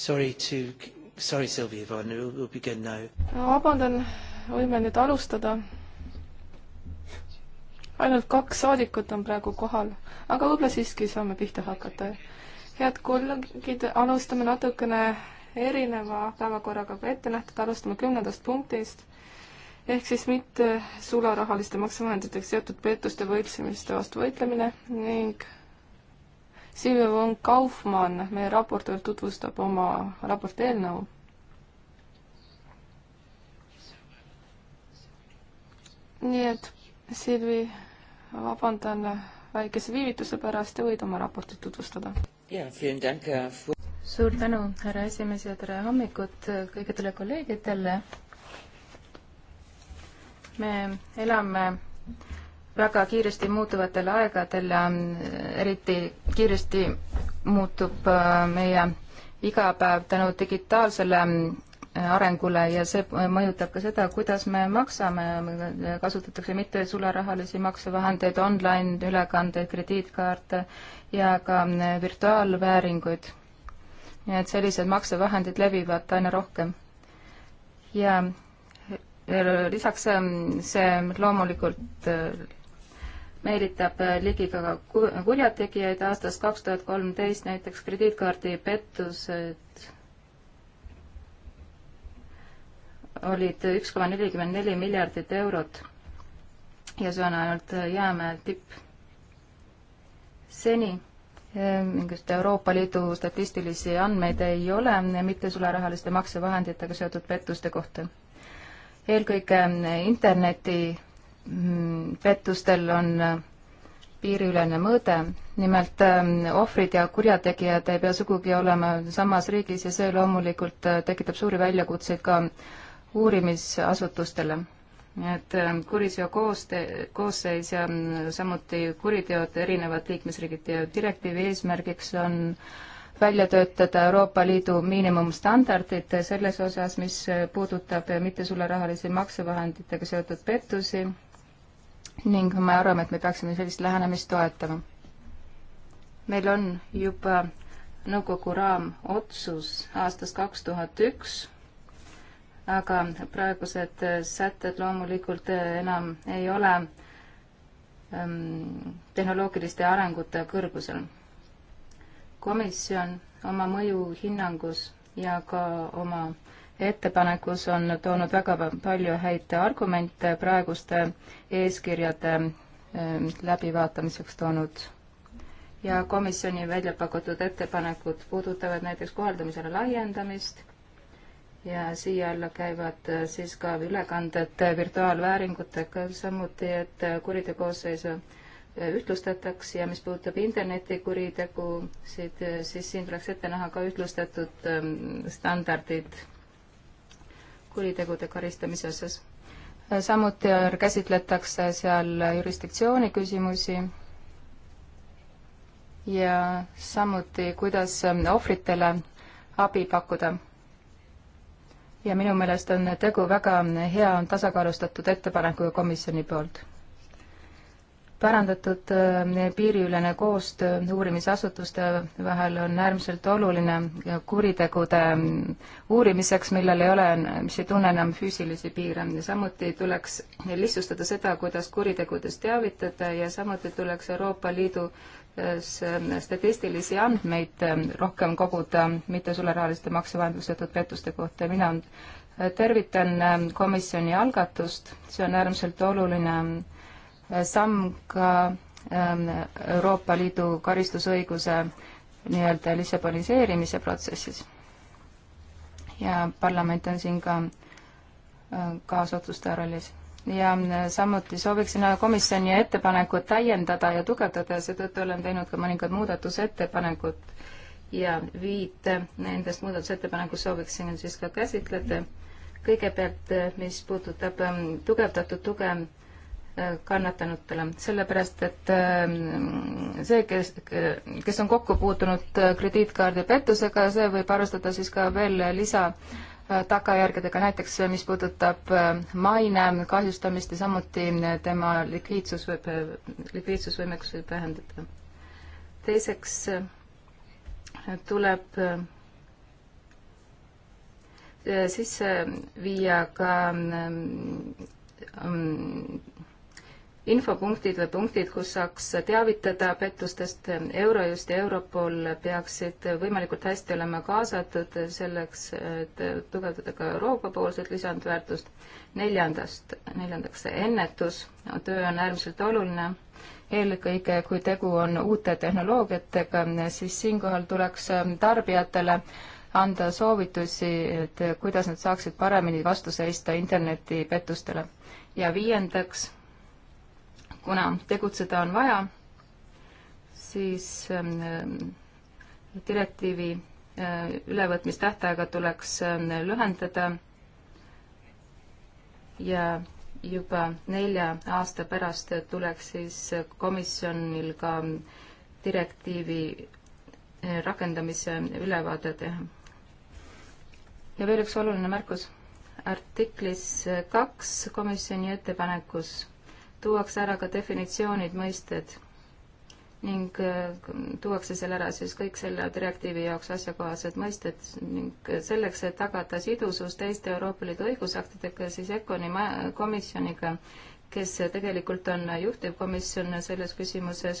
Sorry to, sorry Silvia Yvonne, we'll, we'll begin now. vabandan, võime nüüd alustada. ainult kaks saadikut on praegu kohal, aga võib-olla siiski saame pihta hakata. head kolleegid, alustame natukene erineva päevakorraga kui ette nähtud, alustame kümnendast punktist ehk siis mitte sularahaliste maksevahenditeks seotud pettuste võltsimiste vastu võitlemine ning Silvia von Kaufmann, meie raportöör, tutvustab oma raporti eelnõu. nii et Silvi, vabandan väikese viivituse pärast ja võid oma raportit tutvustada. Äh, suur tänu, härra esimees ja tere hommikut kõikidele kolleegidele. me elame väga kiiresti muutuvatel aegadel ja mm, eriti kiiresti muutub äh, meie igapäev tänu digitaalsele mm, arengule ja see mõjutab ka seda, kuidas me maksame, kasutatakse mitte sularahalisi maksevahendeid, online ülekandeid, krediitkaarte ja ka mm, virtuaalvääringuid. nii et sellised maksevahendid levivad aina rohkem. ja lisaks see loomulikult äh, meelitab äh, ligi ka kurjategijaid aastast kaks tuhat kolmteist, näiteks krediitkaardipettused olid üks koma nelikümmend neli miljardit eurot ja see on ainult äh, jäämäe tipp. seni äh, mingit Euroopa Liidu statistilisi andmeid ei ole mittesularahaliste maksevahenditega seotud pettuste kohta. eelkõige interneti Mm, pettustel on äh, piiriülene mõõde, nimelt ähm, ohvrid ja kurjategijad ei pea sugugi olema samas riigis ja see loomulikult äh, tekitab suuri väljakutseid ka uurimisasutustele. et ähm, kuriseo koostöö, koosseis ja mm, samuti kuriteod erinevad liikmesriigid ja direktiivi eesmärgiks on välja töötada Euroopa Liidu miinimumstandardid selles osas, mis äh, puudutab mittesularahalisi maksevahenditega seotud pettusi ning me arvame, et me peaksime sellist lähenemist toetama. meil on juba nõukogu raamotsus aastast kaks tuhat üks, aga praegused sätted loomulikult enam ei ole ähm, tehnoloogiliste arengute kõrgusel. komisjon oma mõjuhinnangus ja ka oma äh, ettepanekus on toonud väga palju häid argumente praeguste eeskirjade eh, läbivaatamiseks toonud ja komisjoni välja pakutud ettepanekud puudutavad näiteks kohaldamisele laiendamist ja siia alla käivad eh, siis ka ülekanded virtuaalvääringutega, samuti et eh, kuriteokoosseisu ühtlustataks ja mis puudutab internetikuritegusid, siis siin tuleks ette näha ka ühtlustatud standardid kuritegude karistamise osas. samuti käsitletakse seal jurisdiktsiooni küsimusi ja samuti, kuidas ohvritele abi pakkuda. ja minu meelest on tegu väga hea tasakaalustatud ettepanekuga komisjoni poolt parandatud äh, piiriülene koostöö uurimisasutuste vahel on äärmiselt oluline kuritegude ähm, uurimiseks, millel ei ole, mis ei tunne enam füüsilisi piire ja samuti tuleks lihtsustada seda, kuidas kuritegudest teavitada ja samuti tuleks Euroopa Liidu äh, äh, statistilisi andmeid ähm, rohkem koguda mittesularahaliste maksevahenduse pettuste kohta ja mina tervitan ähm, komisjoni algatust, see on äärmiselt oluline samm ka ähm, Euroopa Liidu karistusõiguse nii-öelda lissaboniseerimise protsessis. ja parlament on siin ka äh, kaasotsustaja rollis. ja äh, samuti sooviksin komisjoni ettepanekut täiendada ja tugevdada ja seetõttu olen teinud ka mõningad muudatusettepanekud ja viit nendest muudatusettepanekust sooviksin siis ka käsitleda. kõigepealt, äh, mis puudutab ähm, tugevdatud tuge kannatanutele, sellepärast et ähm, see, kes, kes on kokku puutunud äh, krediitkaardi pettusega, see võib arvestada siis ka veel lisa äh, tagajärgedega, näiteks äh, mis puudutab maine kahjustamist ja samuti tema likviidsus võib, likviidsusvõimekus võib vähendada. teiseks tuleb sisse viia ka ähm, ähm, infopunktid või punktid, kus saaks teavitada pettustest. Eurojust ja Europol peaksid võimalikult hästi olema kaasatud selleks, et tugevdada ka Euroopa-poolset lisandväärtust. neljandast, neljandaks, ennetus. töö on äärmiselt oluline eelkõige kui tegu on uute tehnoloogiatega, siis siinkohal tuleks tarbijatele anda soovitusi, et kuidas nad saaksid paremini vastu seista internetipettustele. ja viiendaks kuna tegutseda on vaja, siis ähm, direktiivi äh, ülevõtmistähtaega tuleks ähm, lühendada ja juba nelja aasta pärast tuleks siis komisjonil ka direktiivi äh, rakendamise ülevaade teha. ja veel üks oluline märkus. artiklis kaks komisjoni ettepanekus tuuakse ära ka definitsioonid, mõisted ning äh, tuuakse seal ära siis kõik selle direktiivi jaoks asjakohased mõisted ning selleks, et tagada sidusus teiste Euroopa Liidu õigusaktidega, siis ECONi komisjoniga, kes tegelikult on juhtivkomisjon selles küsimuses,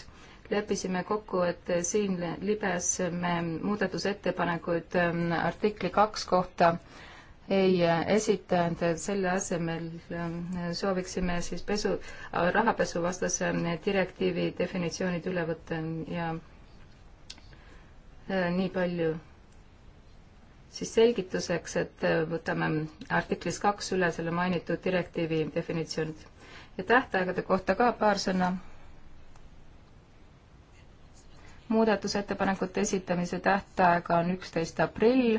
leppisime kokku, et siin libes me muudatusettepanekuid ähm, artikli kaks kohta äh, ei esitanud, selle asemel äh, sooviksime siis pesu, rahapesuvastase äh, direktiivi definitsioonid üle võtta ja äh, nii palju siis selgituseks, et võtame artiklis kaks üle selle mainitud direktiivi definitsioonid. ja tähtaegade kohta ka paar sõna. muudatusettepanekute esitamise tähtaeg on üksteist aprill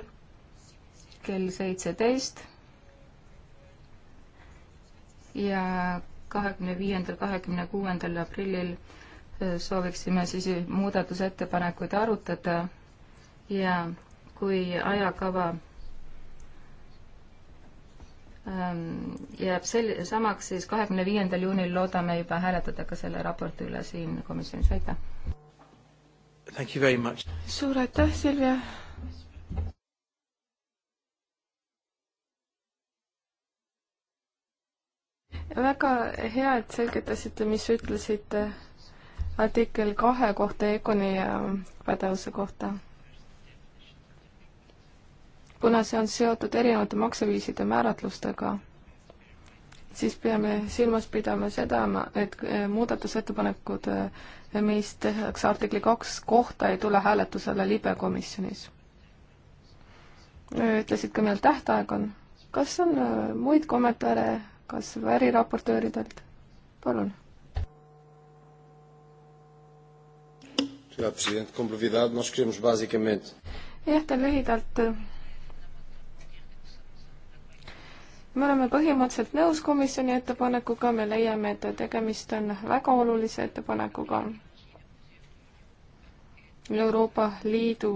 kell seitseteist ja kahekümne viiendal, kahekümne kuuendal aprillil äh, sooviksime siis muudatusettepanekuid arutada ja kui ajakava ähm, jääb sel-, samaks, siis kahekümne viiendal juunil loodame juba hääletada ka selle raporti üle siin komisjonis, aitäh! suur aitäh, Silvia! väga hea, et selgitasite, mis ütlesite artikkel kahe kohta Econi pädevuse kohta. kuna see on seotud erinevate makseviiside määratlustega, siis peame silmas pidama seda, et eh, muudatusettepanekud, eh, mis tehakse artikli kaks kohta, ei tule hääletusele libekomisjonis. ütlesid ka, millal tähtaeg on. kas on eh, muid kommentaare kas veriraportööridelt, palun. jah, teen lühidalt. me oleme põhimõtteliselt nõus komisjoni ettepanekuga, me leiame, et tegemist on väga olulise ettepanekuga Euroopa Liidu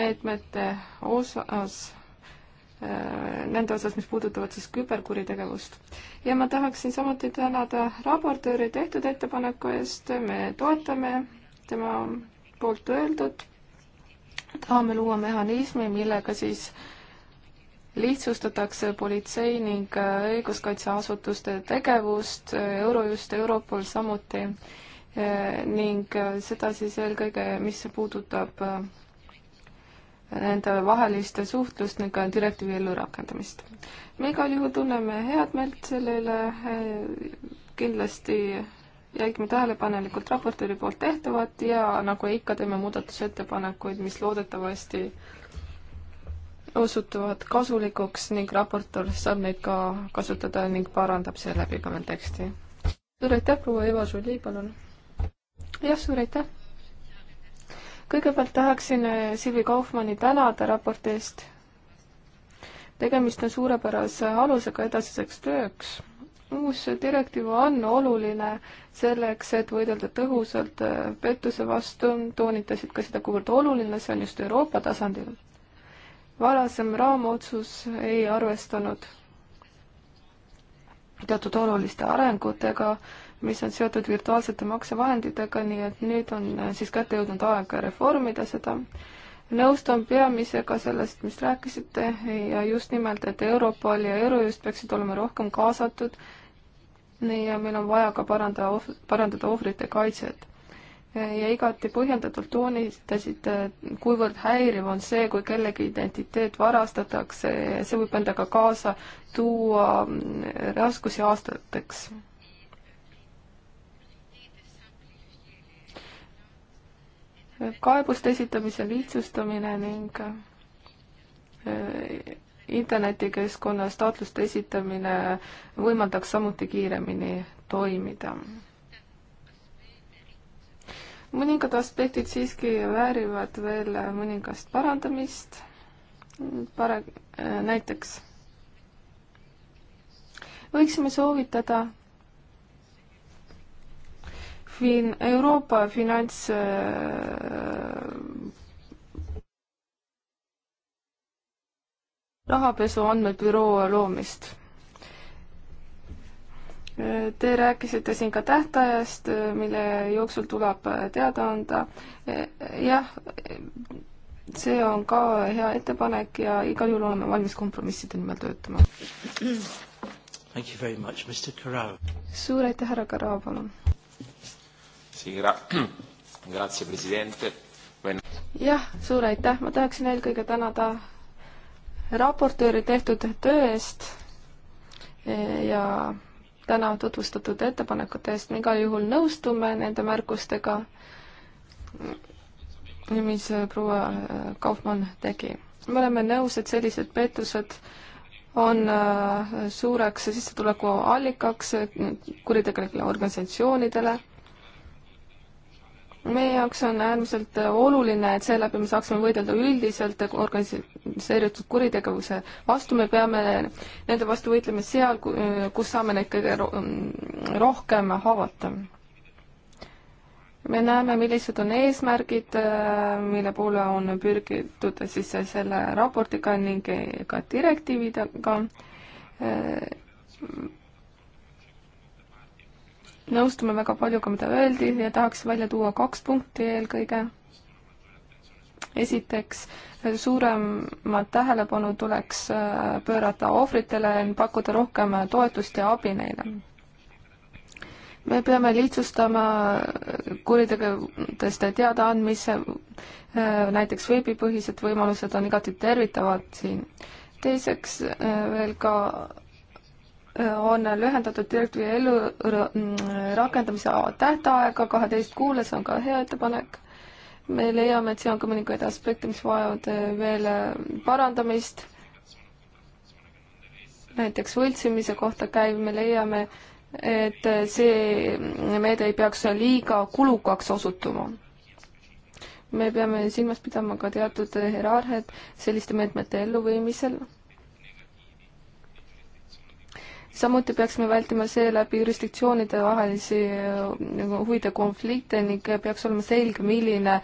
meetmete osas Äh, nende osas, mis puudutavad siis küberkuritegevust. ja ma tahaksin samuti tänada raportööri tehtud ettepaneku eest, me toetame tema poolt öeldud, tahame luua mehhanismi, millega siis lihtsustatakse politsei ning äh, õiguskaitseasutuste tegevust, äh, Eurojust, Europol samuti ning seda siis eelkõige, mis puudutab nende vahelist suhtlust ning ka direktiivi ellurakendamist. me igal juhul tunneme head meelt selle üle, eh, kindlasti jälgime tähelepanelikult raportööri poolt tehtavat ja nagu ikka, teeme muudatusettepanekuid, mis loodetavasti osutuvad kasulikuks ning raportöör saab neid ka kasutada ning parandab seeläbi ka veel teksti. suur aitäh, proua Eva Žuli, palun! jah, suur aitäh! kõigepealt tahaksin äh, Silvi Kaufmanni tänada raporti eest. tegemist on suurepärase alusega edasiseks tööks. uus direktiiv on oluline selleks, et võidelda tõhusalt äh, pettuse vastu, toonitasid ka seda, kuivõrd oluline see on just Euroopa tasandil. varasem raamotsus ei arvestanud teatud oluliste arengutega mis on seotud virtuaalsete maksevahenditega, nii et nüüd on äh, siis kätte jõudnud aeg reformida seda. nõustun peamisega sellest, mis rääkisite ja just nimelt, et Europol ja Eurojust peaksid olema rohkem kaasatud. nii, ja meil on vaja ka paranda, parandada ohvrite kaitset ja igati põhjendatult toonitasite, kuivõrd häiriv on see, kui kellegi identiteet varastatakse ja see võib endaga kaasa tuua mm, raskusi aastateks mm kaebuste esitamise lihtsustamine ning äh, internetikeskkonnas taotluste esitamine võimaldaks samuti kiiremini toimida. mõningad aspektid siiski väärivad veel mõningast parandamist, pare-, äh, näiteks võiksime soovitada fin-, Euroopa finants äh, rahapesu andmebüroo loomist. Te rääkisite siin ka tähtajast, mille jooksul tuleb teada anda. jah, see on ka hea ettepanek ja igal juhul oleme valmis kompromisside nimel töötama. suur aitäh, härra Karao, palun! jah, suur aitäh, ma tahaksin eelkõige tänada raportööri tehtud töö eest ja täna tutvustatud ettepanekute eest, me igal juhul nõustume nende märkustega, mis proua Kaufmann tegi. me oleme nõus, et sellised pettused on äh, suureks sissetulekuallikaks kuritegelikele organisatsioonidele meie jaoks on äärmiselt oluline, et seeläbi me saaksime võidelda üldiselt organiseeritud kuritegevuse vastu, me peame nende vastu võitlema seal, kus saame neid kõige rohkem haavata. me näeme, millised on eesmärgid, mille poole on pürgitud siis selle raportiga ning ka direktiividega nõustume väga paljuga, mida öeldi ja tahaks välja tuua kaks punkti eelkõige. esiteks, suuremat tähelepanu tuleks äh, pöörata ohvritele, pakkuda rohkem toetust ja abi neile. me peame lihtsustama kuritegevustest teadaandmise, äh, näiteks veebipõhised võimalused on igati tervitavad siin. teiseks äh, veel ka on lühendatud direktiivi ellu mm, rakendamise tähtaega kaheteist kuule, see on ka hea ettepanek. me leiame, et siin on ka mõningaid aspekte, mis vajavad äh, veel äh, parandamist. näiteks võltsimise kohta käiv, me leiame, et äh, see mm, meede ei peaks liiga kulukaks osutuma. me peame silmas pidama ka teatud hierarhiat selliste meetmete elluviimisel samuti peaksime vältima seeläbi jurisdiktsioonide vahelisi äh, nagu huvide konflikte ning peaks olema selge, milline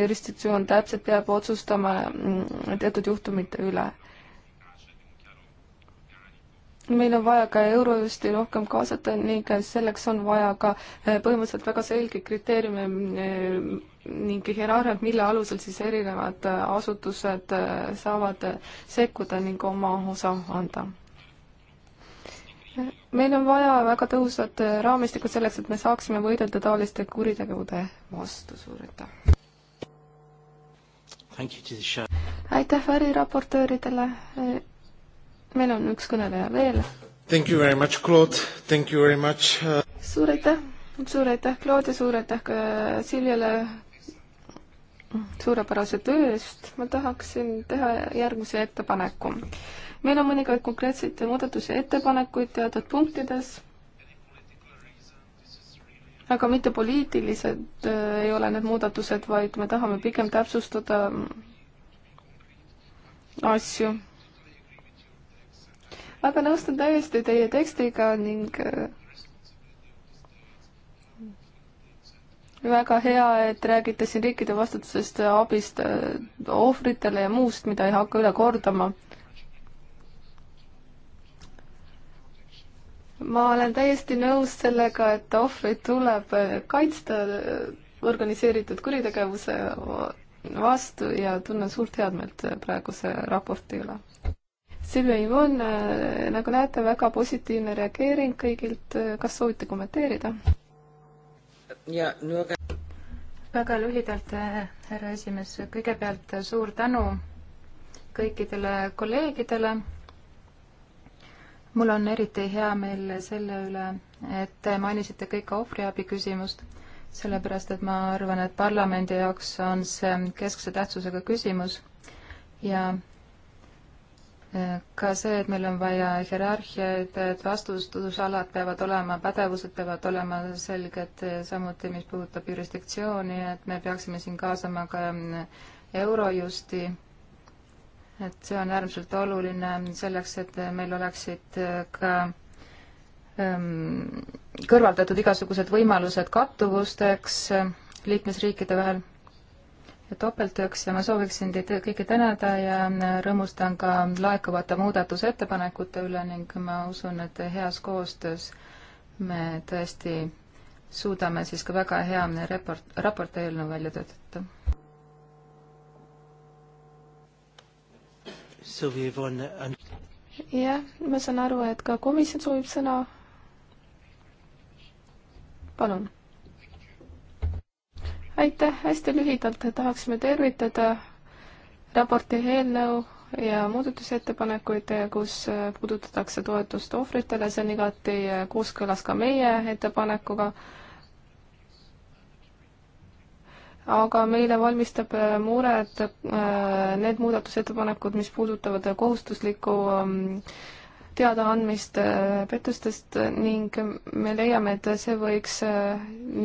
jurisdiktsioon äh, täpselt peab otsustama mm, teatud juhtumite üle. meil on vaja ka Eurojusti rohkem kaasata ning selleks on vaja ka äh, põhimõtteliselt väga selgeid kriteeriume ning hierarhiat, mille alusel siis erinevad asutused saavad sekkuda ning oma osa anda meil on vaja väga tõhusat äh, raamistikku selleks, et me saaksime võidelda taoliste kuritegude vastu, suur aitäh! aitäh variraportööridele, äh, meil on üks kõneleja veel. Thank you very much, Claude, thank you very much uh.... suur aitäh, suur aitäh, Claude ja suur aitäh ka Siljale suurepärase töö eest, ma tahaksin teha järgmise ettepaneku meil on mõningaid konkreetseid muudatusi ja ettepanekuid teatud punktides, aga mitte poliitilised äh, ei ole need muudatused, vaid me tahame pigem täpsustada mm, asju. aga nõustun täiesti teie tekstiga ning äh, väga hea, et räägite siin riikide vastutusest, abist äh, ohvritele ja muust, mida ei hakka üle kordama. ma olen täiesti nõus sellega, et ohvreid tuleb kaitsta organiseeritud kuritegevuse vastu ja tunnen suurt headmeelt praeguse raporti üle. Silvia Ivon, nagu näete, väga positiivne reageering kõigilt, kas soovite kommenteerida? ja no aga väga lühidalt, eh, härra esimees, kõigepealt suur tänu kõikidele kolleegidele mul on eriti hea meel selle üle, et te mainisite kõik ohvriabi küsimust, sellepärast et ma arvan, et parlamendi jaoks on see keskse tähtsusega küsimus ja eh, ka see, et meil on vaja hierarhiaid, et vastutusalad peavad olema, pädevused peavad olema selged, samuti mis puudutab jurisdiktsiooni, et me peaksime siin kaasama ka mm, Eurojusti et see on äärmiselt oluline selleks, et meil oleksid ka ähm, kõrvaldatud igasugused võimalused kattuvusteks äh, liikmesriikide vahel ja topelttööks ja ma sooviksin teid kõiki tänada ja äh, rõõmustan ka laekuvate muudatusettepanekute üle ning ma usun, et heas koostöös me tõesti suudame siis ka väga hea raport, raporti eelnõu välja töötada Uh, jah, ma saan aru, et ka komisjon soovib sõna. palun. aitäh, hästi lühidalt tahaksime tervitada raporti eelnõu ja muudatusettepanekuid, kus äh, puudutatakse toetust ohvritele, see on igati äh, kooskõlas ka meie ettepanekuga aga meile valmistab äh, muret äh, need muudatusettepanekud, mis puudutavad kohustuslikku ähm, teadaandmist äh, pettustest ning me leiame, et see võiks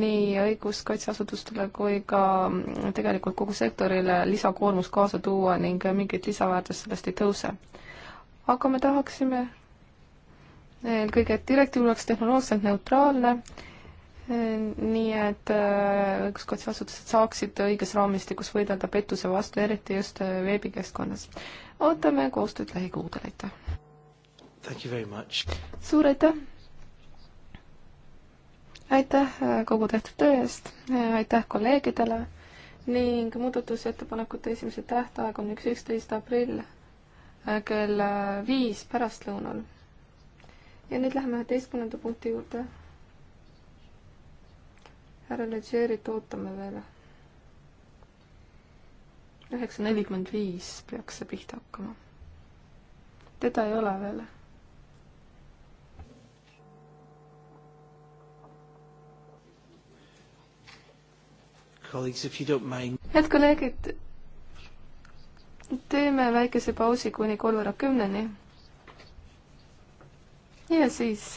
nii õiguskaitseasutustele kui ka mm, tegelikult kogu sektorile lisakoormust kaasa tuua ning mingit lisaväärtust sellest ei tõuse. aga me tahaksime eelkõige, et direktiiv oleks tehnoloogiliselt neutraalne nii et äh, õiguskaitseasutused saaksid õiges raamistikus võidelda pettuse vastu, eriti just äh, veebikeskkonnas. ootame koostööd lähikuudel, aitäh! suur aitäh! aitäh äh, kogu tehtud töö eest, aitäh kolleegidele ning muudatusettepanekute esimese tähtaeg on üks üksteist aprill kell viis pärastlõunal. ja nüüd läheme üheteistkümnenda punkti juurde härra Legerit ootame veel. üheksa nelikümmend viis peaks see pihta hakkama. teda ei ole veel head kolleegid, teeme väikese pausi kuni kolmveerand kümneni. ja siis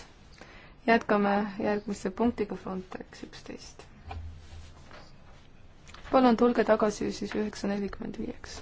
jätkame järgmise punktiga Frontex üksteist. palun tulge tagasi siis üheksa nelikümmend viieks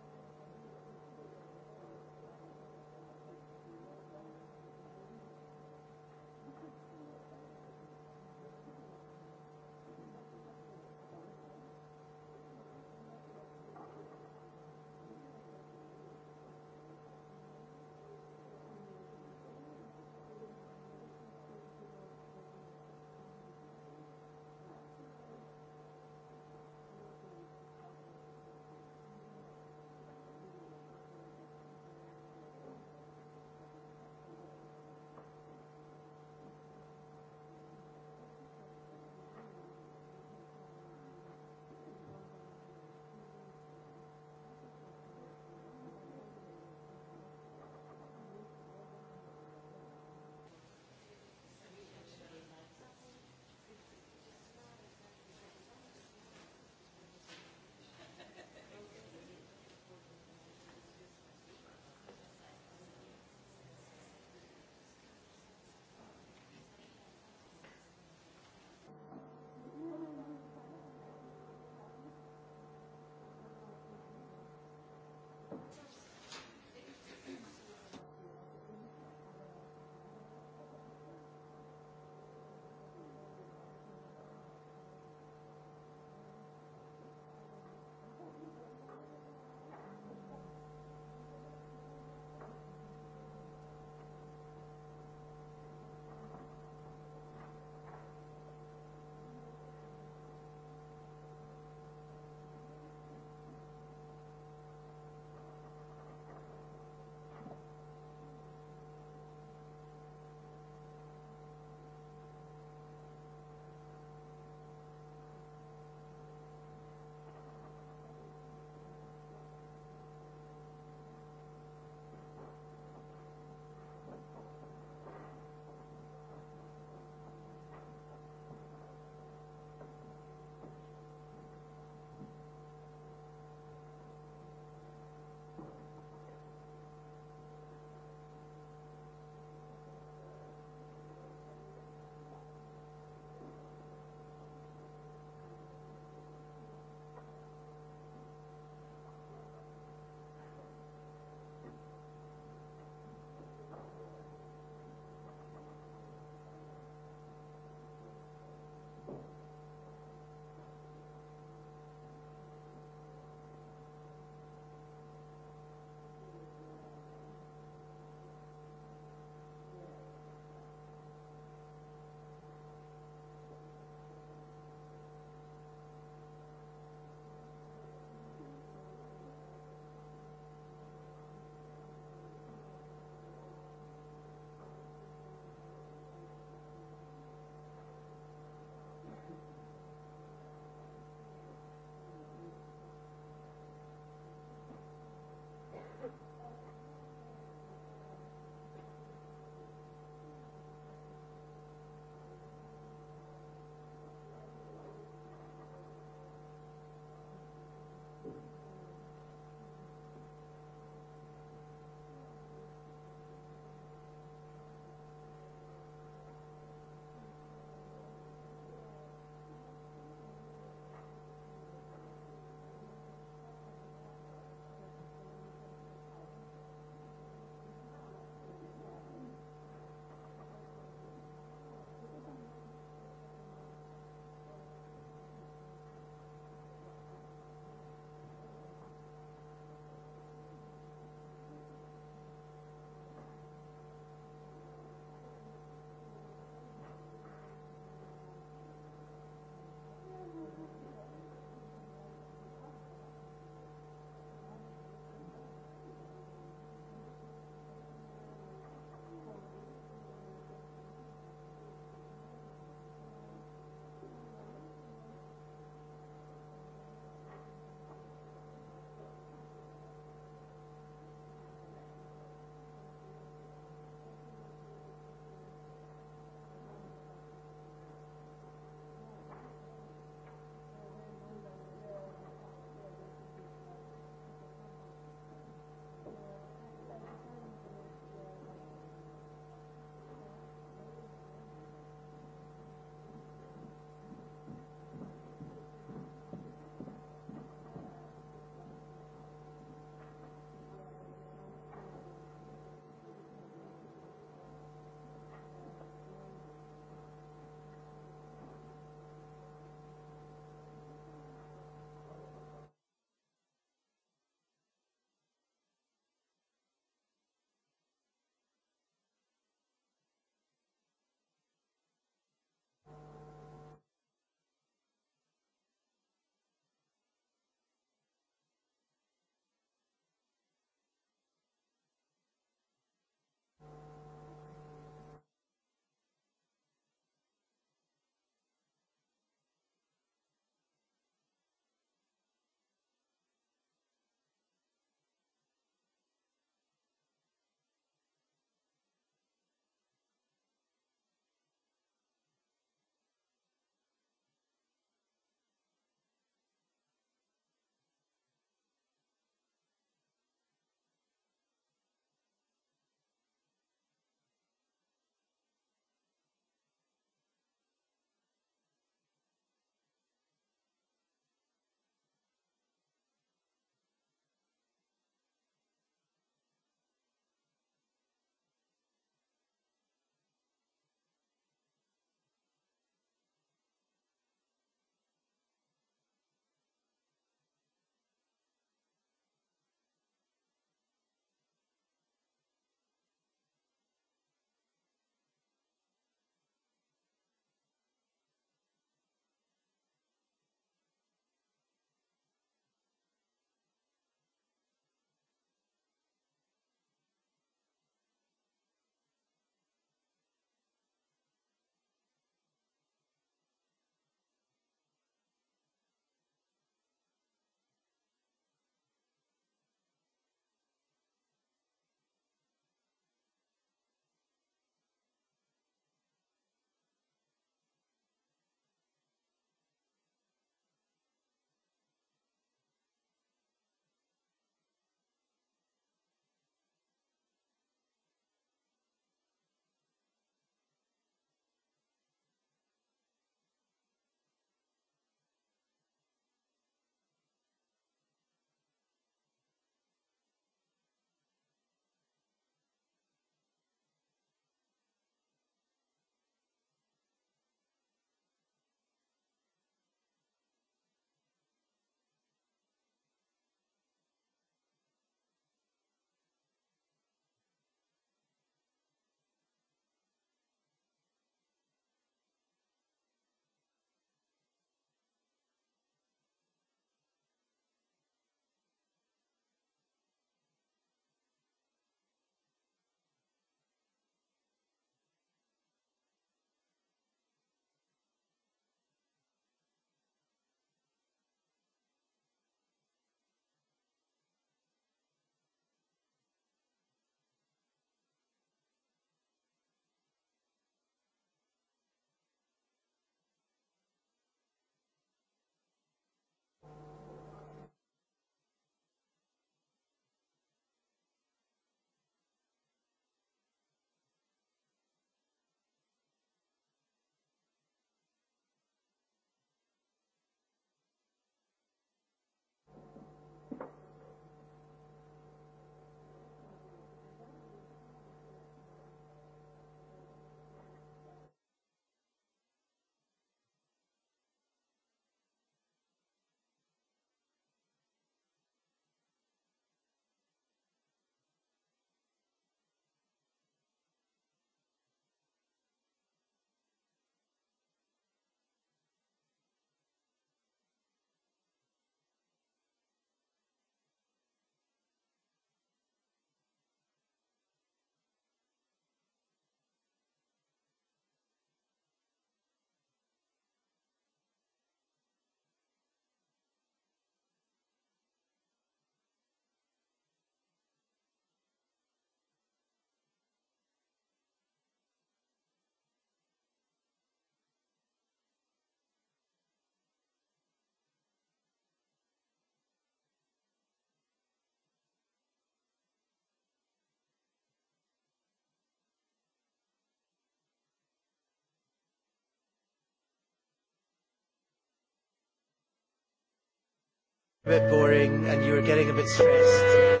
a bit boring and you were getting a bit stressed.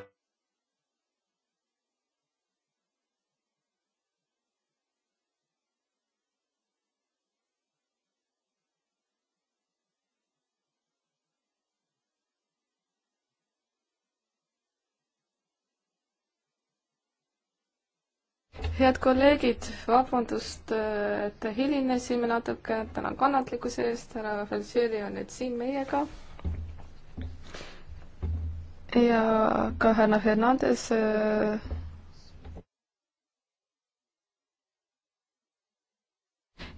head kolleegid, vabandust, et hilinesime natuke, tänan kannatlikkuse eest, härra Falsieri on nüüd siin meiega ja ka härra Fernandes äh,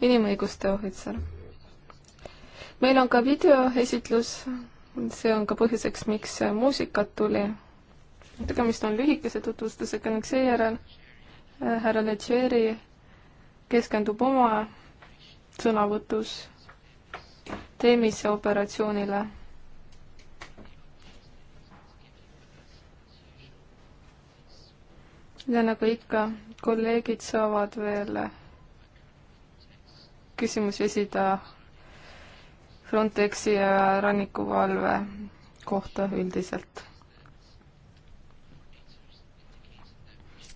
inimõiguste ohvitser. meil on ka videoesitlus, see on ka põhjuseks, miks muusikat tuli. tegemist on lühikese tutvustusega ning seejärel äh, härra Lecheri keskendub oma sõnavõtus Temise operatsioonile ja nagu ikka, kolleegid saavad veel küsimusi esida Frontexi ja rannikuvalve kohta üldiselt.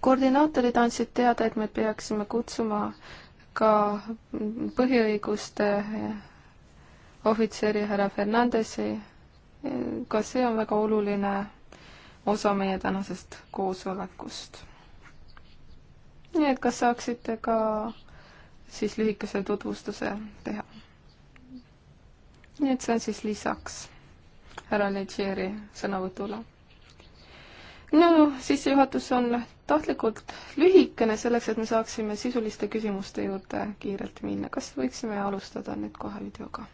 koordinaatorid andsid teada, et me peaksime kutsuma ka põhiõiguste ohvitseri härra Fernandesi. ka see on väga oluline osa meie tänasest koosolekust nii et kas saaksite ka siis lühikese tutvustuse teha? nii et see on siis lisaks härra Nedžeri sõnavõtule minu sissejuhatus on tahtlikult lühikene, selleks et me saaksime sisuliste küsimuste juurde kiirelt minna. kas võiksime alustada nüüd kohe videoga?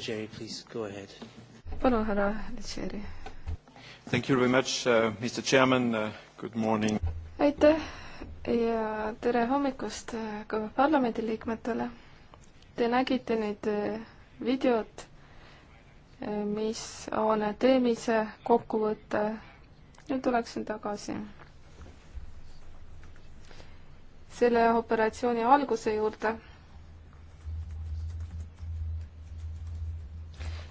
Algeri, please go ahead. palun, härra Algeri. Thank you very much uh,, Mr Chairman uh,, good morning. aitäh ja tere hommikust uh, ka parlamendiliikmetele. Te nägite neid uh, videot, uh, mis on teemise kokkuvõte. nüüd tuleksin tagasi selle operatsiooni alguse juurde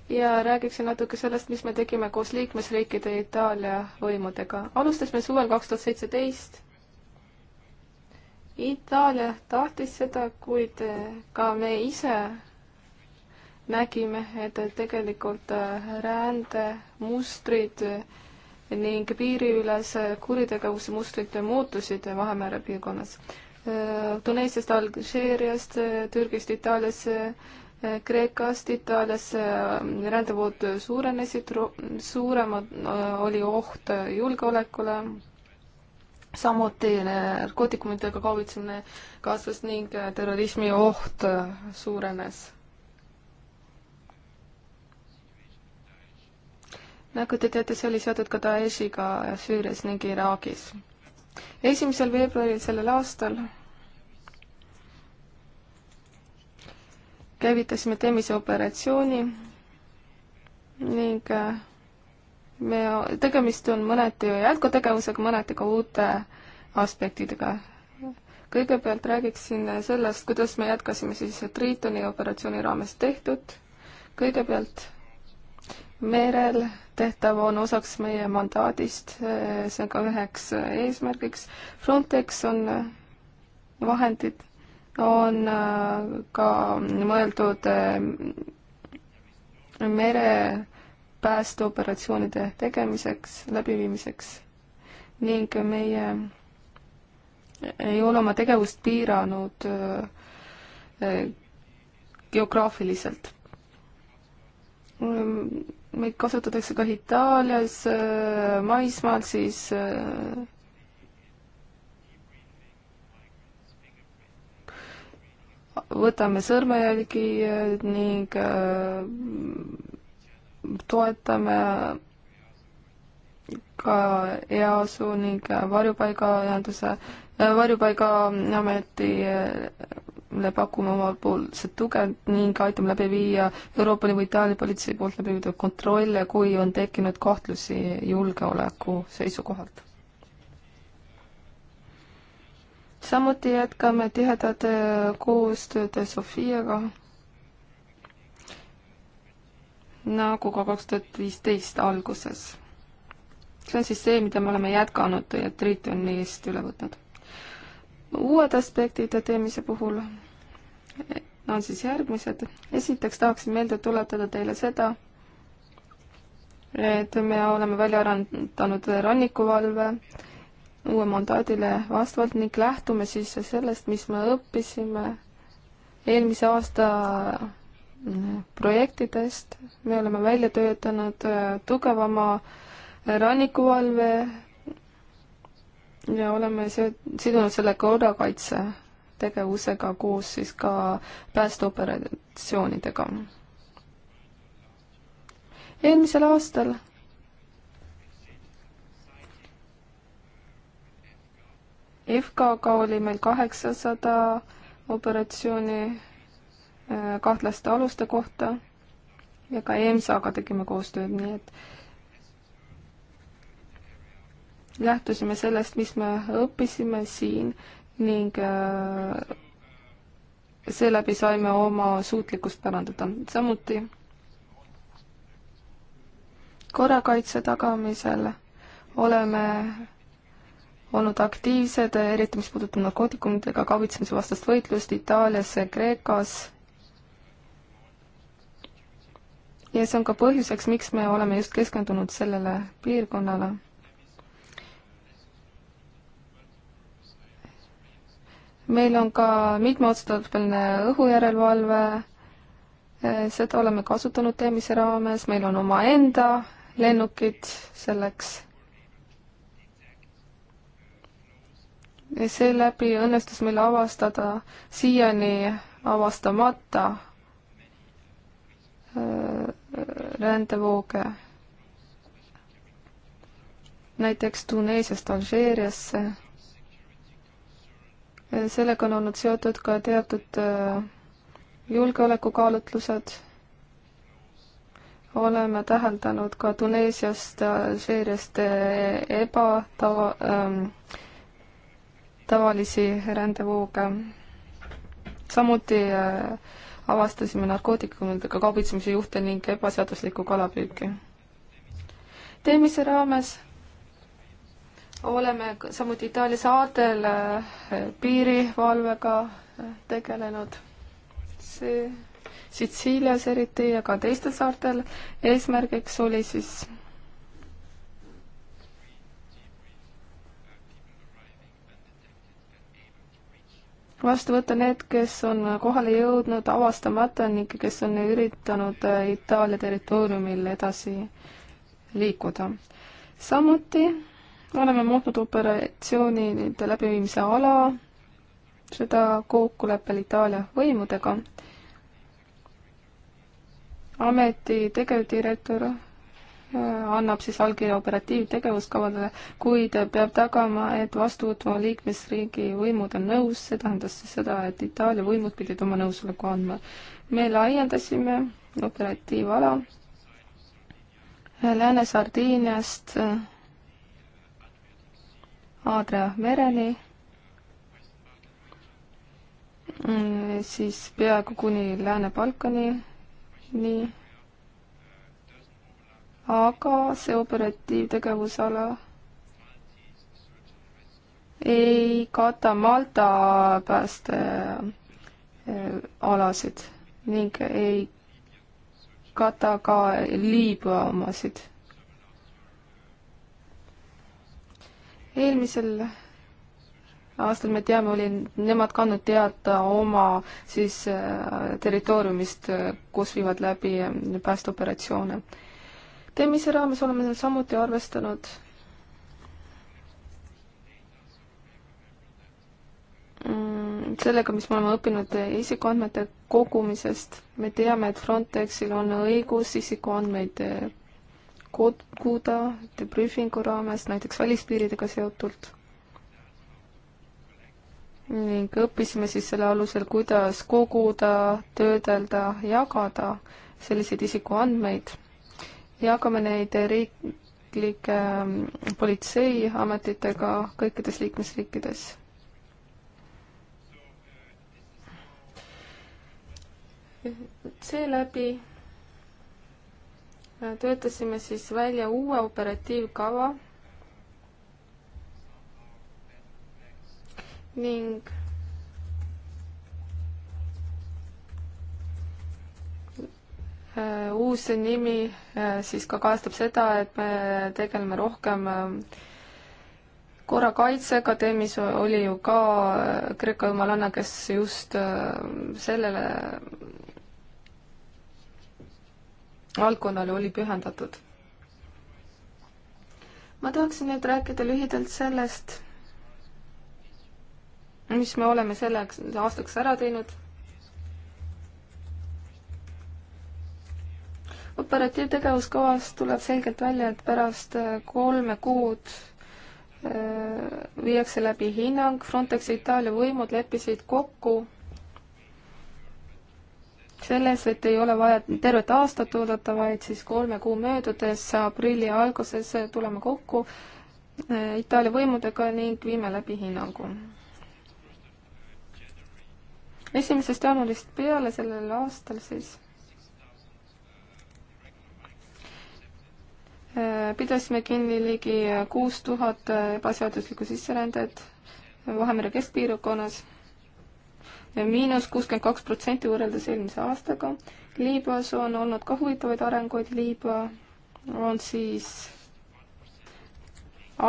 ja räägiksin natuke sellest, mis me tegime koos liikmesriikide Itaalia võimudega. alustasime suvel kaks tuhat seitseteist. Itaalia tahtis seda, kuid eh, ka me ise nägime, et tegelikult eh, rändemustrid ning piiriülese kuritegevuse mustrid muutusid Vahemere piirkonnas. Eh, Tuneesiast, Alžeeriast, Türgist, Itaaliasse Kreekast Itaaliasse äh, rändevood suurenesid, suuremad äh, oli oht julgeolekule, samuti äh, narkootikumitega kaubitsemine kasvas ning terrorismi oht suurenes. nagu te teate, see oli seotud ka Daeshiga Süürias ning Iraagis. esimesel veebruaril sellel aastal käivitasime Temise operatsiooni ning äh, me, tegemist on mõneti jätkutegevusega, mõneti ka uute aspektidega. kõigepealt räägiksin sellest, kuidas me jätkasime siis Tritoni operatsiooni raames tehtud. kõigepealt merel tehtav on osaks meie mandaadist, äh, see on ka üheks eesmärgiks. Frontex on äh, vahendid on äh, ka mõeldud äh, merepäästeoperatsioonide tegemiseks, läbiviimiseks ning meie ei ole oma tegevust piiranud äh, geograafiliselt. meid kasutatakse ka Itaalias, maismaal siis võtame sõrmejälgi äh, ning äh, toetame ka EASU ning varjupaigaühenduse, äh, varjupaigaameti pakume omapoolset tuge ning aitame läbi viia Euroopa Liidu Itaalia politsei poolt läbi viidud kontrolle, kui on tekkinud kahtlusi julgeoleku seisukohalt samuti jätkame tihedat äh, koostööd Sofiaga, nagu ka kaks tuhat viisteist alguses. see on siis see, mida me oleme jätkanud ja Triitoni eest üle võtnud. uued aspektid teemise puhul on siis järgmised. esiteks tahaksin meelde tuletada teile seda, et me oleme välja arendanud rannikuvalve uue mandaadile vastavalt ning lähtume siis sellest, mis me õppisime eelmise aasta mm, projektidest. me oleme välja töötanud äh, tugevama rannikuvalve ja oleme sidunud selle korrakaitse tegevusega koos siis ka päästeoperatsioonidega. eelmisel aastal EFKA-ga oli meil kaheksasada operatsiooni äh, kahtlaste aluste kohta ja ka EMSA-ga tegime koostööd, nii et lähtusime sellest, mis me õppisime siin ning äh, seeläbi saime oma suutlikkust parandada. samuti korrakaitse tagamisel oleme olnud aktiivsed, eriti mis puudutab narkootikumidega kaubitsemise vastast võitlust Itaalias, Kreekas. ja see on ka põhjuseks, miks me oleme just keskendunud sellele piirkonnale. meil on ka mitmeotstarbeline õhujärelevalve, seda oleme kasutanud teemise raames, meil on omaenda lennukid selleks seeläbi õnnestus meil avastada siiani avastamata äh, rändevooge. näiteks Tuneesiast Alžeeriasse. Äh, sellega on olnud seotud ka teatud äh, julgeolekukaalutlused. oleme täheldanud ka Tuneesiast, Alžeeriast ebatava ähm, tavalisi rändevooge. samuti äh, avastasime narkootikumidega kaubitsemise juhte ning ebaseaduslikku kalapüüki. teemise raames oleme samuti Itaalia saartel äh, piirivalvega äh, tegelenud. see Sitsiilias eriti ja ka teistel saartel eesmärgiks oli siis vastu võtta need, kes on kohale jõudnud avastamata ning kes on üritanud äh, Itaalia territooriumil edasi liikuda. samuti oleme muutnud operatsioonide läbiviimise ala, seda kokkuleppel Itaalia võimudega. ameti tegevdirektor Äh, annab siis allkirja operatiivtegevuskavadele, kuid peab tagama, et vastuvõtva liikmesriigi võimud on nõus, see tähendas siis seda, et Itaalia võimud pidid oma nõusoleku andma. me laiendasime operatiivala Lääne-Sardiiniast äh, Aadria mereni, mm, siis peaaegu kuni Lääne-Balkanini aga see operatiivtegevusala ei kata Malta päästealasid eh, ning ei kata ka Liibüa omasid. eelmisel aastal me teame, oli, nemad kandnud teada oma siis eh, territooriumist, eh, kus viivad läbi päästeoperatsioone teemise raames oleme samuti arvestanud mm, sellega, mis me oleme õppinud isikuandmete kogumisest, me teame, et Frontexil on õigus isikuandmeid eh, koguda debriefingu raames, näiteks välispiiridega seotult. ning õppisime siis selle alusel, kuidas koguda, töödelda, jagada selliseid isikuandmeid jagame neid riiklike ähm, politseiametitega kõikides liikmesriikides. seeläbi äh, töötasime siis välja uue operatiivkava ning Äh, uus nimi äh, siis ka kajastab seda, et me tegeleme rohkem äh, korrakaitsega, Temis oli ju ka Kreeka jumalanna, kes just sellele valdkonnale oli pühendatud. ma tahaksin nüüd rääkida lühidalt sellest, mis me oleme selleks aastaks ära teinud operatiivtegevuskavas tuleb selgelt välja, et pärast äh, kolme kuud äh, viiakse läbi hinnang, Frontex ja Itaalia võimud leppisid kokku selles, et ei ole vaja tervet aastat oodata, vaid siis kolme kuu möödudes aprilli alguses tuleme kokku äh, Itaalia võimudega ning viime läbi hinnangu. esimesest jaanuarist peale sellel aastal siis pidasime kinni ligi kuus tuhat ebaseaduslikku sisserändajat Vahemere keskpiirkonnas, miinus kuuskümmend kaks protsenti võrreldes eelmise aastaga. Liibüas on olnud ka huvitavaid arenguid, Liibüa on siis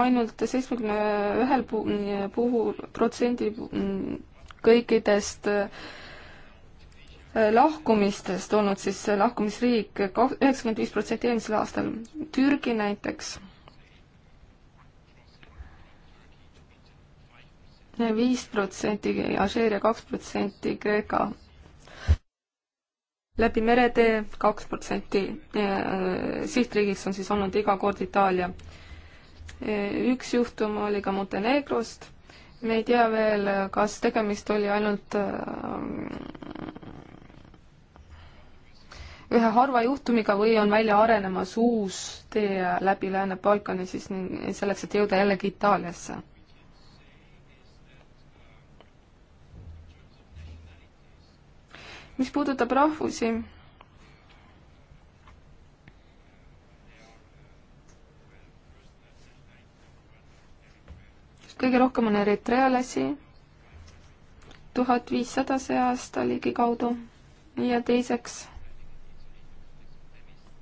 ainult seitsmekümne ühel puhul protsendi kõikidest äh, lahkumistest olnud siis lahkumisriik, üheksakümmend viis protsenti eelmisel aastal, Türgi näiteks viis protsenti, Alžeeria kaks protsenti, Kreeka läbi meretee kaks protsenti, sihtriigiks on siis olnud iga kord Itaalia. üks juhtum oli ka Montenegrost, me ei tea veel, kas tegemist oli ainult ühe harva juhtumiga või on välja arenemas uus tee läbi Lääne-Balkani siis selleks, et jõuda jällegi Itaaliasse? mis puudutab rahvusi, kõige rohkem on eritrealasi, tuhat viissada see aasta ligikaudu ja teiseks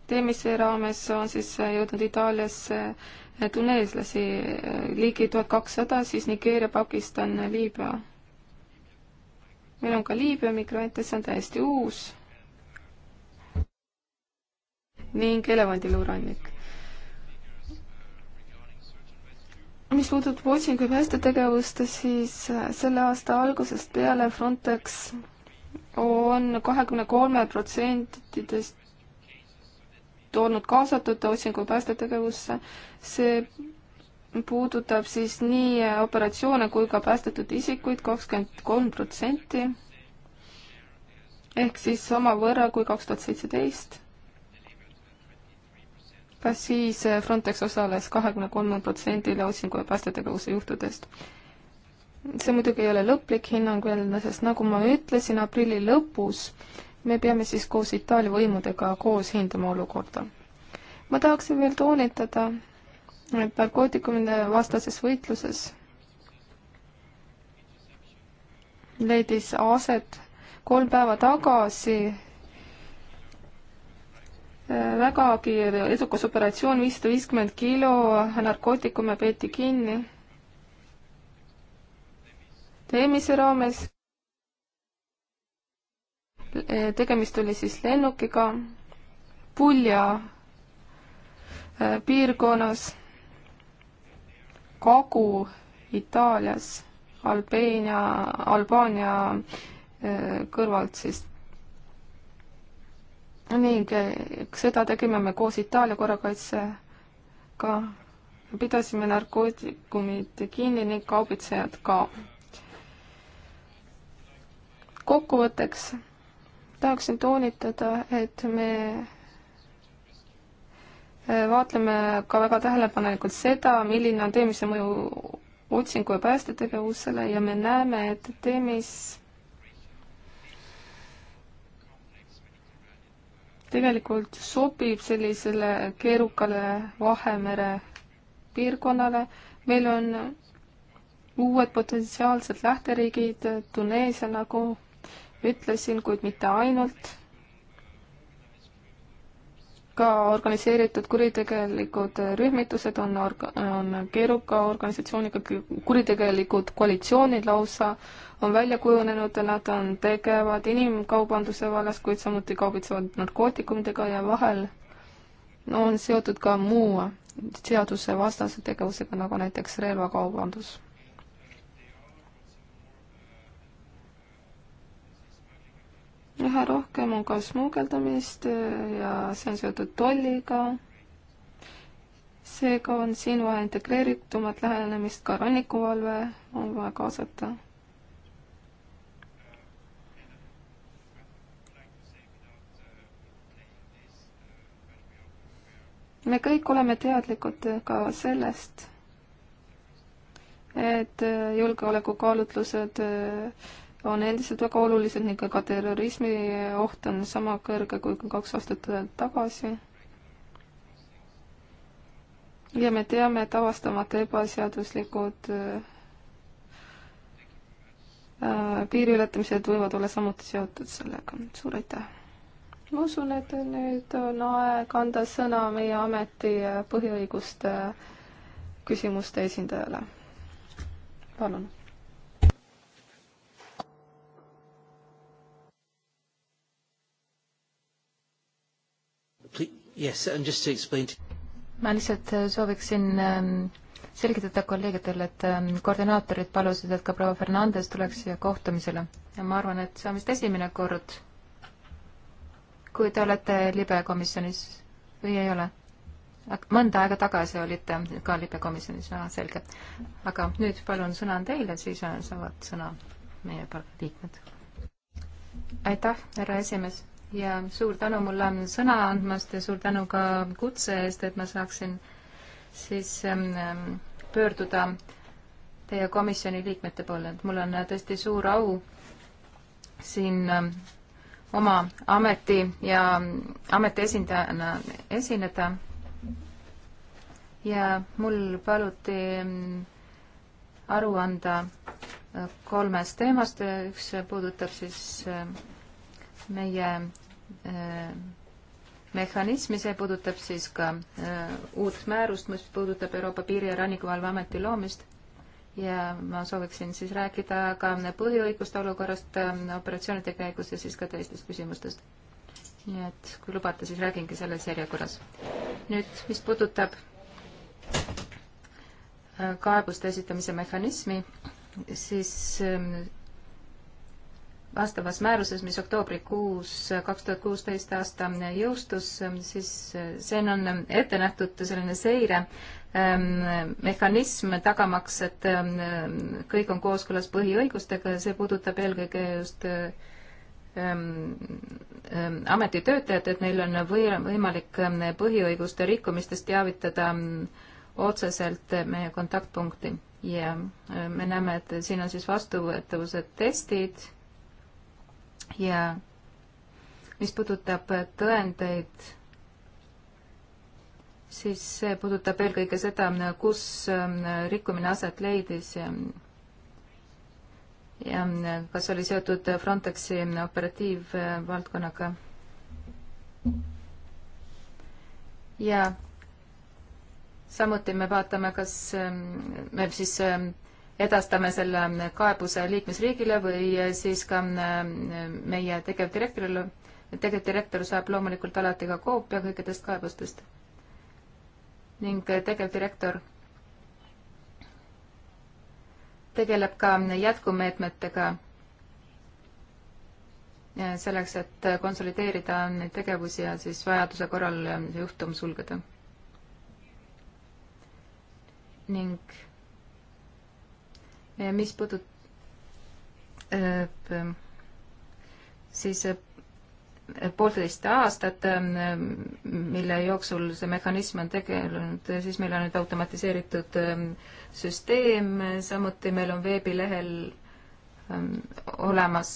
teemise raames on siis jõudnud Itaaliasse tuneeslasi ligi tuhat kakssada, siis Nigeeria, Pakistan, Liibüa. meil on ka Liibüa migrante, see on täiesti uus. ning elevandiluurannik. mis puudutab otsingu ja päästetegevust, siis selle aasta algusest peale Frontex on kahekümne kolme protsentidest olnud kaasatud otsingu päästetegevusse. see puudutab siis nii operatsioone kui ka päästetud isikuid kakskümmend kolm protsenti ehk siis samavõrra kui kaks tuhat seitseteist. ka siis Frontex osales kahekümne kolmel protsendil otsingu ja päästetegevuse juhtudest see muidugi ei ole lõplik hinnang veel, sest nagu ma ütlesin, aprilli lõpus me peame siis koos Itaalia võimudega koos hindama olukorda. ma tahaksin veel toonitada, et narkootikumide vastases võitluses leidis aset kolm päeva tagasi äh, vägagi edukas operatsioon, viissada viiskümmend kilo narkootikume peeti kinni. teemise raames tegemist oli siis lennukiga Pulja äh, piirkonnas, Kagu-Itaalias, Albeenia, Albaania äh, kõrvalt siis. ning äh, seda tegime me koos Itaalia korrakaitsega, pidasime narkootikumid kinni ning kaubitsejad ka. kokkuvõtteks tahaksin toonitada, et me äh, vaatleme ka väga tähelepanelikult seda, milline on teemise mõju otsingu ja päästetegevusele ja me näeme, et teemis tegelikult sobib sellisele keerukale Vahemere piirkonnale. meil on uued potentsiaalsed lähteriigid, Tuneesia nagu ütlesin, kuid mitte ainult. ka organiseeritud kuritegelikud rühmitused on orga-, on keeruka organisatsiooniga, kuritegelikud koalitsioonid lausa on välja kujunenud, nad on tegevad inimkaubanduse vallas, kuid samuti kaubitsevad narkootikumidega ja vahel on seotud ka muu seadusevastase tegevusega, nagu näiteks relvakaubandus üha rohkem on ka smuugeldamist ja see on seotud tolliga. seega on siin vaja integreeritumat lähenemist, ka rannikuvalve on vaja kaasata. me kõik oleme teadlikud ka sellest, et julgeolekukaalutlused äh, on endiselt väga olulised ning ka terrorismi oht on sama kõrge kui kaks aastat tagasi. ja me teame, et avastamata ebaseaduslikud äh, piiriületamised võivad olla samuti seotud sellega. suur aitäh! ma usun, et nüüd on aeg anda sõna meie ameti äh, põhiõiguste äh, küsimuste esindajale. palun Yes, and just to explain to... ma lihtsalt äh, sooviksin ähm, selgitada kolleegidele, et ähm, koordinaatorid palusid, et ka proua Fernandes tuleks siia kohtumisele ja ma arvan, et see on vist esimene kord, kui te olete libekomisjonis või ei ole? mõnda aega tagasi olite ka libekomisjonis, aa selge. aga nüüd palun, sõna on teil ja siis äh, saavad sõna meie liikmed. aitäh, härra esimees ja suur tänu mulle sõna andmast ja suur tänu ka kutse eest, et ma saaksin siis ähm, ähm pöörduda teie komisjoni liikmete poole, et mul on äh, tõesti suur au siin ähm, oma ameti ja ähm, ametiesindajana esineda. ja mul paluti ähm, aru anda äh, kolmest teemast, üks puudutab siis äh, meie eh, mehhanismi, see puudutab siis ka eh, uut määrust, mis puudutab Euroopa Piiri- ja Rannikuvalveameti loomist ja ma sooviksin siis rääkida ka põhiõiguste olukorrast eh, operatsioonide käigus ja siis ka teistest küsimustest. nii et kui lubate, siis räägingi selles järjekorras. nüüd, mis puudutab kaebuste esitamise mehhanismi, siis vastavas määruses, mis oktoobrikuus kaks tuhat kuusteist aasta jõustus, siis äh, siin on ette nähtud selline seire ähm, mehhanism tagamaks, et ähm, kõik on kooskõlas põhiõigustega ja see puudutab eelkõige just äh, ähm, ametitöötajad, et neil on võimalik põhiõiguste rikkumistest teavitada otseselt meie kontaktpunkti ja äh, me näeme, et siin on siis vastuvõetavuse testid ja mis puudutab tõendeid, siis see puudutab eelkõige seda, kus ähm, rikkumine aset leidis ja, ja kas oli seotud Frontexi operatiivvaldkonnaga. ja samuti me vaatame, kas ähm, me siis ähm, edastame selle kaebuse liikmesriigile või siis ka äh, meie tegevdirektorile. tegevdirektor saab loomulikult alati ka koopia kõikidest kaebustest ning tegevdirektor tegeleb ka jätkumeetmetega äh, selleks, et konsolideerida neid tegevusi ja siis vajaduse korral äh, juhtum sulgeda. ning mis puudutab äh, ähm, siis äh, äh, poolteist aastat, mille jooksul see mehhanism on tegelenud, siis meil on nüüd automatiseeritud ähm, süsteem, samuti meil on veebilehel ähm, olemas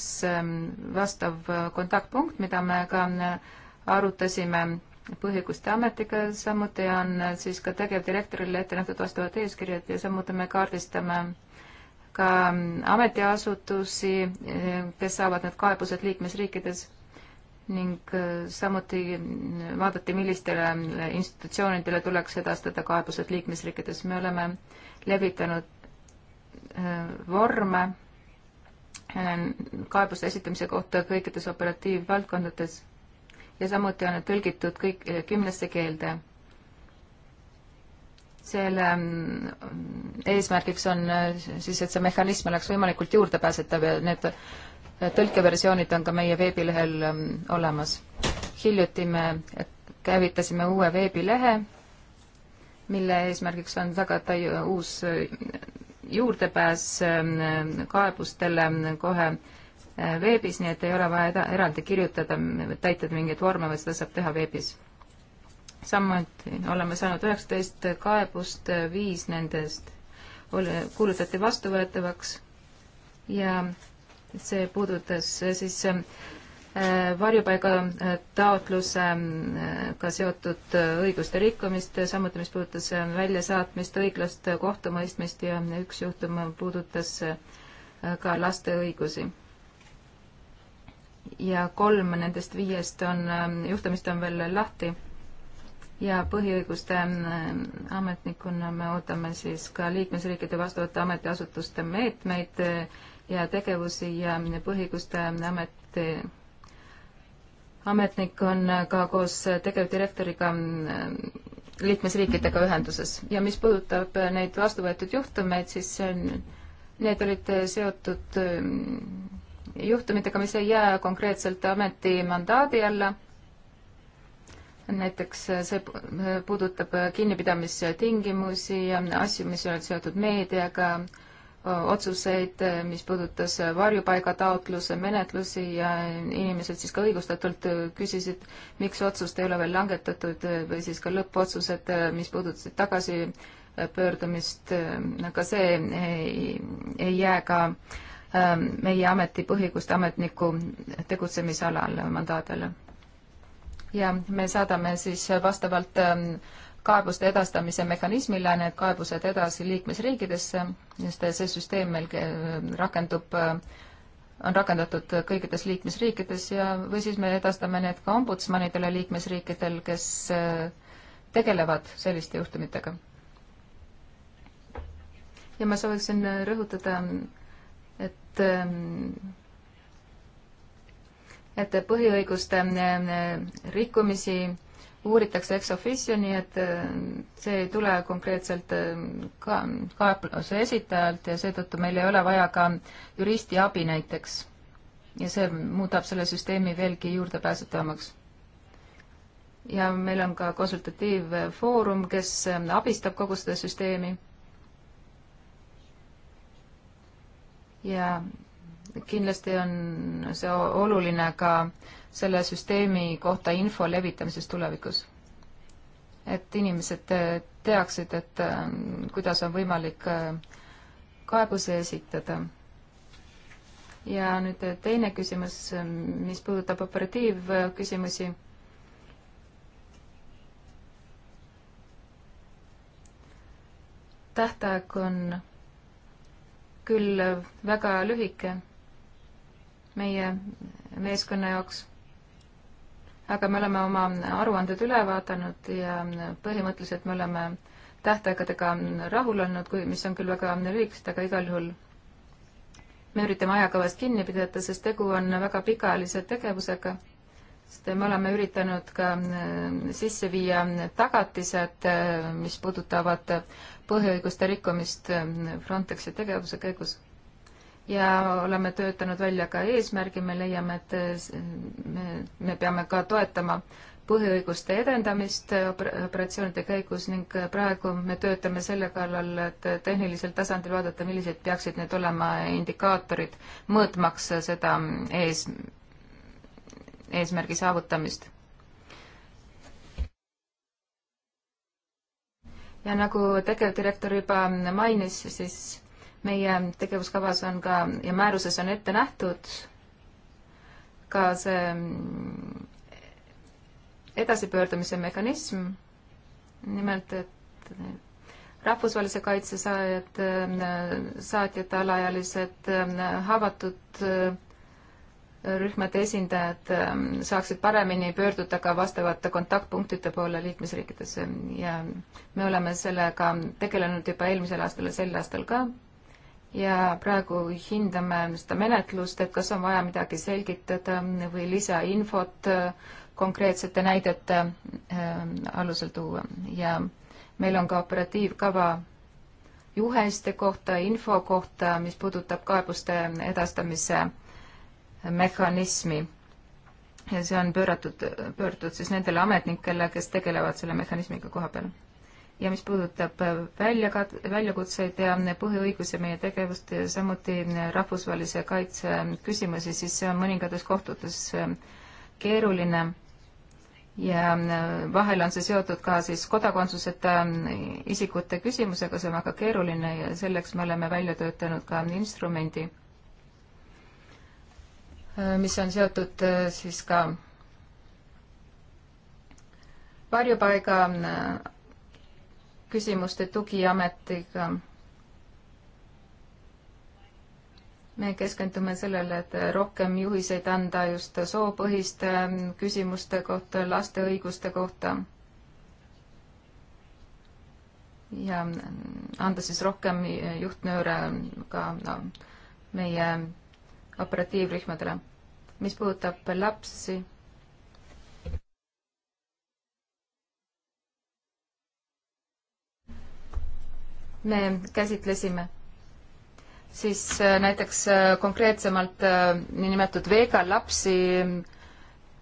vastav kontaktpunkt, mida me ka arutasime põhiõiguste ametiga, samuti on siis ka tegevdirektorile ette nähtud vastavad eeskirjad ja samuti me kaardistame ka ka ametiasutusi, kes saavad need kaebused liikmesriikides ning äh, samuti vaadati, millistele institutsioonidele tuleks edastada kaebused liikmesriikides. me oleme levitanud äh, vorme äh, kaebuste esitamise kohta kõikides operatiivvaldkondades ja samuti on need tõlgitud kõik kümnesse keelde selle mm, eesmärgiks on äh, siis, et see mehhanism oleks võimalikult juurdepääsetav ja need tõlkeversioonid on ka meie veebilehel mm, olemas. hiljuti me käivitasime uue veebilehe, mille eesmärgiks on tagada uus äh, juurdepääs mm, kaebustele kohe äh, veebis, nii et ei ole vaja eraldi kirjutada, täita mingeid vorme, vaid seda saab teha veebis samuti oleme saanud üheksateist kaebust, viis nendest oli, kuulutati vastuvõetavaks ja see puudutas siis äh, varjupaiga äh, taotlusega äh, seotud õiguste rikkumist, samuti mis puudutas väljasaatmist, õiglast kohtumõistmist ja üks juhtum puudutas ka laste õigusi ja kolm nendest viiest on, juhtumist on veel lahti ja põhiõiguste ähm, ametnikuna me ootame siis ka liikmesriikide vastavate ametiasutuste meetmeid äh, ja tegevusi ja põhiõiguste ameti ametnik on ka koos tegevdirektoriga ähm, liikmesriikidega ühenduses ja mis puudutab neid vastuvõetud juhtumeid, siis need olid seotud ähm, juhtumitega, mis ei jää konkreetselt ameti mandaadi alla näiteks äh, see äh, puudutab äh, kinnipidamistingimusi ja asju, mis olid seotud meediaga, otsuseid, mis puudutas varjupaigataotluse menetlusi ja inimesed siis ka õigustatult küsisid, miks otsust ei ole veel langetatud või siis ka lõppotsused, mis puudutasid tagasipöördumist, ka see ei, ei jää ka meie ameti põhikuste ametniku tegutsemisalal mandaadile ja me saadame siis vastavalt ähm, kaebuste edastamise mehhanismile need kaebused edasi liikmesriikidesse, sest see süsteem meil rakendub, äh, on rakendatud kõikides liikmesriikides ja, või siis me edastame need ka ombudsmanidele liikmesriikidel, kes äh, tegelevad selliste juhtumitega. ja ma sooviksin rõhutada, et ähm, et põhiõiguste äh, äh, rikkumisi uuritakse ex officio, nii et äh, see ei tule konkreetselt ka kaebuse esitajalt ja seetõttu meil ei ole vaja ka juristi abi näiteks. ja see muudab selle süsteemi veelgi juurdepääsetavamaks. ja meil on ka konsultatiivfoorum, kes abistab kogu seda süsteemi. ja kindlasti on see oluline ka selle süsteemi kohta info levitamises tulevikus. et inimesed äh, teaksid, et äh, kuidas on võimalik äh, kaebusi esitada. ja nüüd teine küsimus, mis puudutab operatiivküsimusi. tähtaeg on küll väga lühike meie meeskonna jaoks. aga me oleme oma aruanded üle vaadanud ja põhimõtteliselt me oleme tähtaegadega rahul olnud, kui, mis on küll väga lühikesed, aga igal juhul me üritame ajakavast kinni pidada, sest tegu on väga pikaajalise tegevusega, sest me oleme üritanud ka äh, sisse viia tagatised, äh, mis puudutavad põhiõiguste rikkumist äh, Frontexi tegevuse käigus ja oleme töötanud välja ka eesmärgi, me leiame, et me, me peame ka toetama põhiõiguste edendamist operatsioonide käigus ning praegu me töötame selle kallal, et tehnilisel tasandil vaadata, millised peaksid need olema indikaatorid, mõõtmaks seda ees, eesmärgi saavutamist. ja nagu tegevdirektor juba mainis, siis meie tegevuskavas on ka ja määruses on ette nähtud ka see edasipöördumise mehhanism, nimelt et rahvusvahelise kaitse saajad, saatjate alaealised, haavatud rühmade esindajad saaksid paremini pöörduda ka vastavate kontaktpunktide poole liikmesriikides ja me oleme sellega tegelenud juba eelmisel aastal ja sel aastal ka ja praegu hindame seda menetlust, et kas on vaja midagi selgitada või lisainfot äh, konkreetsete näidete äh, alusel tuua ja meil on ka operatiivkava juheste kohta, info kohta, mis puudutab kaebuste edastamise mehhanismi. ja see on pööratud, pöördutud siis nendele ametnikele, kes tegelevad selle mehhanismiga koha peal ja mis puudutab äh, välja, väljakutseid ja äh, põhiõigusi meie tegevust, samuti äh, rahvusvahelise kaitse küsimusi, siis see on mõningates kohtades keeruline ja vahel on see seotud ka siis kodakondsuseta isikute küsimusega, see on väga keeruline ja selleks me oleme välja töötanud ka instrumendi, mis on seotud siis ka varjupaiga küsimuste tugiametiga. me keskendume sellele, et rohkem juhiseid anda just soopõhiste küsimuste kohta, laste õiguste kohta. ja anda siis rohkem juhtnööre ka no, meie operatiivrühmadele. mis puudutab lapsi me käsitlesime, siis äh, näiteks äh, konkreetsemalt äh, niinimetatud veega lapsi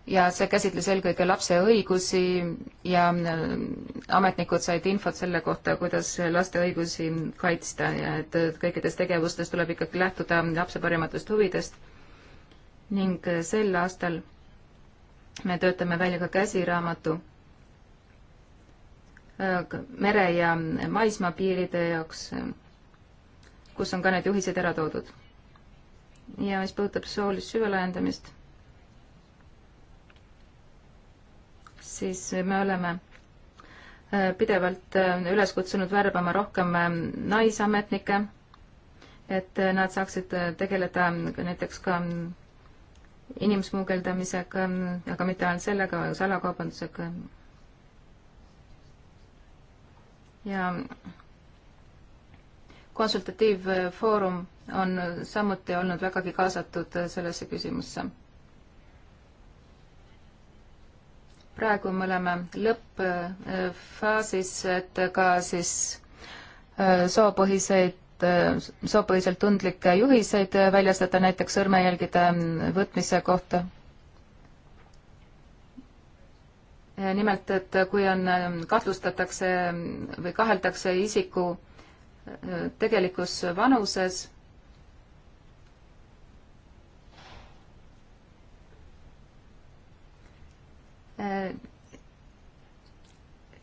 ja see käsitles eelkõige lapse õigusi ja ametnikud said infot selle kohta, kuidas laste õigusi kaitsta ja et kõikides tegevustes tuleb ikkagi lähtuda lapse parimatest huvidest. ning sel aastal me töötame välja ka käsiraamatu Äh, mere- ja maismaapiiride jaoks, äh, kus on ka need juhised ära toodud. ja mis puudutab soolist süvelaiendamist, siis me oleme äh, pidevalt üles kutsunud värbama rohkem naisametnikke, et nad saaksid tegeleda näiteks ka mm, inimsmugeldamisega, mm, aga mitte ainult sellega, salakaubandusega ja konsultatiivfoorum on samuti olnud vägagi kaasatud sellesse küsimusse. praegu me oleme lõppfaasis, et ka siis äh, soopõhiseid, äh, soopõhiselt tundlikke juhiseid väljastada näiteks sõrmejälgide võtmise kohta Eh, nimelt, et kui on, eh, kahtlustatakse või kaheldakse isiku eh, tegelikus vanuses,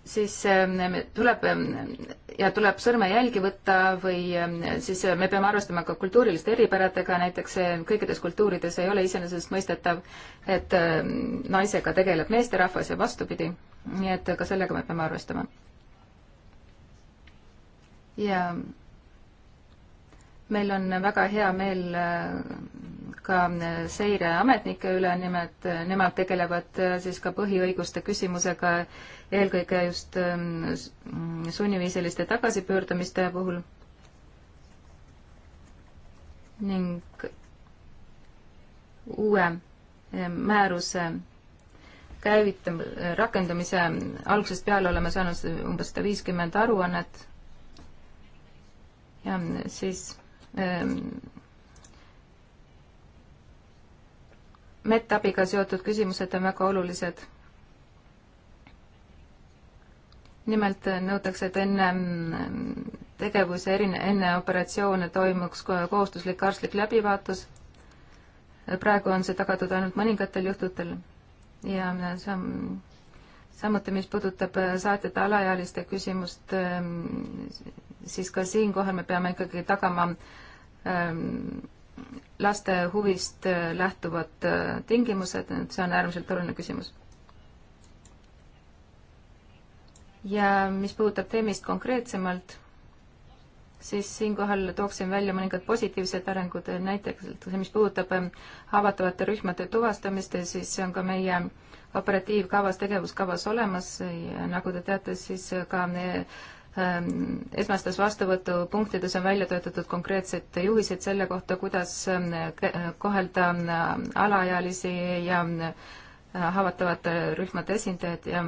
siis ähm, tuleb ähm, ja tuleb sõrmejälgi võtta või ähm, siis äh, me peame arvestama ka kultuuriliste eripäradega, näiteks äh, kõikides kultuurides ei ole iseenesestmõistetav, et naisega tegeleb meesterahvas ja vastupidi. nii et ka sellega me peame arvestama. ja meil on väga hea meel äh, ka äh, seireametnike üle, nimelt äh, nemad tegelevad äh, siis ka põhiõiguste küsimusega eelkõige just ähm, mm, sunniviisiliste tagasipöördumiste puhul. ning uue määruse käivitam-, rakendamise algusest peale oleme saanud umbes sada viiskümmend aruannet ja siis ähm, mettabiga seotud küsimused on väga olulised. nimelt nõutakse, et enne mm, tegevuse erine-, enne operatsioone toimuks kohustuslik arstlik läbivaatus. praegu on see tagatud ainult mõningatel juhtudel ja sam-, samuti, mis puudutab äh, saatjate alaealiste küsimust, ähm, siis ka siinkohal me peame ikkagi tagama ähm, laste huvist äh, lähtuvad äh, tingimused, et see on äärmiselt oluline küsimus. ja mis puudutab teemist konkreetsemalt, siis siinkohal tooksin välja mõningad positiivsed arengud, näiteks see, mis puudutab ähm, haavatavate rühmade tuvastamist, siis see on ka meie operatiivkavas, tegevuskavas olemas ja nagu te teate, siis ka meie Ehm, esmastes vastuvõtupunktides on välja töötatud konkreetsed juhised selle kohta, kuidas ehm, kohelda ehm, alaealisi ja haavatavate rühmade esindajad ja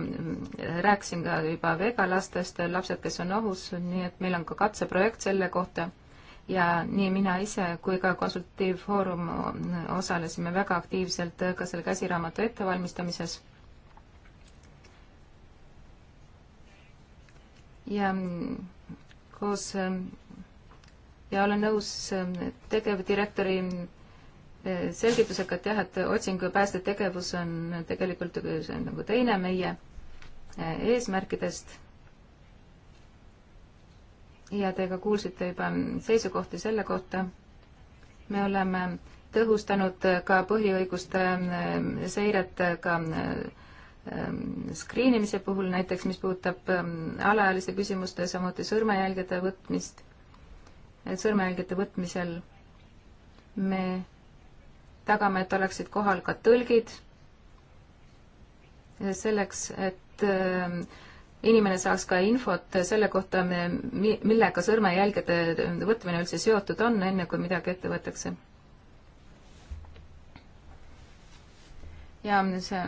rääkisin ka juba vega lastest, lapsed, kes on ohus, nii et meil on ka katseprojekt selle kohta ja nii mina ise kui ka konsultatiivfoorum osalesime väga aktiivselt ka selle käsiraamatu ettevalmistamises ja mm, koos mm, ja olen nõus mm, tegevdirektori selgitusega, et jah, et otsing ja päästetegevus on tegelikult see on nagu teine meie eh, eesmärkidest. ja te ka kuulsite juba seisukohti selle kohta. me oleme tõhustanud ka põhiõiguste seiret ka äh, Ähm, skriinimise puhul näiteks, mis puudutab ähm, alaealiste küsimuste, samuti sõrmejälgede võtmist. sõrmejälgede võtmisel me tagame, et oleksid kohal ka tõlgid, selleks, et ähm, inimene saaks ka infot selle kohta, millega sõrmejälgede võtmine üldse seotud on, enne kui midagi ette võetakse. ja see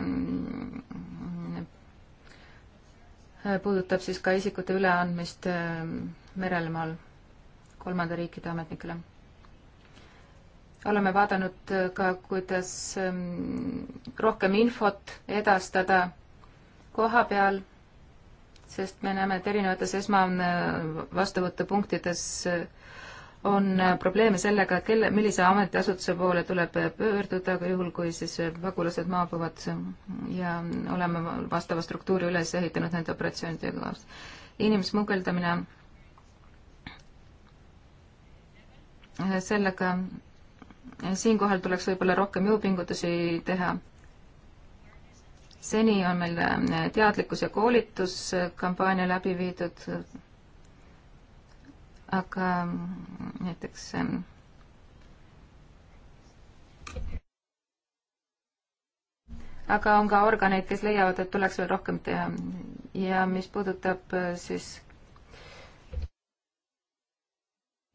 Äh, puudutab siis ka isikute üleandmist äh, merel maal kolmanda riikide ametnikele. oleme vaadanud äh, ka, kuidas ähm, rohkem infot edastada koha peal, sest me näeme, et erinevates esmavastuvõtupunktides punktides on äh, probleeme sellega, et kelle, millise ametiasutuse poole tuleb äh, pöörduda, aga juhul, kui siis äh, pagulased maabuvad ja oleme vastava struktuuri üles ehitanud nende operatsioonidega kaasa. inimsmugeldamine, sellega, siinkohal tuleks võib-olla rohkem jõupingutusi teha. seni on meil teadlikkus- ja koolituskampaania läbi viidud aga mm, näiteks ähm, aga on ka organeid, kes leiavad, et tuleks veel rohkem teha. ja mis puudutab äh, siis,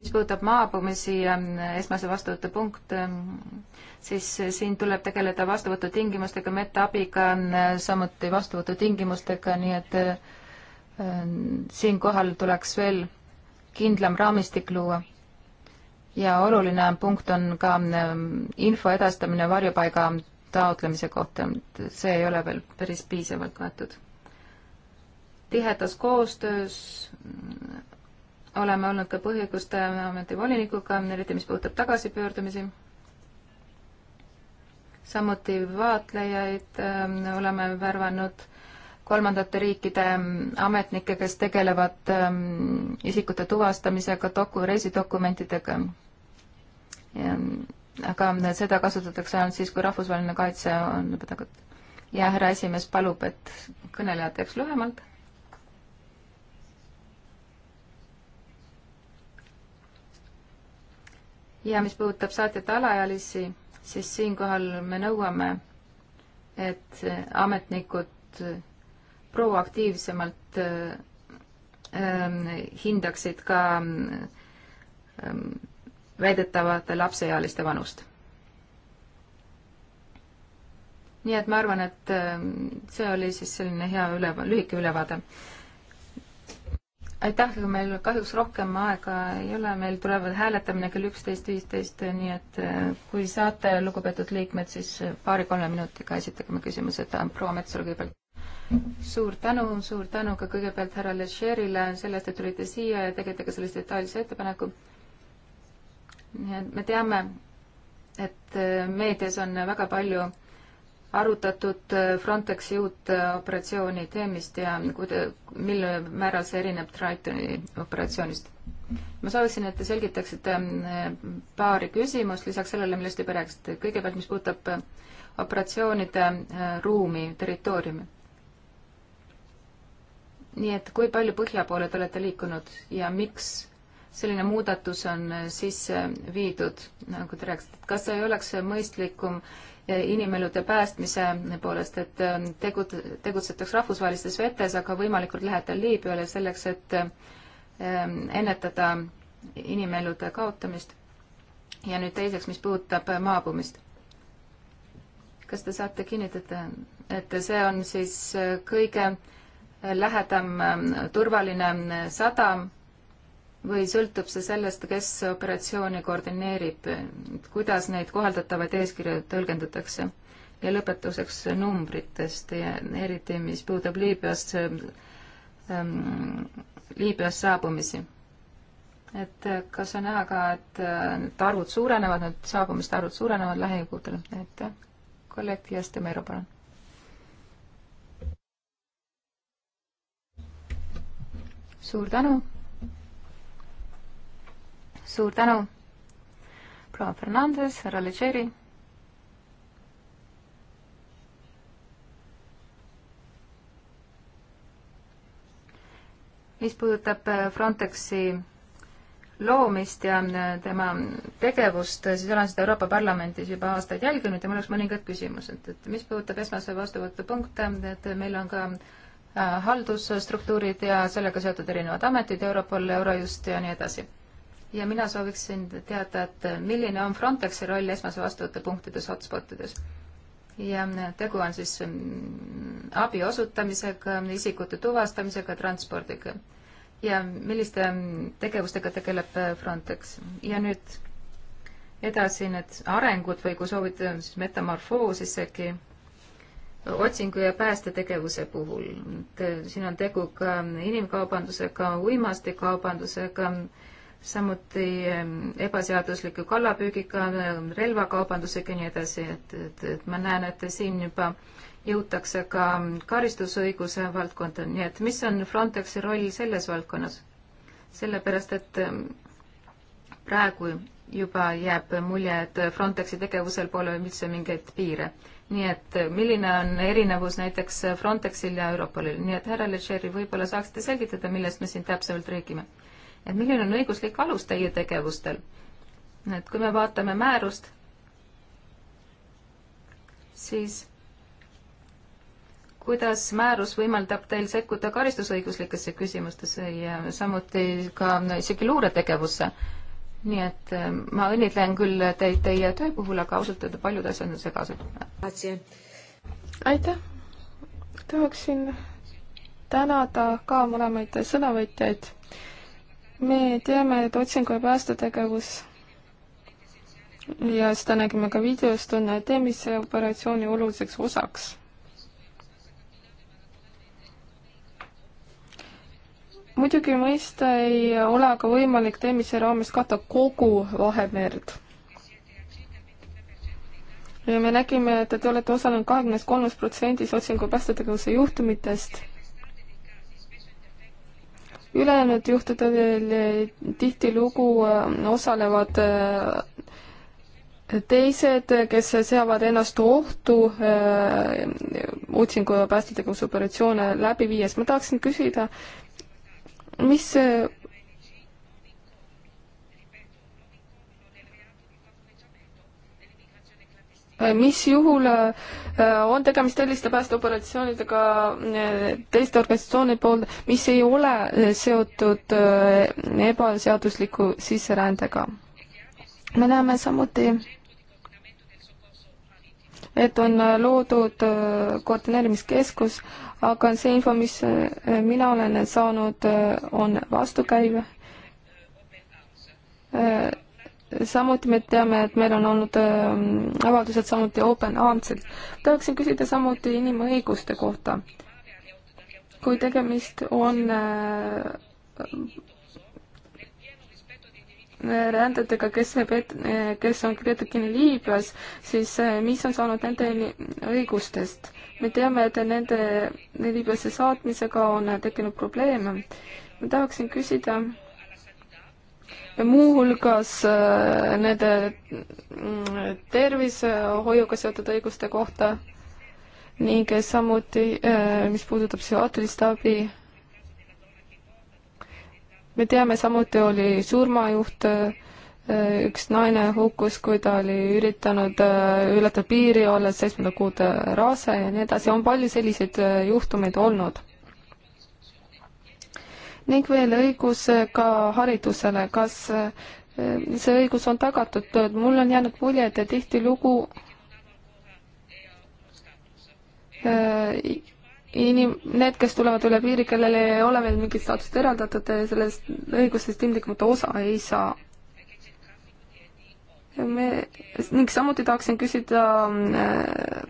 mis puudutab maapõmisi ja äh, esmase vastuvõtu punkte, ähm, siis äh, siin tuleb tegeleda vastuvõtutingimustega, mettaabiga, samuti vastuvõtutingimustega, nii et äh, siinkohal tuleks veel kindlam raamistik luua. ja oluline punkt on ka mm, info edastamine varjupaiga taotlemise kohta, see ei ole veel päris piisavalt kaetud. tihedas koostöös mm, oleme olnud ka põhiõiguste ameti volinikuga, eriti mis puudutab tagasipöördumisi. samuti vaatlejaid öö, mm, oleme värvanud kolmandate riikide mm, ametnikke, kes tegelevad mm, isikute tuvastamisega, doku-, reisidokumentidega. aga seda kasutatakse ainult siis, kui rahvusvaheline kaitse on juba tagatud. ja härra esimees palub, et kõneleja teeks lühemalt. ja mis puudutab saatjate alaealisi, siis siinkohal me nõuame, et ametnikud proaktiivsemalt äh, ähm, hindaksid ka ähm, väidetavate lapseealiste vanust. nii et ma arvan, et ähm, see oli siis selline hea üle, lühike ülevaade. aitäh, meil kahjuks rohkem aega ei ole, meil tulevad hääletamine kell üksteist, viisteist, nii et äh, kui saate, lugupeetud liikmed, siis äh, paari-kolme minutiga esitage oma küsimused, proua Metsalu kõigepealt suur tänu, suur tänu ka kõigepealt härra Lecherile selle eest, et tulite siia ja tegite ka sellise detailse ettepaneku. me teame, et äh, meedias on väga palju arutatud äh, Frontexi uut äh, operatsiooni teemist ja kuida-, mil määral see erineb Tritoni operatsioonist? ma sooviksin, et te selgitaksite paari küsimust lisaks sellele, millest juba rääkisite. kõigepealt, mis puudutab operatsioonide ruumi, territooriumi nii et kui palju põhja poole te olete liikunud ja miks selline muudatus on äh, sisse äh, viidud, nagu te rääkisite, et kas ei oleks äh, mõistlikum inimelude päästmise poolest, et tegut-, tegutsetaks rahvusvahelistes vetes, aga võimalikult lähedal Liibüale selleks, et ähm, ennetada inimelude kaotamist. ja nüüd teiseks, mis puudutab maabumist. kas te saate kinnitada, et see on siis kõige äh, lähedam ähm, turvaline ähm, sadam või sõltub see sellest, kes operatsiooni koordineerib, kuidas neid kohaldatavaid eeskirju tõlgendatakse? ja lõpetuseks numbritest ja eriti, mis puudutab Liibüast ähm,, Liibüast saabumisi. et äh, kas on näha ka, et äh, need arvud suurenevad, need saabumiste arvud suurenevad lähikuudel, et äh, kolleeg Jastemero, palun suur tänu. suur tänu, proua Fernandes, härra Leggeri. mis puudutab äh, Frontexi loomist ja äh, tema tegevust, äh, siis olen seda Euroopa Parlamendis juba aastaid jälginud ja mul oleks mõningad küsimused, et mis puudutab esmase vastuvõtupunkte, et meil on ka äh, Äh, haldusstruktuurid ja sellega seotud erinevad ametid, Europol, Eurojust ja nii edasi. ja mina sooviksin teada, et milline on Frontexi roll esmase vastuvõtu punktides, hotspotides? ja tegu on siis mm, abi osutamisega, isikute tuvastamisega, transpordiga. ja milliste mm, tegevustega tegeleb äh, Frontex? ja nüüd edasi need arengud või kui soovite, äh, siis metamorfoos isegi otsingu ja päästetegevuse puhul. siin on tegu ka inimkaubandusega, uimastikaubandusega, samuti ehm, ebaseadusliku kallapüügiga, relvakaubandusega ja nii edasi, et, et, et ma näen, et siin juba jõutakse ka karistusõiguse valdkonda, nii et mis on Frontexi roll selles valdkonnas? sellepärast, et ehm, praegu juba jääb mulje, et Frontexi tegevusel pole üldse mingeid piire nii et äh, milline on erinevus näiteks äh, Frontexil ja Europolil, nii et härra Lecheri, võib-olla saaksite selgitada, millest me siin täpsemalt räägime. et milline on õiguslik alus teie tegevustel? et kui me vaatame määrust, siis kuidas määrus võimaldab teil sekkuda karistusõiguslikesse küsimustesse ja samuti ka isegi luuretegevusse no,? nii et ähm, ma õnnitlen küll teid teie töö puhul, aga ausalt öelda paljud asjad on segased. aitäh! tahaksin tänada ka mõlemaid sõnavõtjaid. me teame, et otsingu- ja päästetegevus ja seda nägime ka videost, on teemise operatsiooni oluliseks osaks. muidugi mõista ei ole aga võimalik teemise raames katta kogu Vahemerd. ja me nägime, et te olete osalenud kahekümnes kolmes protsendis otsingu päästetegevuse juhtumitest. ülejäänud juhtudel tihtilugu äh, osalevad äh, teised, kes seavad ennast ohtu äh, otsingu ja päästetegevuse operatsioone läbi viies. ma tahaksin küsida, mis äh, mis juhul äh, on tegemist selliste päästeoperatsioonidega äh, teiste organisatsioonide poolt, mis ei ole seotud ebaseadusliku sisserändega? me näeme samuti, et on loodud koordineerimiskeskus, aga see info, mis äh, mina olen saanud, äh, on vastukäiv. Äh, samuti me teame, et meil on olnud avaldused samuti open arms'il. tahaksin küsida samuti inimõiguste kohta. kui tegemist on rändajatega, kes, kes on Kreetakini Liibüas, siis eh, mis on saanud nende õigustest? me teame, et nende Liibüasse saatmisega on tekkinud probleeme. ma tahaksin küsida muuhulgas eh, nende mm, tervishoiuga seotud õiguste kohta ning samuti, eh, mis puudutab psühhiaatrilist abi me teame, samuti oli surmajuht, äh, üks naine hukkus, kui ta oli üritanud äh, ületada piiri, olles seitsmenda kuud rase ja nii edasi, on palju selliseid äh, juhtumeid olnud. ning veel õigus ka haridusele, kas see õigus on tagatud, mul on jäänud mulje, et tihtilugu inim-, need, kes tulevad üle piiri, kellele ei ole veel mingit staatust eraldatud, sellest õigusest ilmtingimata osa ei saa. me, ning samuti tahaksin küsida äh,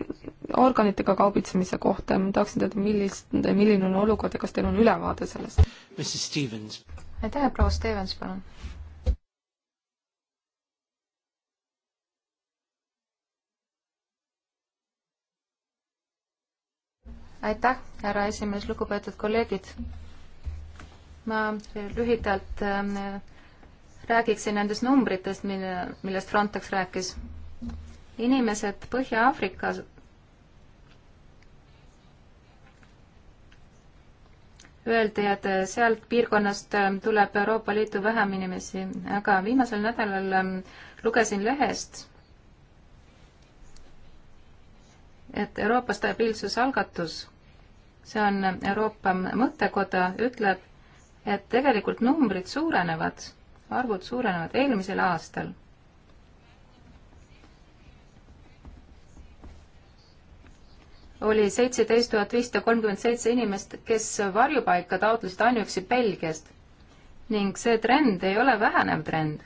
organitega kaubitsemise kohta, ma tahaksin teada, millist, milline on olukord ja kas teil on ülevaade sellest? aitäh, proua Stevens, palun aitäh, härra esimees, lugupeetud kolleegid. ma lühidalt äh, räägiksin nendest numbritest, mille, millest Frontex rääkis. inimesed Põhja-Aafrikas öeldi, et sealt piirkonnast äh, tuleb Euroopa Liitu vähem inimesi, aga viimasel nädalal äh, lugesin lehest, et Euroopa stabiilsusalgatus, see on Euroopa mõttekoda, ütleb, et tegelikult numbrid suurenevad, arvud suurenevad eelmisel aastal. oli seitseteist tuhat viissada kolmkümmend seitse inimest, kes varjupaika taotlesid ainuüksi Belgiast ning see trend ei ole vähenev trend.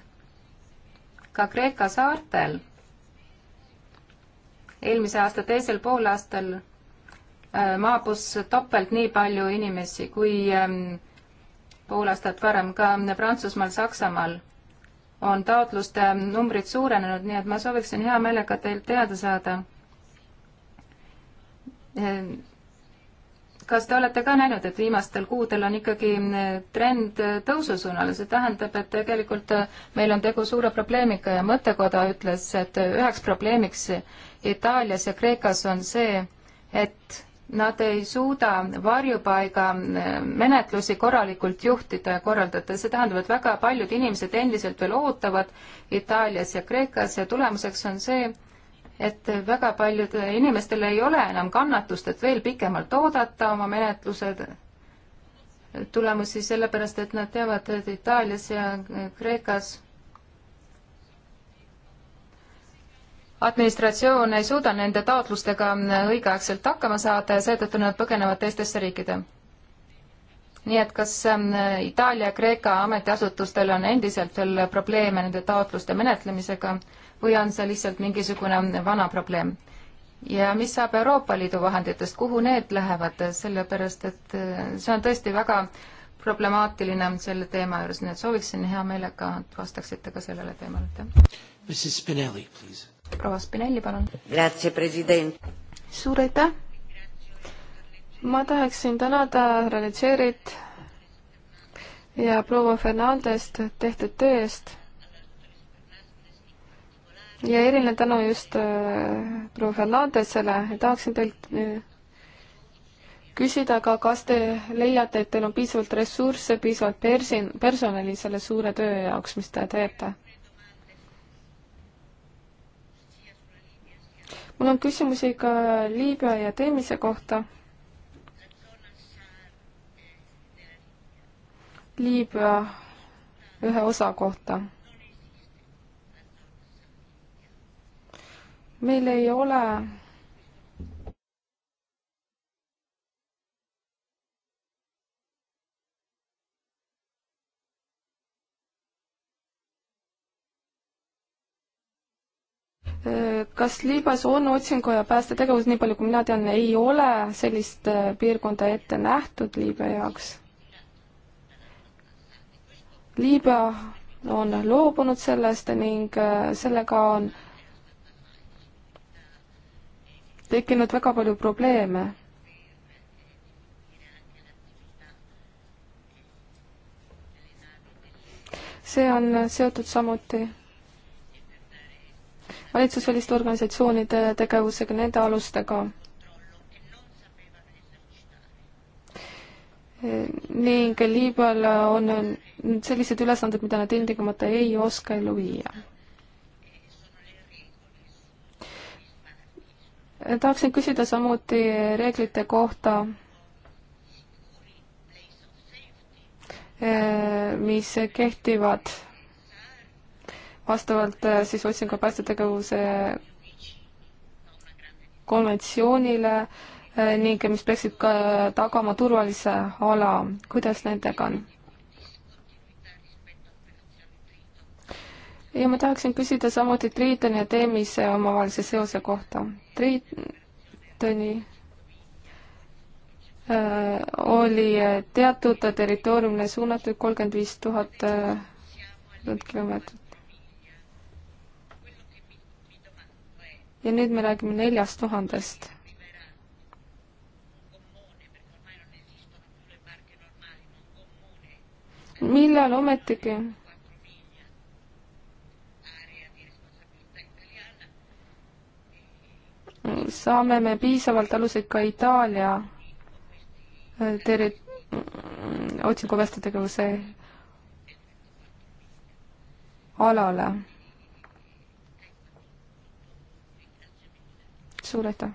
ka Kreeka saartel eelmise aasta teisel poolaastal äh, maabus topelt nii palju inimesi kui ähm, pool aastat varem ka Prantsusmaal, Saksamaal on taotluste ähm, numbrid suurenenud, nii et ma sooviksin hea meelega teilt teada saada äh, kas te olete ka näinud, et viimastel kuudel on ikkagi mm, trend äh, tõususuunal, see tähendab, et tegelikult äh, meil on tegu suure probleemiga ja mõttekoda ütles, et äh, üheks probleemiks Itaalias ja Kreekas on see, et nad ei suuda varjupaiga mm, menetlusi korralikult juhtida ja korraldada, see tähendab, et väga paljud inimesed endiselt veel ootavad Itaalias ja Kreekas ja tulemuseks on see, et väga paljudel inimestel ei ole enam kannatust, et veel pikemalt oodata oma menetlused tulemusi, sellepärast et nad teavad, et Itaalias ja Kreekas administratsioon ei suuda nende taotlustega õigeaegselt hakkama saada ja seetõttu nad põgenevad teistesse riikide. nii et kas ähm, Itaalia, Kreeka ametiasutustel on endiselt veel probleeme nende taotluste menetlemisega? või on see lihtsalt mingisugune vana probleem? ja mis saab Euroopa Liidu vahenditest, kuhu need lähevad, sellepärast et äh, see on tõesti väga problemaatiline selle teema juures, nii et sooviksin hea meelega, et vastaksite ka sellele teemale, aitäh. proua Spinelli, palun. suur aitäh! ma tahaksin tänada härra Letšerit ja proua Fernandest tehtud töö eest ja eriline tänu just äh, proua Fernandesele, tahaksin teilt äh, küsida ka, kas te leiate, et teil on piisavalt ressursse, piisavalt persin-, personali selle suure töö jaoks, mis te teete? mul on küsimusi ka Liibüa ja teemise kohta. Liibüa ühe osa kohta meil ei ole kas Liibüas on otsingu ja päästetegevus, nii palju kui mina tean, ei ole sellist äh, piirkonda ette nähtud Liibüa jaoks? Liibüa on loobunud sellest ning äh, sellega on äh, tekkinud väga palju probleeme. see on seotud samuti valitsusväliste organisatsioonide tegevusega, nende alustega. ning Liibüal on sellised ülesanded, mida nad ilmtingimata ei oska ellu viia tahaksin küsida samuti reeglite kohta, eh, mis kehtivad vastavalt eh, siis otsingu päästetegevuse konventsioonile eh, ning mis peaksid ka tagama turvalise ala. kuidas nendega on? ja ma tahaksin küsida samuti Triitoni ja Teemise omavahelise seose kohta. Triitoni äh, oli äh, teatud territooriumile suunatud kolmkümmend viis tuhat äh, kilomeetrit. ja nüüd me räägime neljast tuhandest millal ometigi saame me piisavalt aluseid ka Itaalia äh, teri-, otsingu vastutegevuse alale. suur aitäh!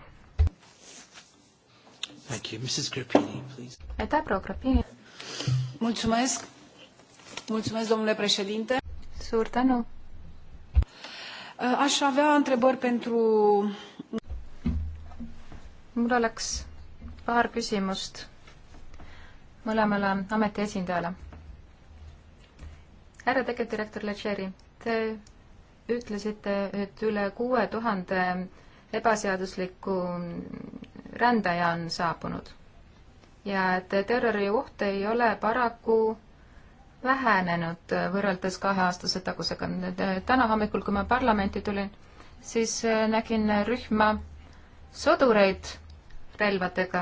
aitäh, proua Grapini! mulțumesc! mulțumesc, domnule președinte! suur tänu! aș avea întrebări pentru mul oleks paar küsimust mõlemale ameti esindajale. härra tegevdirektor Lecheri, te ütlesite, et üle kuue tuhande ebaseadusliku rändaja on saabunud ja et terrorioht ei ole paraku vähenenud võrreldes kaheaastase tagusega. täna hommikul, kui ma parlamenti tulin, siis nägin rühma sõdureid relvadega.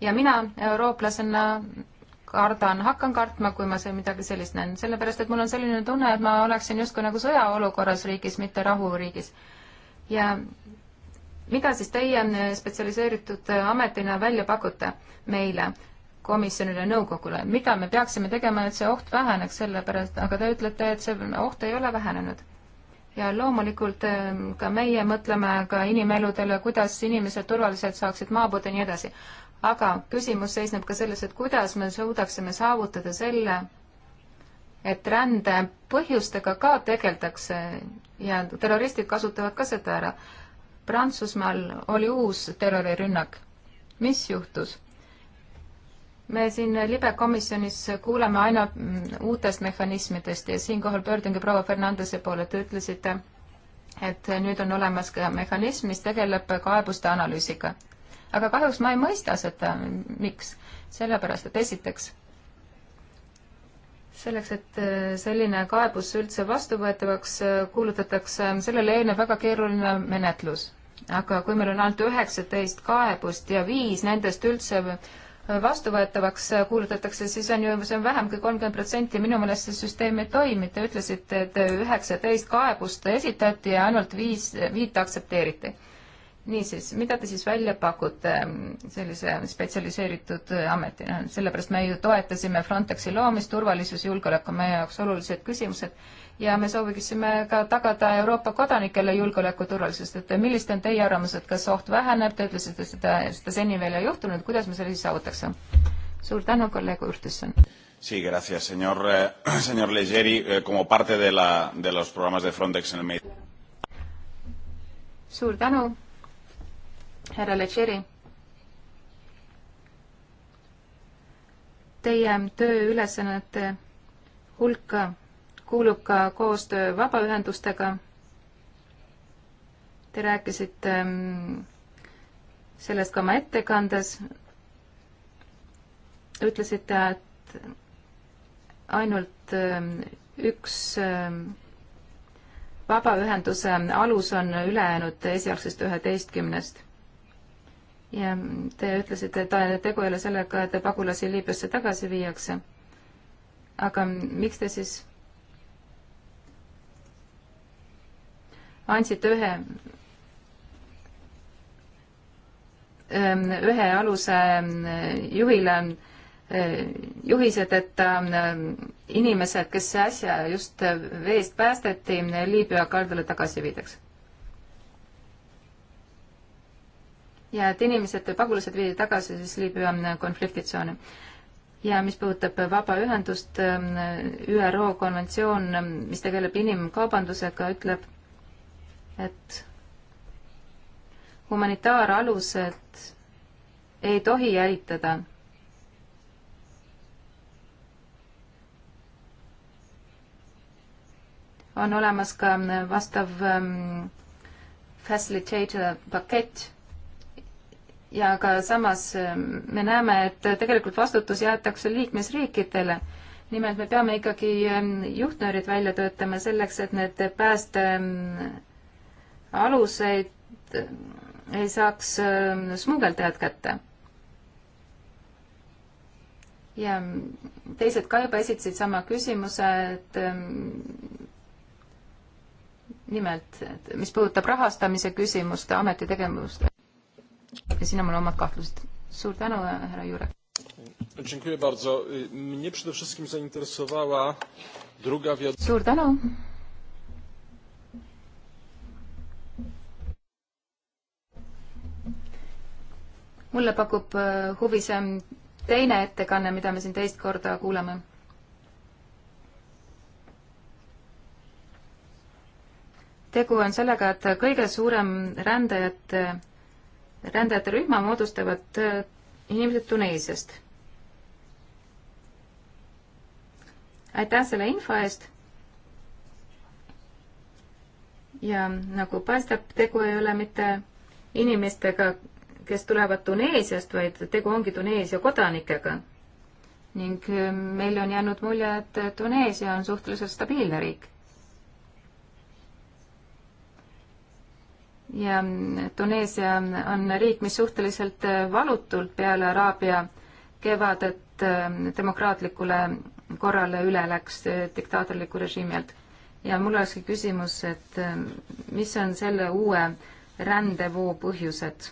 ja mina eurooplasena kardan, hakkan kartma, kui ma seal midagi sellist näen, sellepärast et mul on selline tunne, et ma oleksin justkui nagu sõjaolukorras riigis, mitte rahuriigis. ja mida siis teie äh, spetsialiseeritud äh, ametina välja pakute meile? komisjonile, nõukogule, mida me peaksime tegema, et see oht väheneks, sellepärast, aga te ütlete, et see oht ei ole vähenenud ja loomulikult äh, ka meie mõtleme ka inimeludele, kuidas inimesed turvaliselt saaksid maabuda ja nii edasi. aga küsimus seisneb ka selles, et kuidas me suudaksime saavutada selle, et rände põhjustega ka tegeldakse ja terroristid kasutavad ka seda ära. Prantsusmaal oli uus terrorirünnak. mis juhtus? me siin libekomisjonis kuuleme aina mm, uutest mehhanismidest ja siinkohal pöördungi proua Fernandese poole, te ütlesite, et nüüd on olemas ka mehhanism, mis tegeleb kaebuste analüüsiga. aga kahjuks ma ei mõista seda, miks. sellepärast, et esiteks, selleks, et äh, selline kaebus üldse vastuvõetavaks äh, kuulutatakse, sellele eelneb väga keeruline menetlus. aga kui meil on ainult üheksateist kaebust ja viis nendest üldse vastuvõetavaks kuulutatakse, siis on ju, see on vähem kui kolmkümmend protsenti, minu meelest see süsteem ei toimi, te ütlesite, et üheksateist kaebust esitati ja ainult viis, viit aktsepteeriti. niisiis, mida te siis välja pakute mm, sellise spetsialiseeritud ametina, sellepärast me ju toetasime Frontexi loomist, turvalisus, julgeolek on meie jaoks olulised küsimused ja me sooviksime ka tagada Euroopa kodanikele julgeoleku turvalisust, et millised on teie arvamused, kas oht väheneb, te ütlesite, et seda, seda seni veel ei juhtunud, kuidas me selle siis saavutaks? suur tänu, kolleeg Urtisson. Sí, gracias, señor, eh, señor Leggeri, eh, como parte de la, de los programas de Frontex en el Medio. suur tänu, härra Leggeri. Teie tööülesannete hulka kuulub ka koostöö vabaühendustega. Te rääkisite ähm, sellest ka oma ettekandes. ütlesite, et ainult ähm, üks ähm, vabaühenduse alus on ülejäänud esialgsest üheteistkümnest. ja te ütlesite, et tegu ei ole sellega, et pagulasi Liibüasse tagasi viiakse. aga miks te siis andsite ühe ähm, ühe aluse ähm, juhile äh, juhised, et ähm, inimesed, kes äsja just veest päästeti, Liibüa kaldale tagasi viidaks. ja et inimesed, pagulased viidi tagasi siis Liibüa konfliktitsiooni. ja mis puudutab vabaühendust, ÜRO konventsioon, mis tegeleb inimkaubandusega, ütleb et humanitaaralused ei tohi jälitada. on olemas ka mm, vastav um, facilitator pakett ja ka samas mm, me näeme, et tegelikult vastutus jäetakse liikmesriikidele. nimelt me peame ikkagi juhtnöörid välja töötama selleks, et need pääste aluseid ei saaks ähm, smugeldajad kätte. ja teised ka juba esitasid sama küsimuse, et ähm, nimelt, et mis puudutab rahastamise küsimust, ameti tegevust. ja siin on mul omad kahtlused. suur tänu, härra Jurek. Dziękuję bardzo. Mnie przede wszystkim zainteresowała druga wiadomość. Suur tänu. mulle pakub äh, huvi see mm, teine ettekanne, mida me siin teist korda kuuleme. tegu on sellega, et kõige suurem rändajate, rändajate rühma moodustavad äh, inimesed Tuneesiast. aitäh selle info eest. ja nagu paistab, tegu ei ole mitte inimestega, kes tulevad Tuneesiast, vaid tegu ongi Tuneesia kodanikega. ning äh, meil on jäänud mulje, et Tuneesia on suhteliselt stabiilne riik. ja mm, Tuneesia on riik, mis suhteliselt äh, valutult peale Araabia kevadet äh, demokraatlikule korrale üle läks diktaatorliku režiimi alt. ja mul olekski küsimus, et mis on selle uue äh, rändevoo põhjused,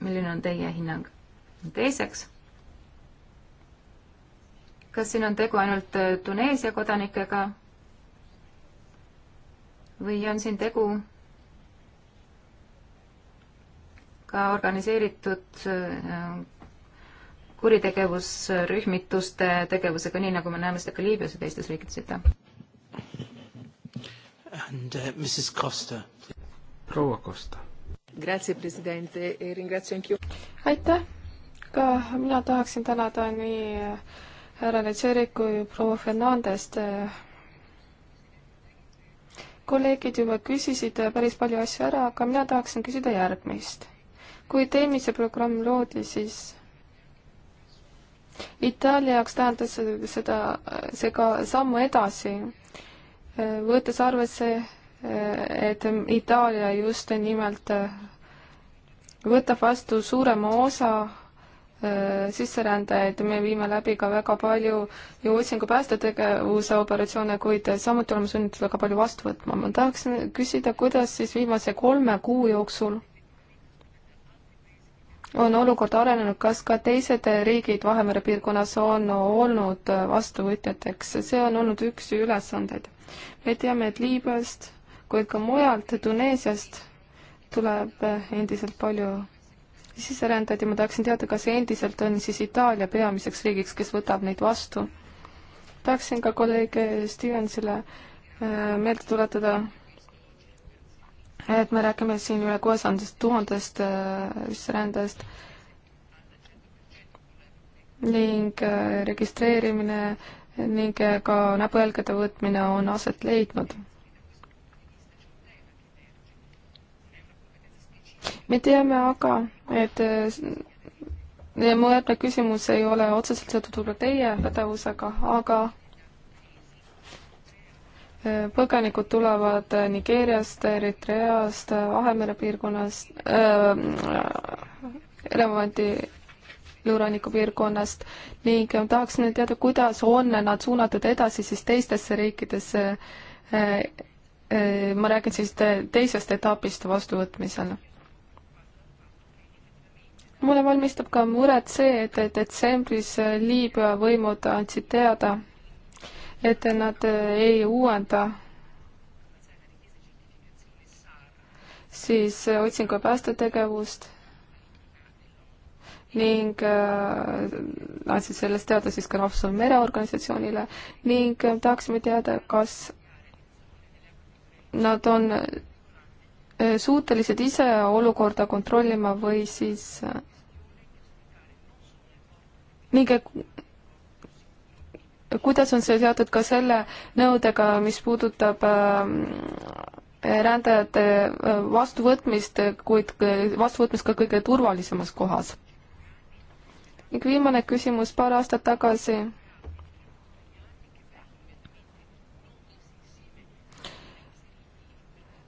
milline on teie hinnang? teiseks, kas siin on tegu ainult äh, Tuneesia kodanikega või on siin tegu ka organiseeritud äh, kuritegevusrühmituste tegevusega, nii nagu me näeme seda ka Liibüas ja teistes riikides, aitäh. And uh, äh, Mrs Costa. proua Costa E aitäh, ka mina tahaksin tänada nii eh, härra Letseri kui proua Fernandest. Eh, kolleegid juba küsisid eh, päris palju asju ära, aga mina tahaksin küsida järgmist. kui teemise programm loodi, siis Itaalia jaoks tähendas seda, see ka sammu edasi, võttes arvesse et Itaalia just nimelt äh, võtab vastu suurema osa äh, sisserändajaid, me viime läbi ka väga palju ju otsingu päästetegevuse operatsioone, kuid samuti oleme sunnitud väga palju vastu võtma. ma tahaksin küsida, kuidas siis viimase kolme kuu jooksul on olukord arenenud, kas ka teised riigid Vahemere piirkonnas on olnud vastuvõtjateks, see on olnud üks ülesandeid. me teame, et Liibüast kuid ka mujalt Tuneesiast tuleb endiselt palju sisserändajaid ja ma tahaksin teada, kas endiselt on siis Itaalia peamiseks riigiks, kes võtab neid vastu. tahaksin ka kolleeg Stevensile äh, meelde tuletada, et me räägime siin üle kuuesajandast tuhandest äh, sisserändajast ning äh, registreerimine ning ka näpujalgade võtmine on aset leidnud me teame aga, et äh, mu järgmine küsimus ei ole otseselt seotud võib-olla teie pädevusega, aga äh, põgenikud tulevad äh, Nigeeriast, Eritreast, Vahemere piirkonnast äh,, elevandi lõuranniku piirkonnast ning tahaksin nüüd teada, kuidas on nad suunatud edasi siis teistesse riikidesse äh,. Äh, ma räägin siis te, teisest etapist vastuvõtmisel mulle valmistab ka muret see, et detsembris äh, Liibüa võimud andsid teada, et nad äh, ei uuenda siis äh, otsingu- ja päästetegevust ning äh, andsid sellest teada siis ka Rahvusvaheline Mereorganisatsioonile ning tahaksime teada, kas nad on suutelised ise olukorda kontrollima või siis äh, ning kuidas on see seotud ka selle nõudega, mis puudutab ähm, rändajate äh, vastuvõtmist, kuid vastuvõtmist ka kõige turvalisemas kohas. ning viimane küsimus, paar aastat tagasi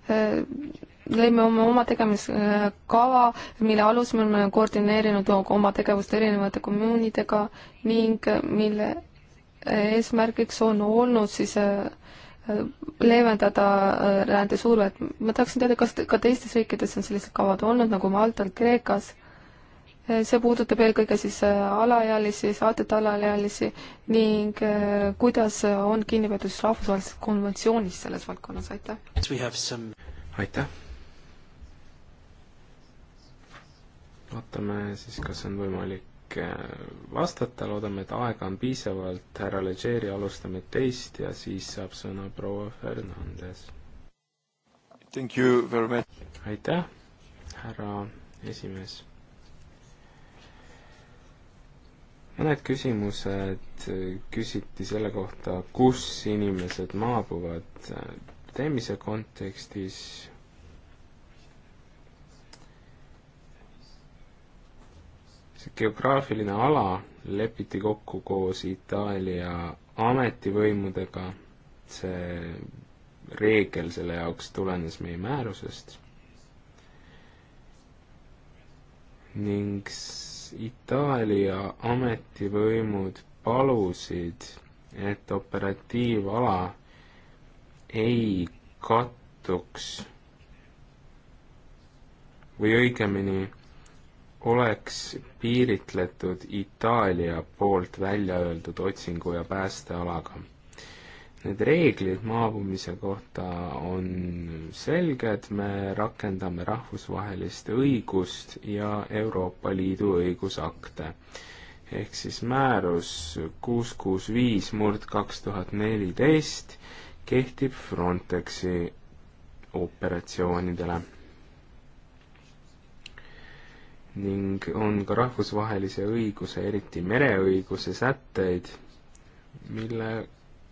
äh, lõime oma, oma tegemiskava, mille alus me oleme koordineerinud oma tegevust erinevate kommuunidega ning mille eesmärgiks on olnud siis äh, leevendada äh, rände survet. ma tahaksin teada, kas ka teistes riikides on sellised kavad olnud, nagu Maltal, Kreekas? Äh, see puudutab eelkõige siis alaealisi, saatjate alaealisi ning kuidas on kinni peetud siis rahvusvahelisest konventsioonist selles valdkonnas, aitäh! aitäh! vaatame siis, kas on võimalik äh, vastata, loodame, et aega on piisavalt, härra Legeri, alustame teist ja siis saab sõna proua Fernandes. aitäh, härra esimees. mõned küsimused küsiti selle kohta, kus inimesed maabuvad. teemise kontekstis see geograafiline ala lepiti kokku koos Itaalia ametivõimudega, see reegel selle jaoks tulenes meie määrusest ning Itaalia ametivõimud palusid, et operatiivala ei kattuks või õigemini oleks piiritletud Itaalia poolt välja öeldud otsingu- ja päästealaga. Need reeglid maabumise kohta on selged, me rakendame rahvusvahelist õigust ja Euroopa Liidu õigusakte. ehk siis määrus kuus kuus viis murd kaks tuhat neliteist kehtib Frontexi operatsioonidele ning on ka rahvusvahelise õiguse, eriti mereõiguse sätteid, mille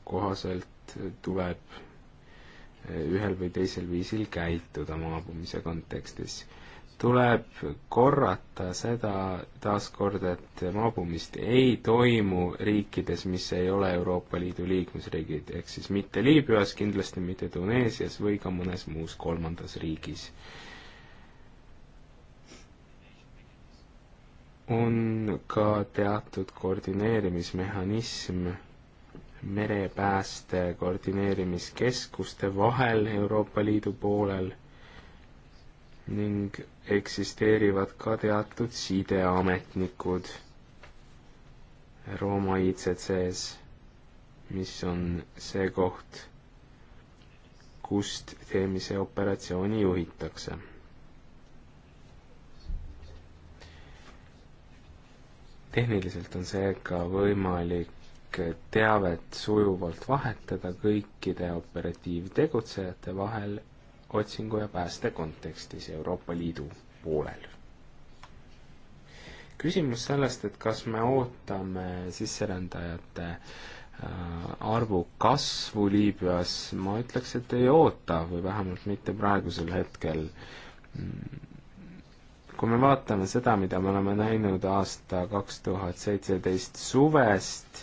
kohaselt tuleb eh, ühel või teisel viisil käituda maabumise kontekstis. tuleb korrata seda taaskord, et maabumist ei toimu riikides, mis ei ole Euroopa Liidu liikmesriigid, ehk siis mitte Liibüas, kindlasti mitte Tuneesias või ka mõnes muus kolmandas riigis on ka teatud koordineerimismehhanism merepääste koordineerimiskeskuste vahel Euroopa Liidu poolel ning eksisteerivad ka teatud sideametnikud Rooma ICC-s, mis on see koht, kust teemise operatsiooni juhitakse tehniliselt on seega võimalik teavet sujuvalt vahetada kõikide operatiivtegutsejate vahel otsingu ja pääste kontekstis Euroopa Liidu poolel. küsimus sellest, et kas me ootame sisserändajate äh, arvu kasvu Liibüas, ma ütleks, et ei oota või vähemalt mitte praegusel hetkel. Mm, kui me vaatame seda, mida me oleme näinud aasta kaks tuhat seitseteist suvest,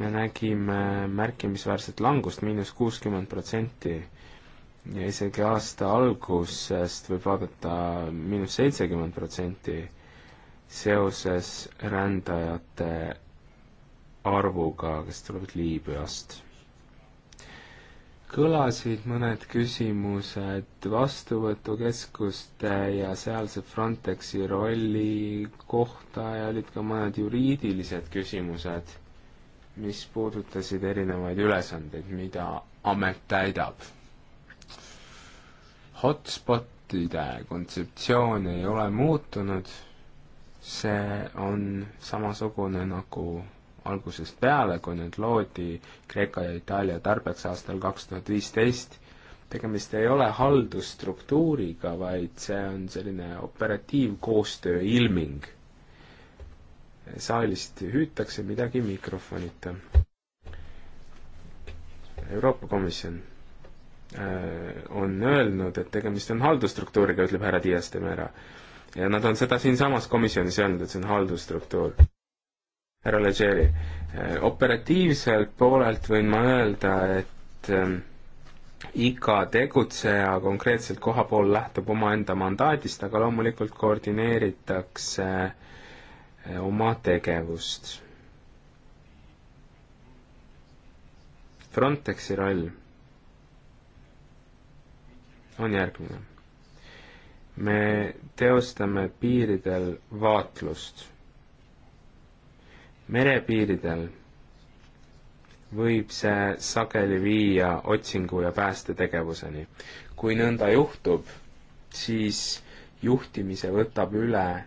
me nägime märkimisväärset langust, miinus kuuskümmend protsenti. ja isegi aasta algusest võib vaadata miinus seitsekümmend protsenti seoses rändajate arvuga, kes tulevad Liibüast kõlasid mõned küsimused vastuvõtukeskuste ja sealse Frontexi rolli kohta ja olid ka mõned juriidilised küsimused, mis puudutasid erinevaid ülesandeid, mida amet täidab. Hotspotide kontseptsioon ei ole muutunud, see on samasugune nagu algusest peale, kui need loodi Kreeka ja Itaalia tarbeks aastal kaks tuhat viisteist. tegemist ei ole haldusstruktuuriga, vaid see on selline operatiivkoostöö ilming. saalist hüütakse midagi mikrofonita. Euroopa Komisjon äh, on öelnud, et tegemist on haldusstruktuuriga, ütleb härra Dias de Mera. ja nad on seda siinsamas komisjonis öelnud, et see on haldusstruktuur härra Legeri, äh, operatiivselt poolelt võin ma öelda, et ähm, iga tegutseja konkreetselt koha pool lähtub omaenda mandaadist, aga loomulikult koordineeritakse äh, oma tegevust. Frontexi roll on järgmine. me teostame piiridel vaatlust merepiiridel võib see sageli viia otsingu- ja päästetegevuseni. kui nõnda juhtub, siis juhtimise võtab üle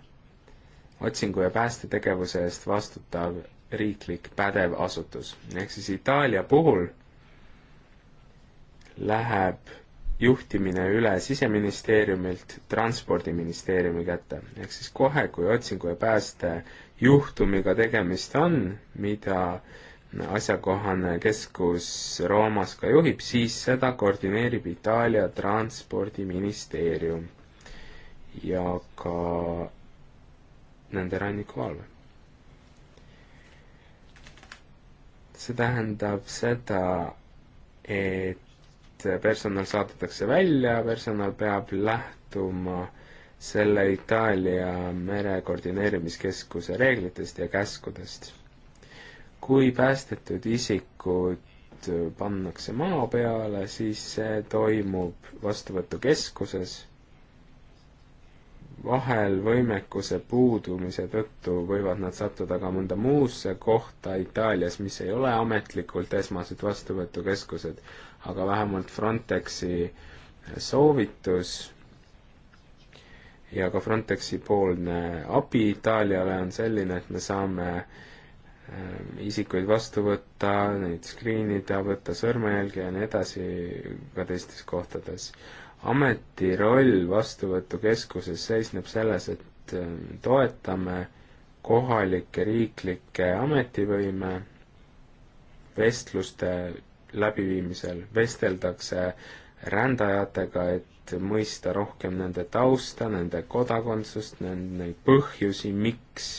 otsingu- ja päästetegevuse eest vastutav riiklik pädev asutus. ehk siis Itaalia puhul läheb juhtimine üle Siseministeeriumilt Transpordiministeeriumi kätte. ehk siis kohe, kui otsingu- ja pääste juhtumiga tegemist on, mida asjakohane keskus Roomas ka juhib, siis seda koordineerib Itaalia transpordiministeerium ja ka nende rannikuvalve. see tähendab seda, et personal saadetakse välja, personal peab lähtuma äh, selle Itaalia mere koordineerimiskeskuse reeglitest ja käskudest. kui päästetud isikud pannakse maa peale, siis see toimub vastuvõtukeskuses vahel võimekuse puudumise tõttu võivad nad sattuda ka mõnda muusse kohta Itaalias, mis ei ole ametlikult esmased vastuvõtukeskused, aga vähemalt Frontexi soovitus ja ka Frontexi poolne abi Itaaliale on selline, et me saame ähm, isikuid vastu võtta, neid skriinida, võtta sõrmejälgi ja nii edasi ka teistes kohtades. ameti roll vastuvõtukeskuses seisneb selles, et ähm, toetame kohalikke riiklikke ametivõime vestluste läbiviimisel, vesteldakse rändajatega, et et mõista rohkem nende tausta, nende kodakondsust, neid põhjusi, miks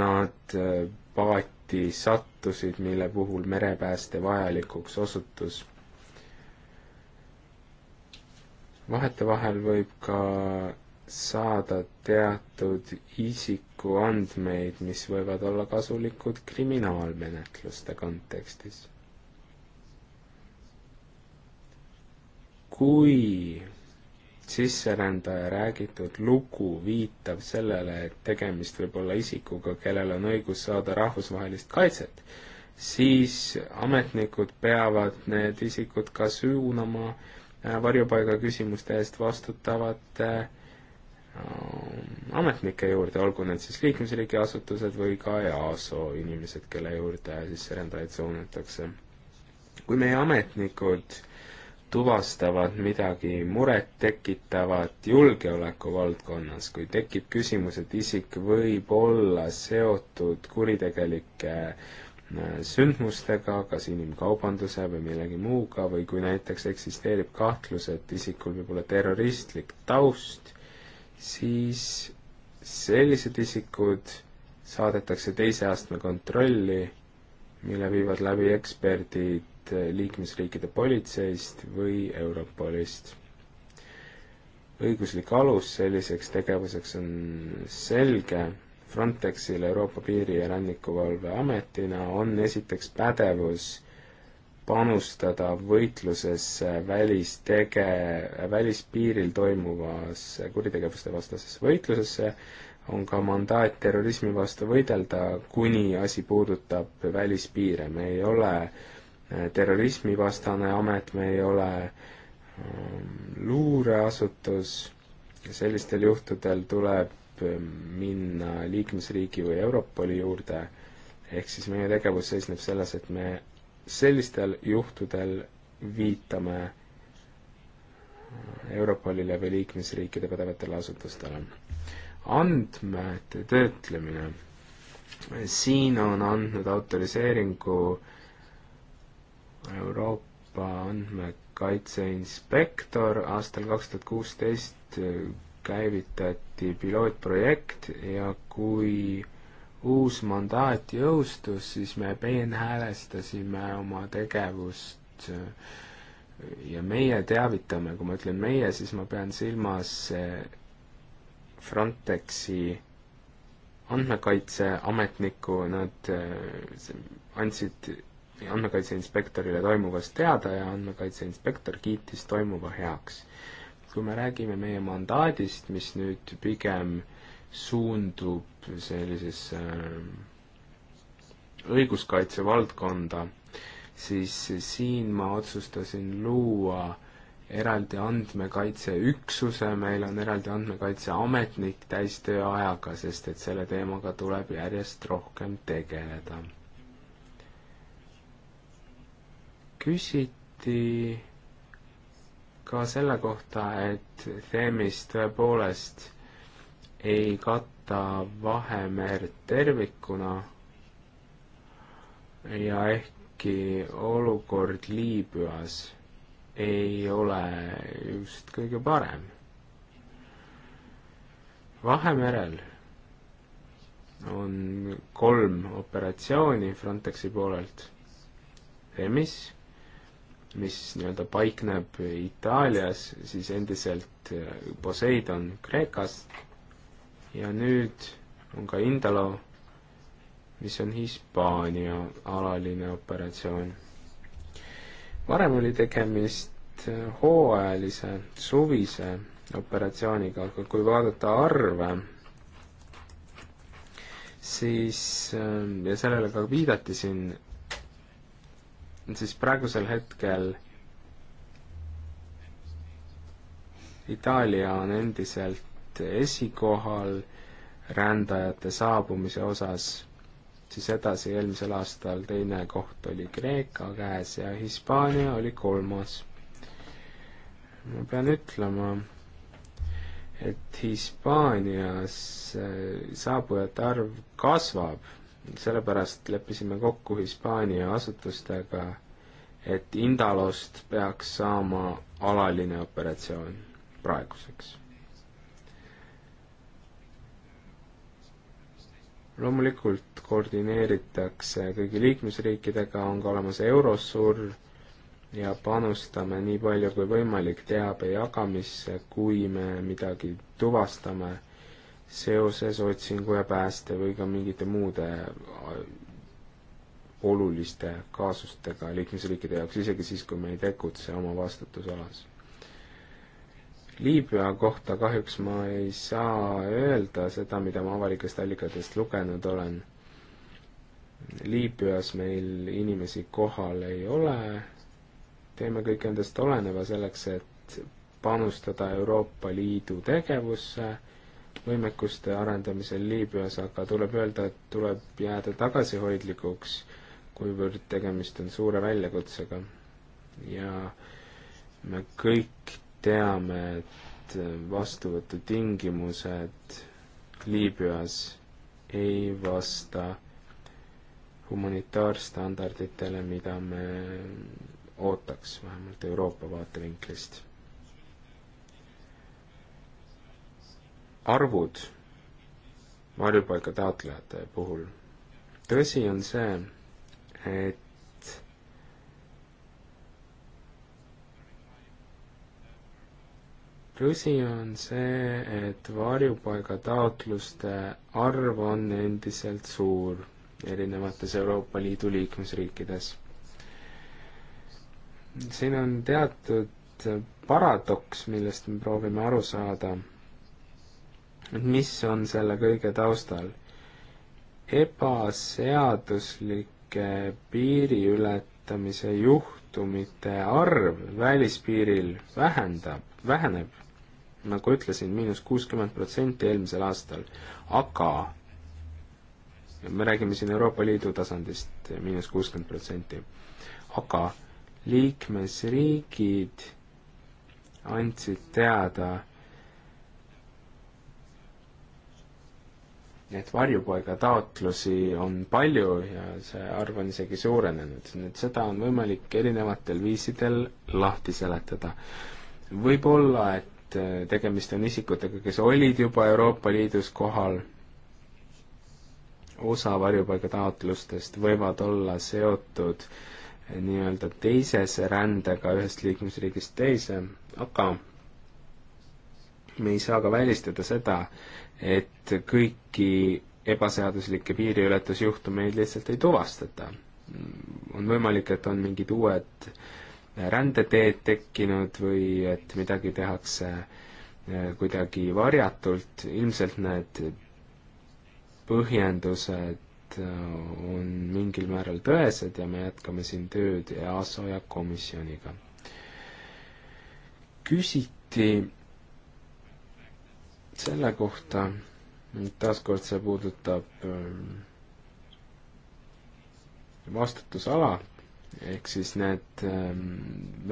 nad äh, paati sattusid, mille puhul merepääste vajalikuks osutus. vahetevahel võib ka saada teatud isikuandmeid, mis võivad olla kasulikud kriminaalmenetluste kontekstis. kui sisserändaja räägitud lugu viitab sellele, et tegemist võib olla isikuga, kellel on õigus saada rahvusvahelist kaitset, siis ametnikud peavad need isikud ka suunama äh, varjupaiga küsimuste eest vastutavate äh, ametnike juurde, olgu need siis liikmesriigi asutused või ka EASO inimesed, kelle juurde sisserändajaid suunatakse. kui meie ametnikud äh, tuvastavad midagi murettekitavat julgeoleku valdkonnas, kui tekib küsimus, et isik võib olla seotud kuritegelike äh, sündmustega, kas inimkaubanduse või millegi muuga, või kui näiteks eksisteerib kahtlus, et isikul võib olla terroristlik taust, siis sellised isikud saadetakse teise astme kontrolli, mille viivad läbi eksperdid liikmed äh, liikmesriikide politseist või Europolist. õiguslik alus selliseks tegevuseks on selge, Frontexil Euroopa Piiri- ja Rannikuvalve Ametina on esiteks pädevus panustada võitlusesse välistege-, välispiiril toimuvasse kuritegevuste vastasesse võitlusesse, on ka mandaat terrorismi vastu võidelda, kuni asi puudutab välispiire, me ei ole terrorismivastane amet, me ei ole ähm, luureasutus, sellistel juhtudel tuleb ähm, minna liikmesriigi või Europoli juurde, ehk siis meie tegevus seisneb selles, et me sellistel juhtudel viitame äh, Europolile või liikmesriikide pädevatele asutustele. andmete töötlemine. siin on andnud autoriseeringu äh, Euroopa andmekaitseinspektor aastal kaks tuhat kuusteist äh, käivitati pilootprojekt ja kui uus mandaat jõustus, siis me peenhäälestasime oma tegevust äh, ja meie teavitame, kui ma ütlen meie, siis ma pean silmas äh, Frontexi andmekaitseametnikku, nad andsid andmekaitse inspektorile toimuvast teada ja andmekaitse inspektor kiitis toimuva heaks. kui me räägime meie mandaadist, mis nüüd pigem suundub sellisesse äh, õiguskaitse valdkonda, siis siin ma otsustasin luua eraldi andmekaitseüksuse, meil on eraldi andmekaitseametnik täistööajaga, sest et selle teemaga tuleb järjest rohkem tegeleda küsiti ka selle kohta, et Themis tõepoolest ei katta Vahemerd tervikuna ja ehkki olukord Liibüas ei ole just kõige parem. Vahemerel on kolm operatsiooni Frontexi poolelt, EMIS mis nii-öelda paikneb Itaalias, siis endiselt äh, Poseidon Kreekas ja nüüd on ka Indalo, mis on Hispaania alaline operatsioon. varem oli tegemist äh, hooajalise suvise operatsiooniga, aga kui vaadata arve, siis, äh, ja sellele ka viidati siin siis praegusel hetkel Itaalia on endiselt esikohal rändajate saabumise osas, siis edasi eelmisel aastal teine koht oli Kreeka käes ja Hispaania oli kolmas. ma pean ütlema, et Hispaanias äh, saabujate arv kasvab sellepärast leppisime kokku Hispaania asutustega, et Indalost peaks saama alaline operatsioon praeguseks loomulikult koordineeritakse kõigi liikmesriikidega, on ka olemas Eurosur ja panustame nii palju kui võimalik teabe jagamisse, kui me midagi tuvastame seoses otsingu ja pääste või ka mingite muude äh, oluliste kaasustega liikmesriikide jaoks, isegi siis, kui me ei tegutse oma vastutusalas. Liibüa kohta kahjuks ma ei saa öelda seda, mida ma avalikest allikatest lugenud olen. Liibüas meil inimesi kohal ei ole, teeme kõik endast oleneva selleks, et panustada Euroopa Liidu tegevusse võimekuste arendamisel Liibüas, aga tuleb öelda, et tuleb jääda tagasihoidlikuks, kuivõrd tegemist on suure väljakutsega. ja me kõik teame, et vastuvõtutingimused Liibüas ei vasta humanitaarstandarditele, mida me ootaks, vähemalt Euroopa vaatevinklist arvud varjupaiga taotlejate puhul. tõsi on see, et tõsi on see, et varjupaiga taotluste arv on endiselt suur erinevates Euroopa Liidu liikmesriikides. siin on teatud paradoks, millest me proovime aru saada mis on selle kõige taustal? ebaseaduslike piiriületamise juhtumite arv välispiiril vähendab, väheneb, nagu ütlesin, miinus kuuskümmend protsenti eelmisel aastal, aga me räägime siin Euroopa Liidu tasandist, miinus kuuskümmend protsenti, aga liikmesriigid andsid teada, et varjupaigataotlusi on palju ja see arv on isegi suurenenud, nii et seda on võimalik erinevatel viisidel lahti seletada. võib-olla, et äh, tegemist on isikutega, kes olid juba Euroopa Liidus kohal, osa varjupaigataotlustest võivad olla seotud äh, nii-öelda teisese rändega ühest liikmesriigist teise, aga me ei saa ka välistada seda, et kõiki ebaseaduslikke piiriületusjuhtumeid lihtsalt ei tuvastata. on võimalik, et on mingid uued rändeteed tekkinud või et midagi tehakse eh, kuidagi varjatult, ilmselt need põhjendused eh, on mingil määral tõesed ja me jätkame siin tööd EASO ja komisjoniga. küsiti selle kohta, taaskord see puudutab ähm, vastutusala, ehk siis need ähm,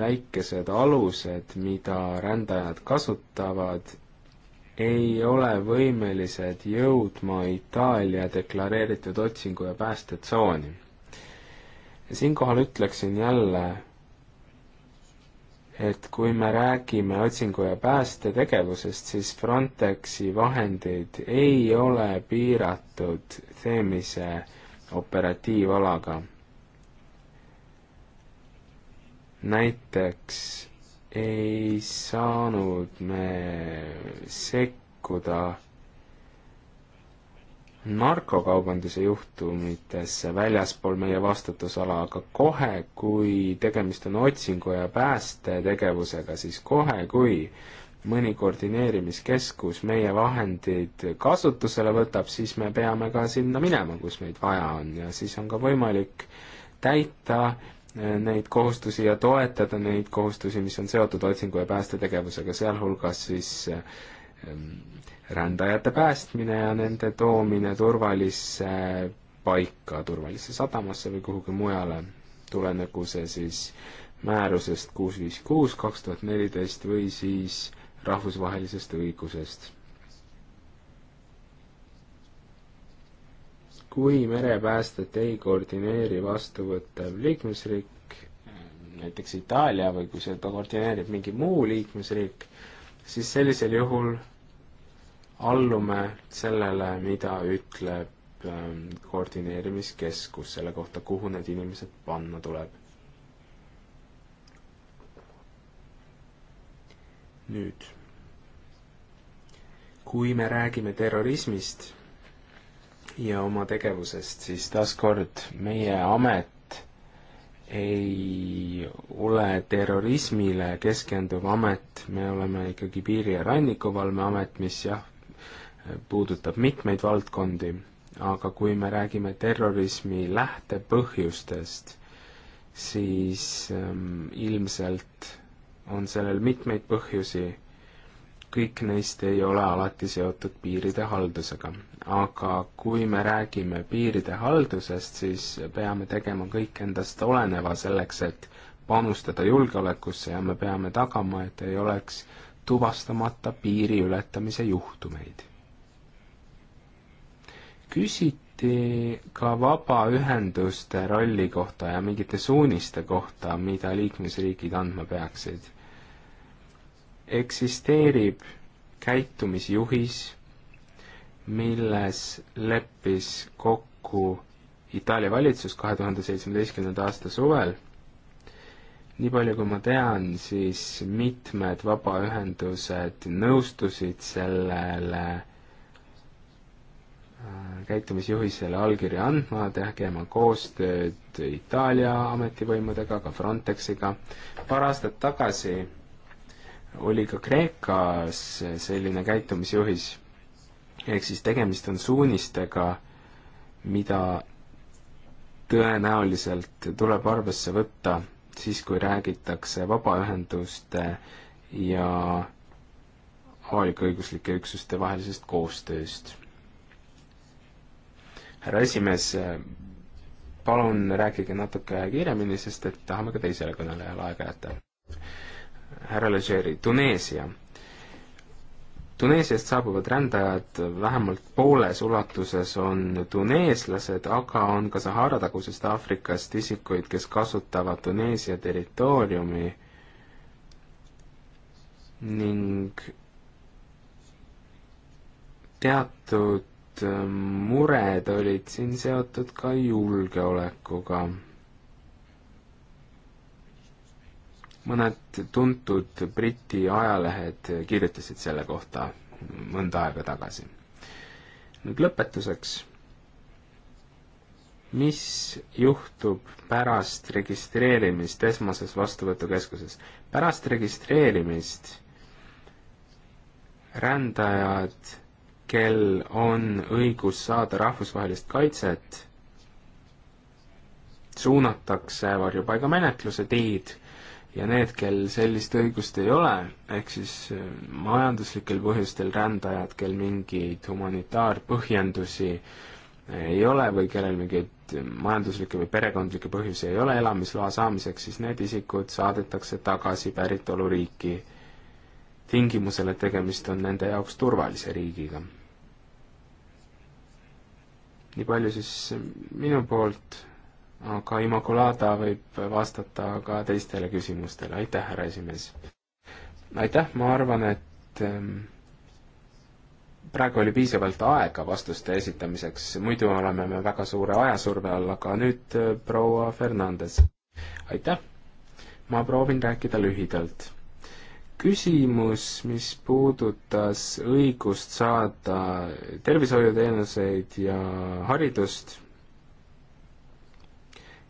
väikesed alused, mida rändajad kasutavad, ei ole võimelised jõudma Itaalia deklareeritud otsingu- ja päästetsooni. siinkohal ütleksin jälle et kui me räägime otsingu- ja päästetegevusest, siis Frontexi vahendid ei ole piiratud Themise operatiivalaga. näiteks ei saanud me sekkuda narkokaubanduse juhtumitesse väljaspool meie vastutusala, aga kohe, kui tegemist on otsingu- ja päästetegevusega, siis kohe, kui mõni koordineerimiskeskus meie vahendid kasutusele võtab, siis me peame ka sinna minema, kus meid vaja on ja siis on ka võimalik täita eh, neid kohustusi ja toetada neid kohustusi, mis on seotud otsingu- ja päästetegevusega, sealhulgas siis ähm, rändajate päästmine ja nende toomine turvalisse paika, turvalisse sadamasse või kuhugi mujale, tuleneku see siis määrusest kuus viis kuus kaks tuhat neliteist või siis rahvusvahelisest õigusest. kui merepäästet ei koordineeri vastuvõttev liikmesriik, näiteks Itaalia või kui seda koordineerib mingi muu liikmesriik, siis sellisel juhul allume sellele, mida ütleb ähm, koordineerimiskeskus selle kohta, kuhu need inimesed panna tuleb. nüüd, kui me räägime terrorismist ja oma tegevusest, siis taaskord meie amet ei ole terrorismile keskenduv amet, me oleme ikkagi Piiri- ja Rannikuvalveamet, mis jah, puudutab mitmeid valdkondi, aga kui me räägime terrorismi lähtepõhjustest, siis ähm, ilmselt on sellel mitmeid põhjusi, kõik neist ei ole alati seotud piiride haldusega. aga kui me räägime piiride haldusest, siis peame tegema kõik endast oleneva selleks, et panustada julgeolekusse ja me peame tagama, et ei oleks tuvastamata piiri ületamise juhtumeid küsiti ka vabaühenduste rolli kohta ja mingite suuniste kohta, mida liikmesriigid andma peaksid. eksisteerib käitumisjuhis, milles leppis kokku Itaalia valitsus kahe tuhande seitsmeteistkümnenda aasta suvel. nii palju, kui ma tean, siis mitmed vabaühendused nõustusid sellele käitumisjuhisele allkirja andma, tegema koostööd Itaalia ametivõimudega, ka Frontexiga. paar aastat tagasi oli ka Kreekas selline käitumisjuhis, ehk siis tegemist on suunistega, mida tõenäoliselt tuleb arvesse võtta siis, kui räägitakse vabaühenduste ja avalik-õiguslike üksuste vahelisest koostööst härra esimees, palun rääkige natuke kiiremini, sest et tahame ka teisele kõnelejale aega jätta. härra Legeri, Tuneesia. Tuneesiast saabuvad rändajad vähemalt pooles ulatuses on tuneeslased, aga on ka Sahara-tagusest Aafrikast isikuid, kes kasutavad Tuneesia territooriumi ning teatud Äh, mured olid siin seotud ka julgeolekuga. mõned tuntud Briti ajalehed kirjutasid selle kohta mõnda aega tagasi. nüüd lõpetuseks. mis juhtub pärast registreerimist esmases vastuvõtukeskuses? pärast registreerimist rändajad kel on õigus saada rahvusvahelist kaitset, suunatakse varjupaigamenetluse tiid ja need, kel sellist õigust ei ole, ehk siis äh, majanduslikel põhjustel rändajad, kel mingeid humanitaarpõhjendusi ei ole või kellel mingeid majanduslikke või perekondlikke põhjusi ei ole elamisloa saamiseks, siis need isikud saadetakse tagasi päritoluriiki tingimusel, et tegemist on nende jaoks turvalise riigiga nii palju siis minu poolt, aga Immaculada võib vastata ka teistele küsimustele, aitäh, härra esimees! aitäh, ma arvan, et ehm, praegu oli piisavalt aega vastuste esitamiseks, muidu oleme me väga suure ajasurve all, aga nüüd proua Fernandes. aitäh! ma proovin rääkida lühidalt küsimus, mis puudutas õigust saada tervishoiuteenuseid ja haridust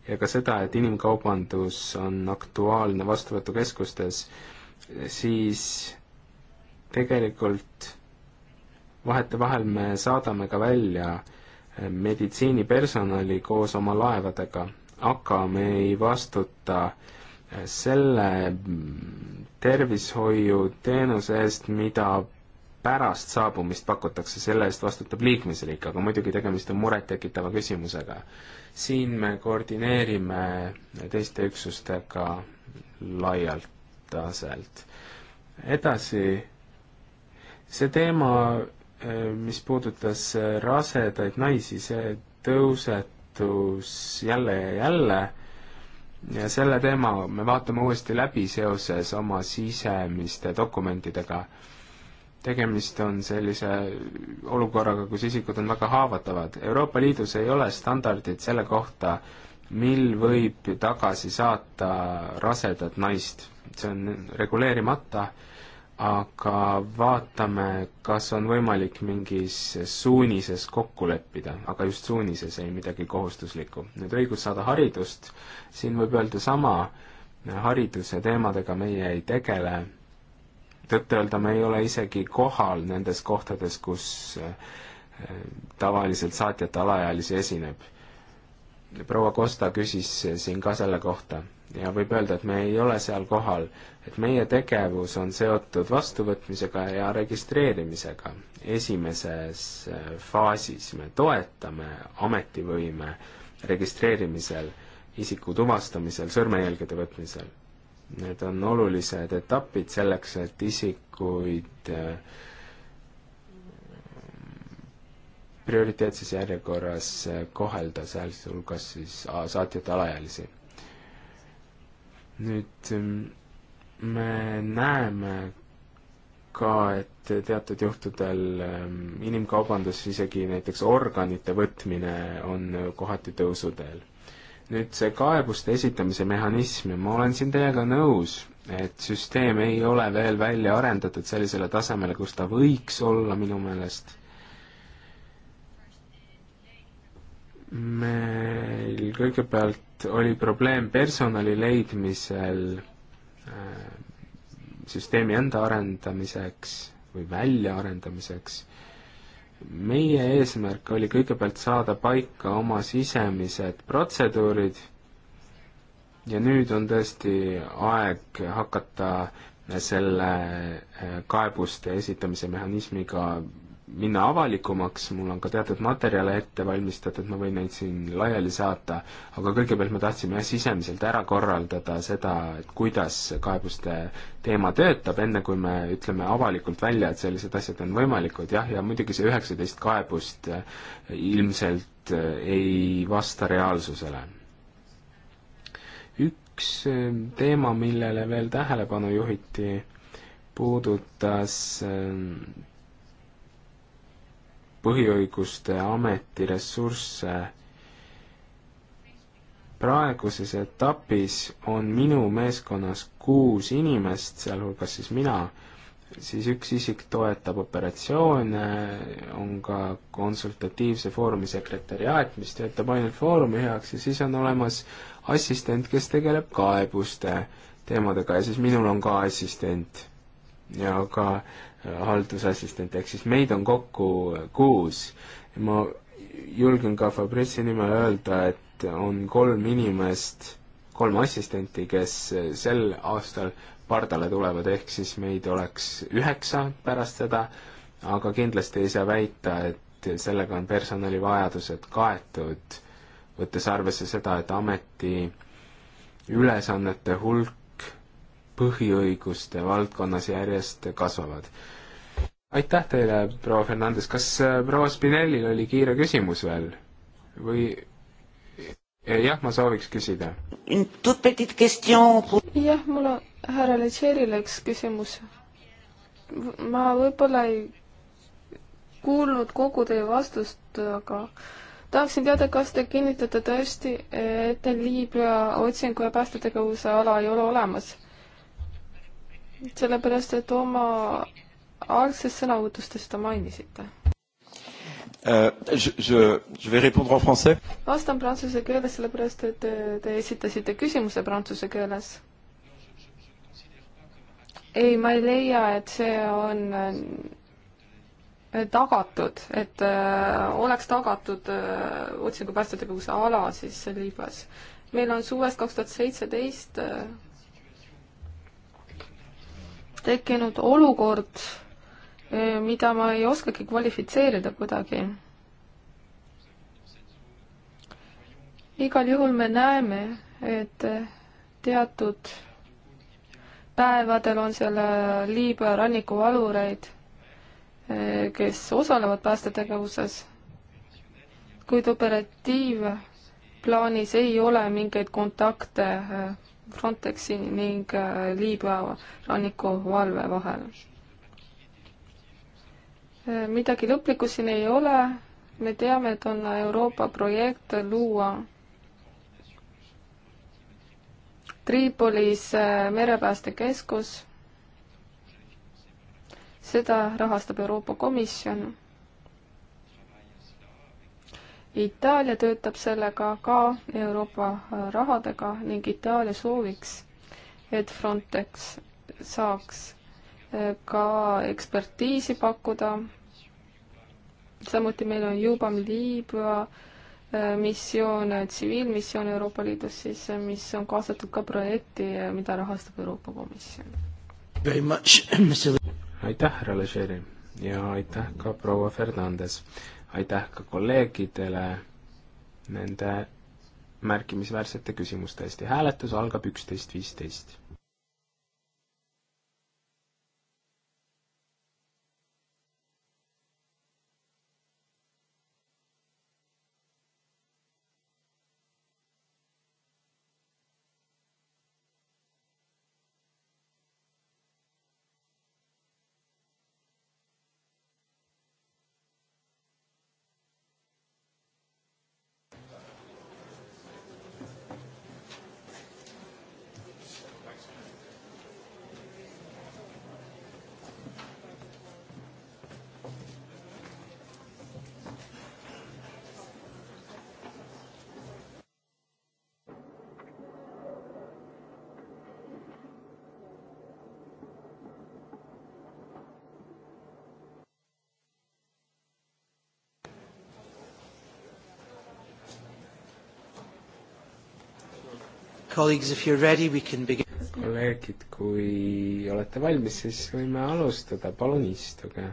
ja ka seda, et inimkaubandus on aktuaalne vastuvõtukeskustes, siis tegelikult vahetevahel me saadame ka välja meditsiinipersonali koos oma laevadega, aga me ei vastuta äh, selle tervishoiuteenuse eest, mida pärast saabumist pakutakse, selle eest vastutab liikmesriik, aga muidugi tegemist on murettekitava küsimusega. siin me koordineerime teiste üksustega laialdaselt. edasi, see teema, mis puudutas rasedaid naisi, see tõusetus jälle ja jälle ja selle teema me vaatame uuesti läbi seoses oma sisemiste dokumentidega. tegemist on sellise olukorraga, kus isikud on väga haavatavad. Euroopa Liidus ei ole standardit selle kohta, mil võib tagasi saata rasedat naist. see on reguleerimata aga vaatame, kas on võimalik mingis suunises kokku leppida, aga just suunises, ei midagi kohustuslikku. nüüd õigus saada haridust, siin võib öelda sama, hariduse teemadega meie ei tegele, tõtt-öelda me ei ole isegi kohal nendes kohtades, kus eh, tavaliselt saatjate alaealisi esineb. proua Kosta küsis eh, siin ka selle kohta ja võib öelda, et me ei ole seal kohal, et meie tegevus on seotud vastuvõtmisega ja registreerimisega. esimeses äh, faasis me toetame ametivõime registreerimisel, isiku tuvastamisel, sõrmejälgede võtmisel. Need on olulised etapid selleks, et isikuid äh, prioriteetses järjekorras äh, kohelda, sealhulgas siis saatjate alaealisi. nüüd ähm, me näeme ka, et teatud juhtudel ähm, inimkaubandus, isegi näiteks organite võtmine on kohati tõusuteel. nüüd see kaebuste esitamise mehhanism ja ma olen siin teiega nõus, et süsteem ei ole veel välja arendatud sellisele tasemele, kus ta võiks olla minu meelest. meil kõigepealt oli probleem personali leidmisel äh, süsteemi enda arendamiseks või väljaarendamiseks. meie eesmärk oli kõigepealt saada paika oma sisemised protseduurid ja nüüd on tõesti aeg hakata selle eh, kaebuste esitamise mehhanismiga minna avalikumaks, mul on ka teatud materjale ette valmistatud, ma võin neid siin laiali saata, aga kõigepealt me tahtsime jah, sisemiselt ära korraldada seda, et kuidas kaebuste teema töötab, enne kui me ütleme avalikult välja, et sellised asjad on võimalikud, jah, ja muidugi see üheksateist kaebust eh, ilmselt eh, ei vasta reaalsusele. üks eh, teema, millele veel tähelepanu juhiti, puudutas põhiõiguste ameti ressursse. praeguses etapis on minu meeskonnas kuus inimest, sealhulgas siis mina, siis üks isik toetab operatsioone, on ka konsultatiivse foorumi sekretäriaat, mis töötab ainult foorumi heaks ja siis on olemas assistent, kes tegeleb kaebuste teemadega ja siis minul on ka assistent. ja ka haldusassistent, ehk siis meid on kokku kuus. ma julgen ka Fabrici nimel öelda, et on kolm inimest, kolm assistenti, kes sel aastal pardale tulevad, ehk siis meid oleks üheksa pärast seda, aga kindlasti ei saa väita, et sellega on personalivajadused kaetud, võttes arvesse seda, et ameti ülesannete hulk põhiõiguste valdkonnas järjest kasvavad aitäh teile, proua Fernandes, kas äh, proua Spinellil oli kiire küsimus veel või? Eh, jah, ma sooviks küsida. jah, mul on härra Legerile üks küsimus. ma võib-olla ei kuulnud kogu teie vastust, aga tahaksin teada, kas te kinnitate tõesti, et Liibüa otsingu ja päästetegevuse ala ei ole olemas? sellepärast, et oma algses sõnavõtustes seda mainisite? Euh, je, je, je vais répondre en français. vastan prantsuse keeles, sellepärast et te, te esitasite küsimuse prantsuse keeles. ei, ma ei leia, et see on äh, tagatud, et äh, oleks tagatud äh, otsingupäästetegevuse ala siis Liibüas. meil on suvest kaks tuhat seitseteist äh, tekkinud olukord, Äh, mida ma ei oskagi kvalifitseerida kuidagi. igal juhul me näeme, et teatud päevadel on seal äh, Liibüa rannikuvalureid, äh, kes osalevad päästetegevuses, kuid operatiivplaanis ei ole mingeid kontakte Frontexi ning Liibüa rannikuvalve vahel Äh, midagi lõplikku siin ei ole, me teame, et on Euroopa projekt luua Tripolis äh, merepäästekeskus, seda rahastab Euroopa Komisjon. Itaalia töötab sellega ka Euroopa äh, rahadega ning Itaalia sooviks, et Frontex saaks ka ekspertiisi pakkuda. samuti meil on Jubam Liibüa äh, missioon, äh, tsiviilmissioon Euroopa Liidus siis, äh, mis on kaasatud ka projekti, mida rahastab Euroopa Komisjon. aitäh, härra Ležeri ja aitäh ka proua Fernandes. aitäh ka kolleegidele nende märkimisväärsete küsimuste eest ja hääletus algab üksteist viisteist kolleegid, kui olete valmis, siis võime alustada, palun istuge.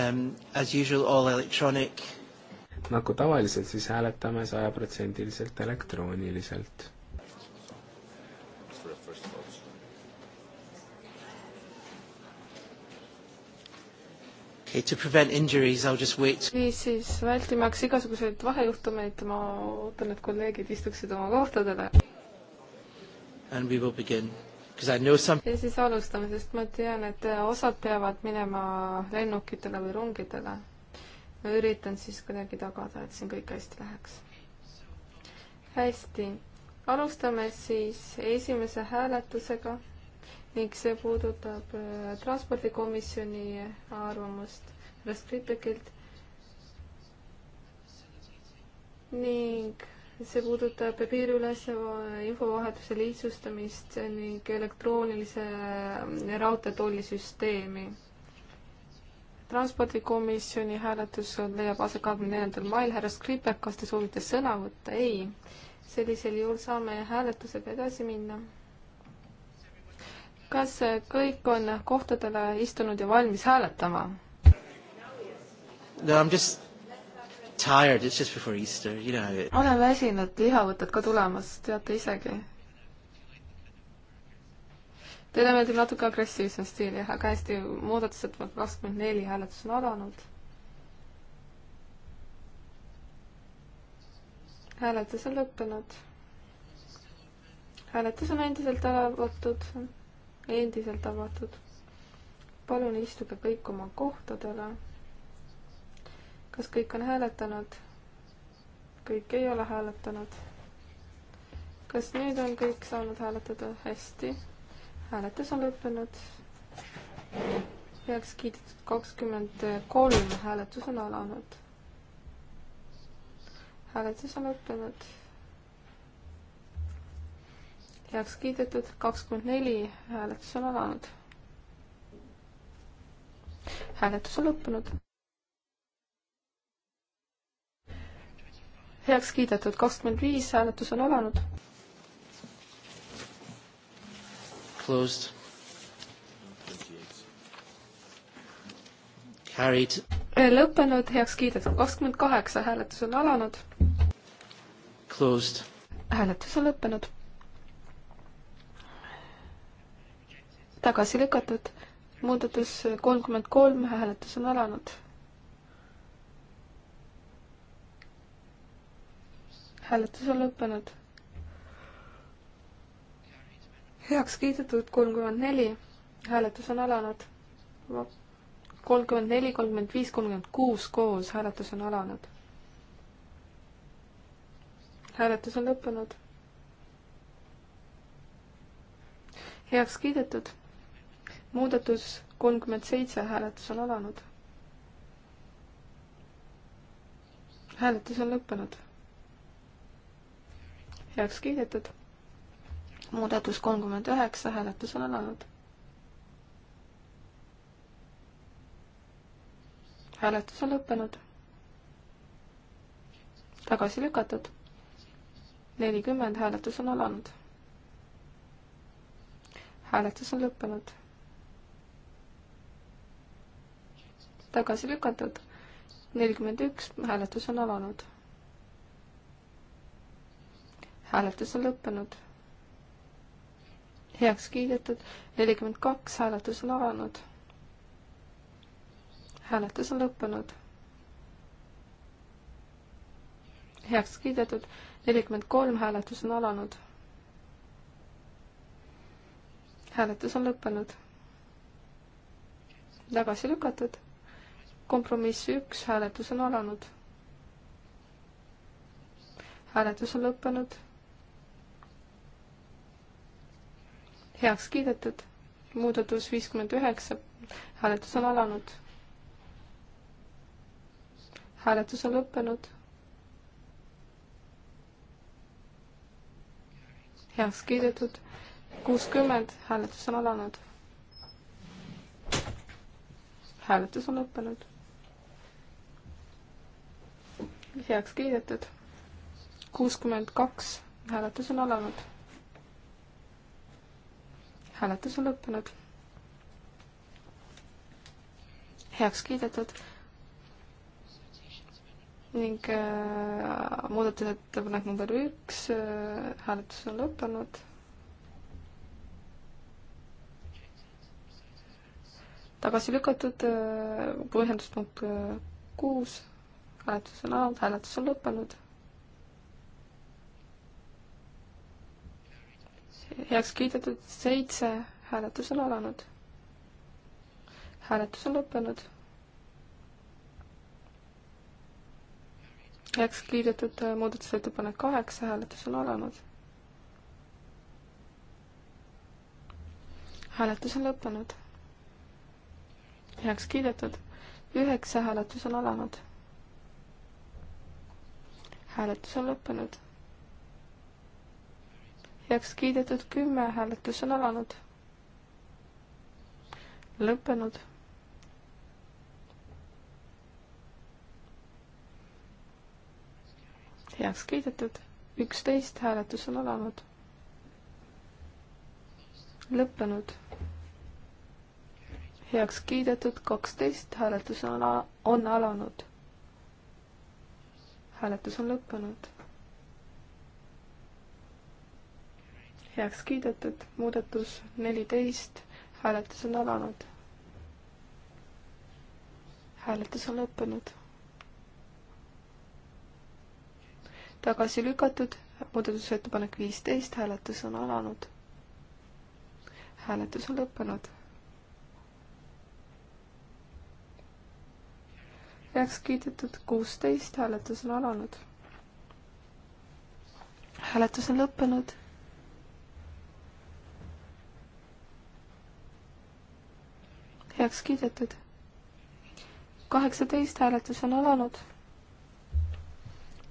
Um, as usual, all electronic. nagu tavaliselt, siis hääletame sajaprotsendiliselt elektrooniliselt to prevent injuries, I will just wait. niisiis, vältimaks igasuguseid vahejuhtumeid, ma ootan, et kolleegid istuksid oma kohtadele. And we will begin. Because I know some... ja siis alustame, sest ma tean, et osad peavad minema lennukitele või rongidele. ma üritan siis kuidagi tagada, et siin kõik hästi läheks. hästi, alustame siis esimese hääletusega ning see puudutab äh, transpordikomisjoni arvamust Raskripekilt ning see puudutab piiriülese infovahetuse lihtsustamist ning elektroonilise äh, raudteetollisüsteemi. transpordikomisjoni hääletus leiab aset kahekümne neljandal mail, härra Skripek, kas te soovite sõna võtta? ei. sellisel juhul saame hääletusega edasi minna kas kõik on kohtadele istunud ja valmis hääletama? No I m just tired, it's just before Easter, you know how it olen väsinud, lihavõtted ka tulemas, teate isegi. Teile meeldib natuke agressiivsem stiil jah, aga hästi, muudatusettepanek kakskümmend neli hääletus on alanud. hääletus on lõppenud. hääletus on endiselt ära võetud endiselt avatud. palun istuge kõik oma kohtadele. kas kõik on hääletanud? kõik ei ole hääletanud. kas nüüd on kõik saanud hääletada? hästi. hääletus on lõppenud. heaks kiidetud kakskümmend kolm, hääletus on alanud. hääletus on lõppenud heaks kiidetud, kakskümmend neli hääletus on alanud. hääletus on lõppenud. heaks kiidetud kakskümmend viis, hääletus on alanud. Closed. Carried. Äh, lõppenud, heaks kiidetud kakskümmend kaheksa, hääletus on alanud. Closed. hääletus on lõppenud tagasi lükatud, muudatus kolmkümmend kolm, hääletus on alanud. hääletus on lõppenud. heaks kiidetud kolmkümmend neli, hääletus on alanud. kolmkümmend neli, kolmkümmend viis, kolmkümmend kuus koos, hääletus on alanud hääletus on lõppenud. heaks kiidetud muudatus kolmkümmend seitse hääletusel alanud. hääletus on lõppenud. heaks kiidetud. muudatus kolmkümmend üheksa hääletus on alanud. hääletus on lõppenud. tagasi lükatud. nelikümmend hääletus on alanud. hääletus on lõppenud tagasi lükatud. nelikümmend üks, hääletus on alanud. hääletus on lõppenud. heaks kiidetud, nelikümmend kaks, hääletus on alanud. hääletus on lõppenud. heaks kiidetud, nelikümmend kolm, hääletus on alanud. hääletus on lõppenud. tagasi lükatud kompromiss üks, hääletus on alanud. hääletus on lõppenud. heaks kiidetud, muudatus viiskümmend üheksa, hääletus on alanud. hääletus on lõppenud. heaks kiidetud, kuuskümmend, hääletus on alanud. hääletus on lõppenud heaks kiidetud. kuuskümmend kaks, hääletus on alanud. hääletus on lõppenud. heaks kiidetud. ning äh, muudatusettepanek number üks äh,, hääletus on lõppenud tagasi lükatud äh, põhjenduspunkt äh, kuus hääletus on alanud, hääletus on lõppenud. heaks kiidetud seitse, hääletus on alanud. hääletus on lõppenud. heaks kiidetud muudatusettepanek kaheksa, hääletus on alanud. hääletus on lõppenud. heaks kiidetud üheksa, hääletus on alanud hääletus on lõppenud. heaks kiidetud kümme, hääletus on alanud. lõppenud. heaks kiidetud üksteist, hääletus on alanud. lõppenud. heaks kiidetud kaksteist, hääletus on, on alanud hääletus on lõppenud. heaks kiidetud, muudatus neliteist, hääletus on alanud. hääletus on lõppenud. tagasi lükatud, muudatusettepanek viisteist, hääletus on alanud. hääletus on lõppenud heaks kiidetud kuusteist, hääletus on alanud. hääletus on lõppenud. heaks kiidetud. kaheksateist hääletus on alanud.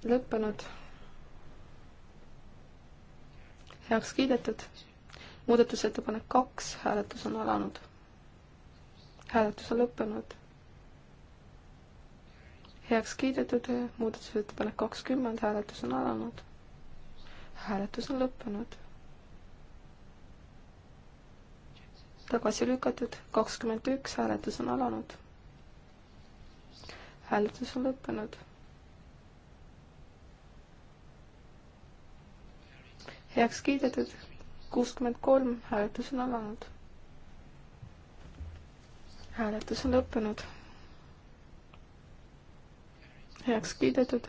lõppenud. heaks kiidetud. muudatusettepanek kaks, hääletus on alanud. hääletus on lõppenud heaks kiidetud, muudatusettepanek kakskümmend, hääletus on alanud. hääletus on lõppenud. tagasi lükatud, kakskümmend üks, hääletus on alanud. hääletus on lõppenud. heaks kiidetud, kuuskümmend kolm, hääletus on alanud. hääletus on lõppenud heaks kiidetud.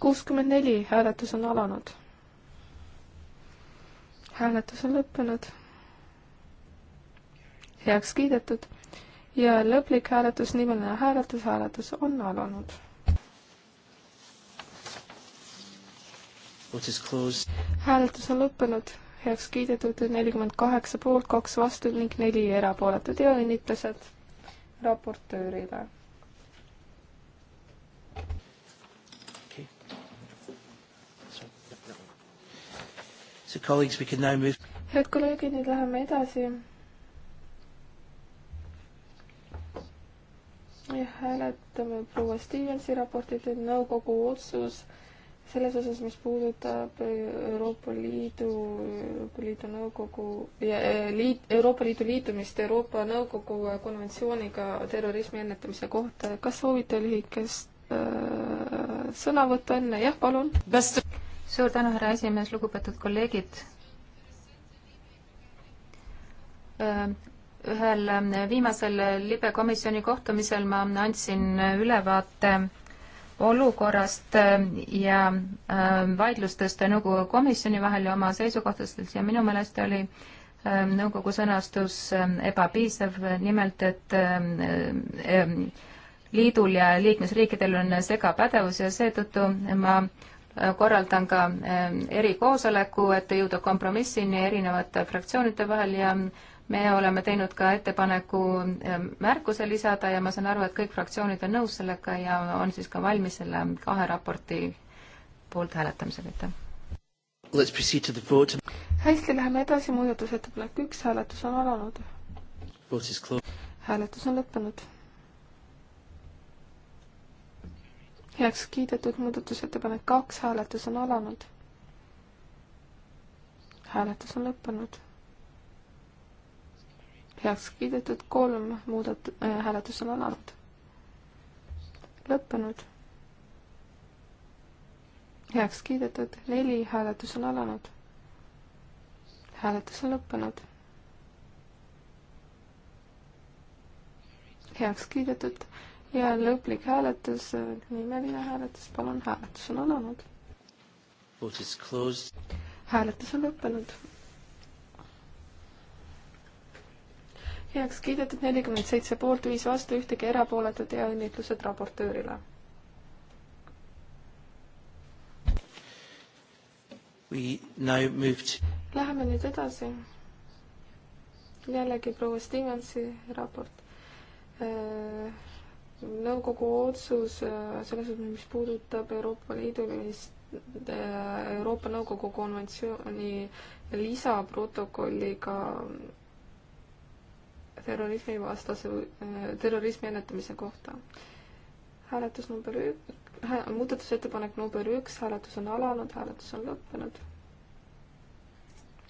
kuuskümmend neli, hääletus on alanud. hääletus on lõppenud. heaks kiidetud ja lõplik hääletus, nimeline hääletus, hääletus on alanud. hääletus on lõppenud, heaks kiidetud nelikümmend kaheksa poolt, kaks vastu ning neli erapooletut ja õnnitlused raportöörile head kolleegid, nüüd läheme edasi. ja hääletame proua Stevensi raportit, et nõukogu otsus selles osas, mis puudutab Euroopa Liidu, Euroopa Liidu Nõukogu ja eh, liit, Euroopa Liidu liitumist Euroopa Nõukogu konventsiooniga terrorismi ennetamise kohta. kas soovite lühikest äh, sõnavõttu enne? jah, palun. Best suur tänu, härra esimees, lugupeetud kolleegid. Äh, ühel äh, viimasel libe komisjoni kohtumisel ma andsin ülevaate olukorrast äh, ja vaidlustest nõukogu komisjoni vahel ja oma seisukohtadest ja minu meelest oli nõukogu sõnastus ebapiisav, nimelt et liidul ja liikmesriikidel on segapädevus ja seetõttu ma korraldan ka eh, erikoosoleku, et jõuda kompromissini erinevate fraktsioonide vahel ja me oleme teinud ka ettepaneku eh, märkuse lisada ja ma saan aru, et kõik fraktsioonid on nõus sellega ja on siis ka valmis selle kahe raporti poolt hääletamisega, aitäh. hästi, läheme edasi, muudatusettepanek üks, hääletus on alanud. hääletus on lõppenud heaks kiidetud muudatusettepanek kaks, hääletus on alanud. hääletus on lõppenud. heaks kiidetud kolm muudat- äh,, hääletus on alanud. lõppenud. heaks kiidetud neli, hääletus on alanud. hääletus on lõppenud. heaks kiidetud ja lõplik hääletus, äh, nimeline hääletus, palun, hääletus on alanud. hääletus on lõppenud. heaks kiidetud nelikümmend seitse poolt, viis vastu, ühtegi erapooletut ja õnnitlused raportöörile. Läheme nüüd edasi. jällegi proua Stevensi raport äh, nõukogu otsus äh, selles osas, mis puudutab Euroopa Liidu äh, Euroopa Nõukogu konventsiooni lisaprotokolliga terrorismi vastase, äh, terrorismi ennetamise kohta. hääletus number ük-, muudatusettepanek number üks, hääletus on alanud, hääletus on lõppenud.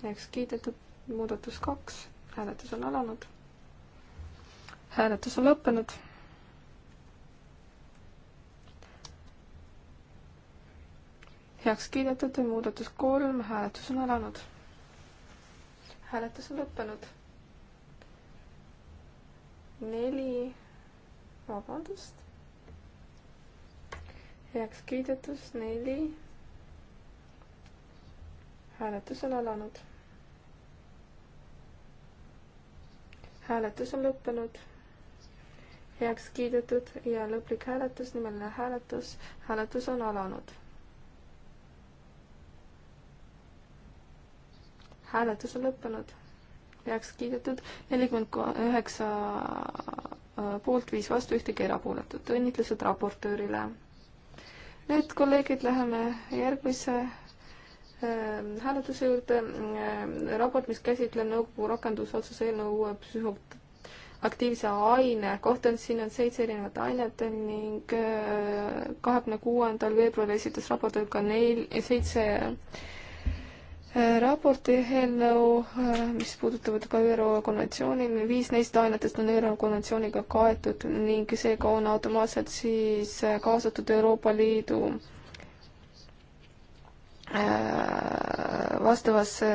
heaks kiidetud muudatus kaks, hääletus on alanud. hääletus on lõppenud heaks kiidetud, muudatus kolm, hääletus on alanud. hääletus on lõppenud. neli, vabandust. heaks kiidetud, neli. hääletus on alanud. hääletus on lõppenud heaks kiidetud ja lõplik hääletus, nimeline hääletus, hääletus on alanud hääletus on lõppenud, heaks kiidetud, nelikümmend üheksa äh, poolt, viis vastu, ühtegi erapooletut, õnnitlused raportöörile. nüüd, kolleegid, läheme järgmise ähm, hääletuse juurde ähm, raport, mis käsitleb nõukogu rakendusotsuse eelnõu psühhoaktiivse aine kohta, siin on seitse erinevat ainet ning äh, kahekümne kuuendal veebruaril esitas raportööri ka neil seitse raporti eelnõu, mis puudutavad ka ÜRO konventsiooni, viis neist ainetest on ÜRO konventsiooniga kaetud ning seega on automaatselt siis kaasatud Euroopa Liidu Äh, vastavasse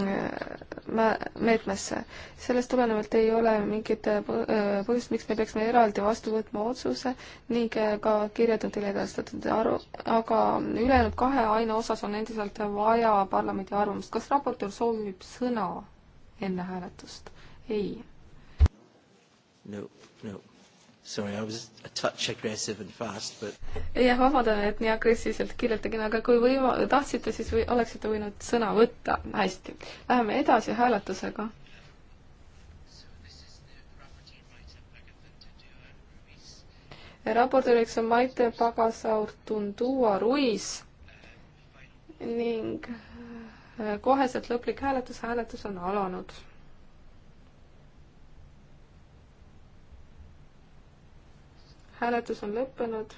äh, meetmesse. sellest tulenevalt ei ole mingit äh, põhjust, miks me peaksime eraldi vastu võtma otsuse ning ka kirjad on teile edastatud, aga ülejäänud kahe aine osas on endiselt vaja parlamendi arvamust. kas raportöör soovib sõna enne hääletust? ei no.? Sorry, I was a touch aggressive and fast, but... jah, vabandan, et nii agressiivselt kirjutegin, aga kui võima-, tahtsite, siis või oleksite võinud sõna võtta. hästi. Läheme edasi hääletusega. raportööriks on Maite Pagasaur Tundua Ruiz ning koheselt lõplik hääletus, hääletus on alanud hääletus on lõppenud,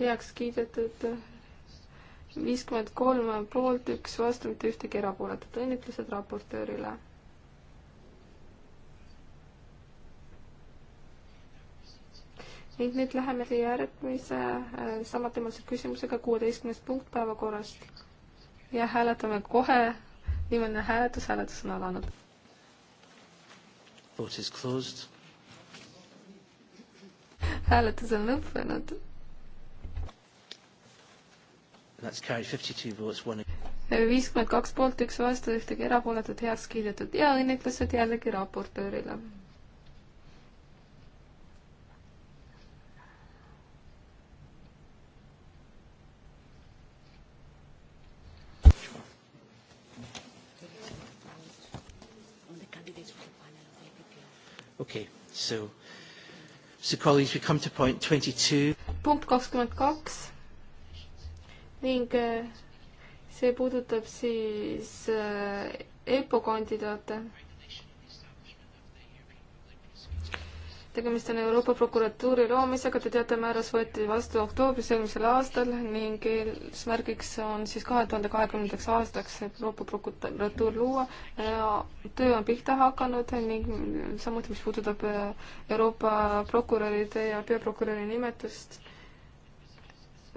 heaks kiidetud viiskümmend kolm poolt, üks vastu, mitte ühtegi erapooletut, õnnitlused raportöörile. ning nüüd läheme järgmise äh, samatemalise küsimusega, kuueteistkümnes punkt päevakorrast ja hääletame kohe, nimeline hääletus, hääletus on alanud. Vote is closed hääletus on lõppenud. viiskümmend kaks poolt, üks vastu, ühtegi erapooletut heaks kiidetud ja õnnitlused jällegi raportöörile. Okay, so So colleagues, we come to point 22. punkt kakskümmend kaks ning äh, see puudutab siis äh, EPO kandidaate tegemist on Euroopa prokuratuuri loomisega, te teate, määrus võeti vastu oktoobris eelmisel aastal ning eesmärgiks on siis kahe tuhande kahekümnendaks aastaks Euroopa prokuratuur luua. töö on pihta hakanud ning samuti, mis puudutab Euroopa prokuröride ja peaprokuröri nimetust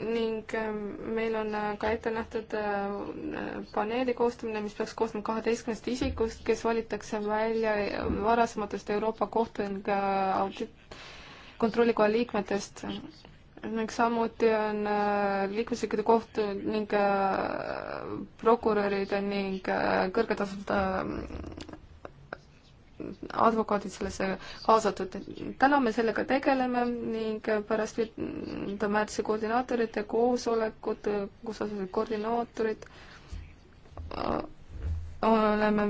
ning ähm, meil on äh, ka ette nähtud äh, paneeli koostamine, mis peaks koosnema kaheteistkümnest isikust, kes valitakse välja äh, varasematest Euroopa kohtunike audit-, kontrollikoja liikmetest. ning samuti on liikmesriikide kohtu ning prokuröride ning kõrgetasemete advokaadid sellesse kaasatud. täna me sellega tegeleme ning pärast viienda märtsi koordinaatorite koosolekut, kus asusid koordinaatorid, oleme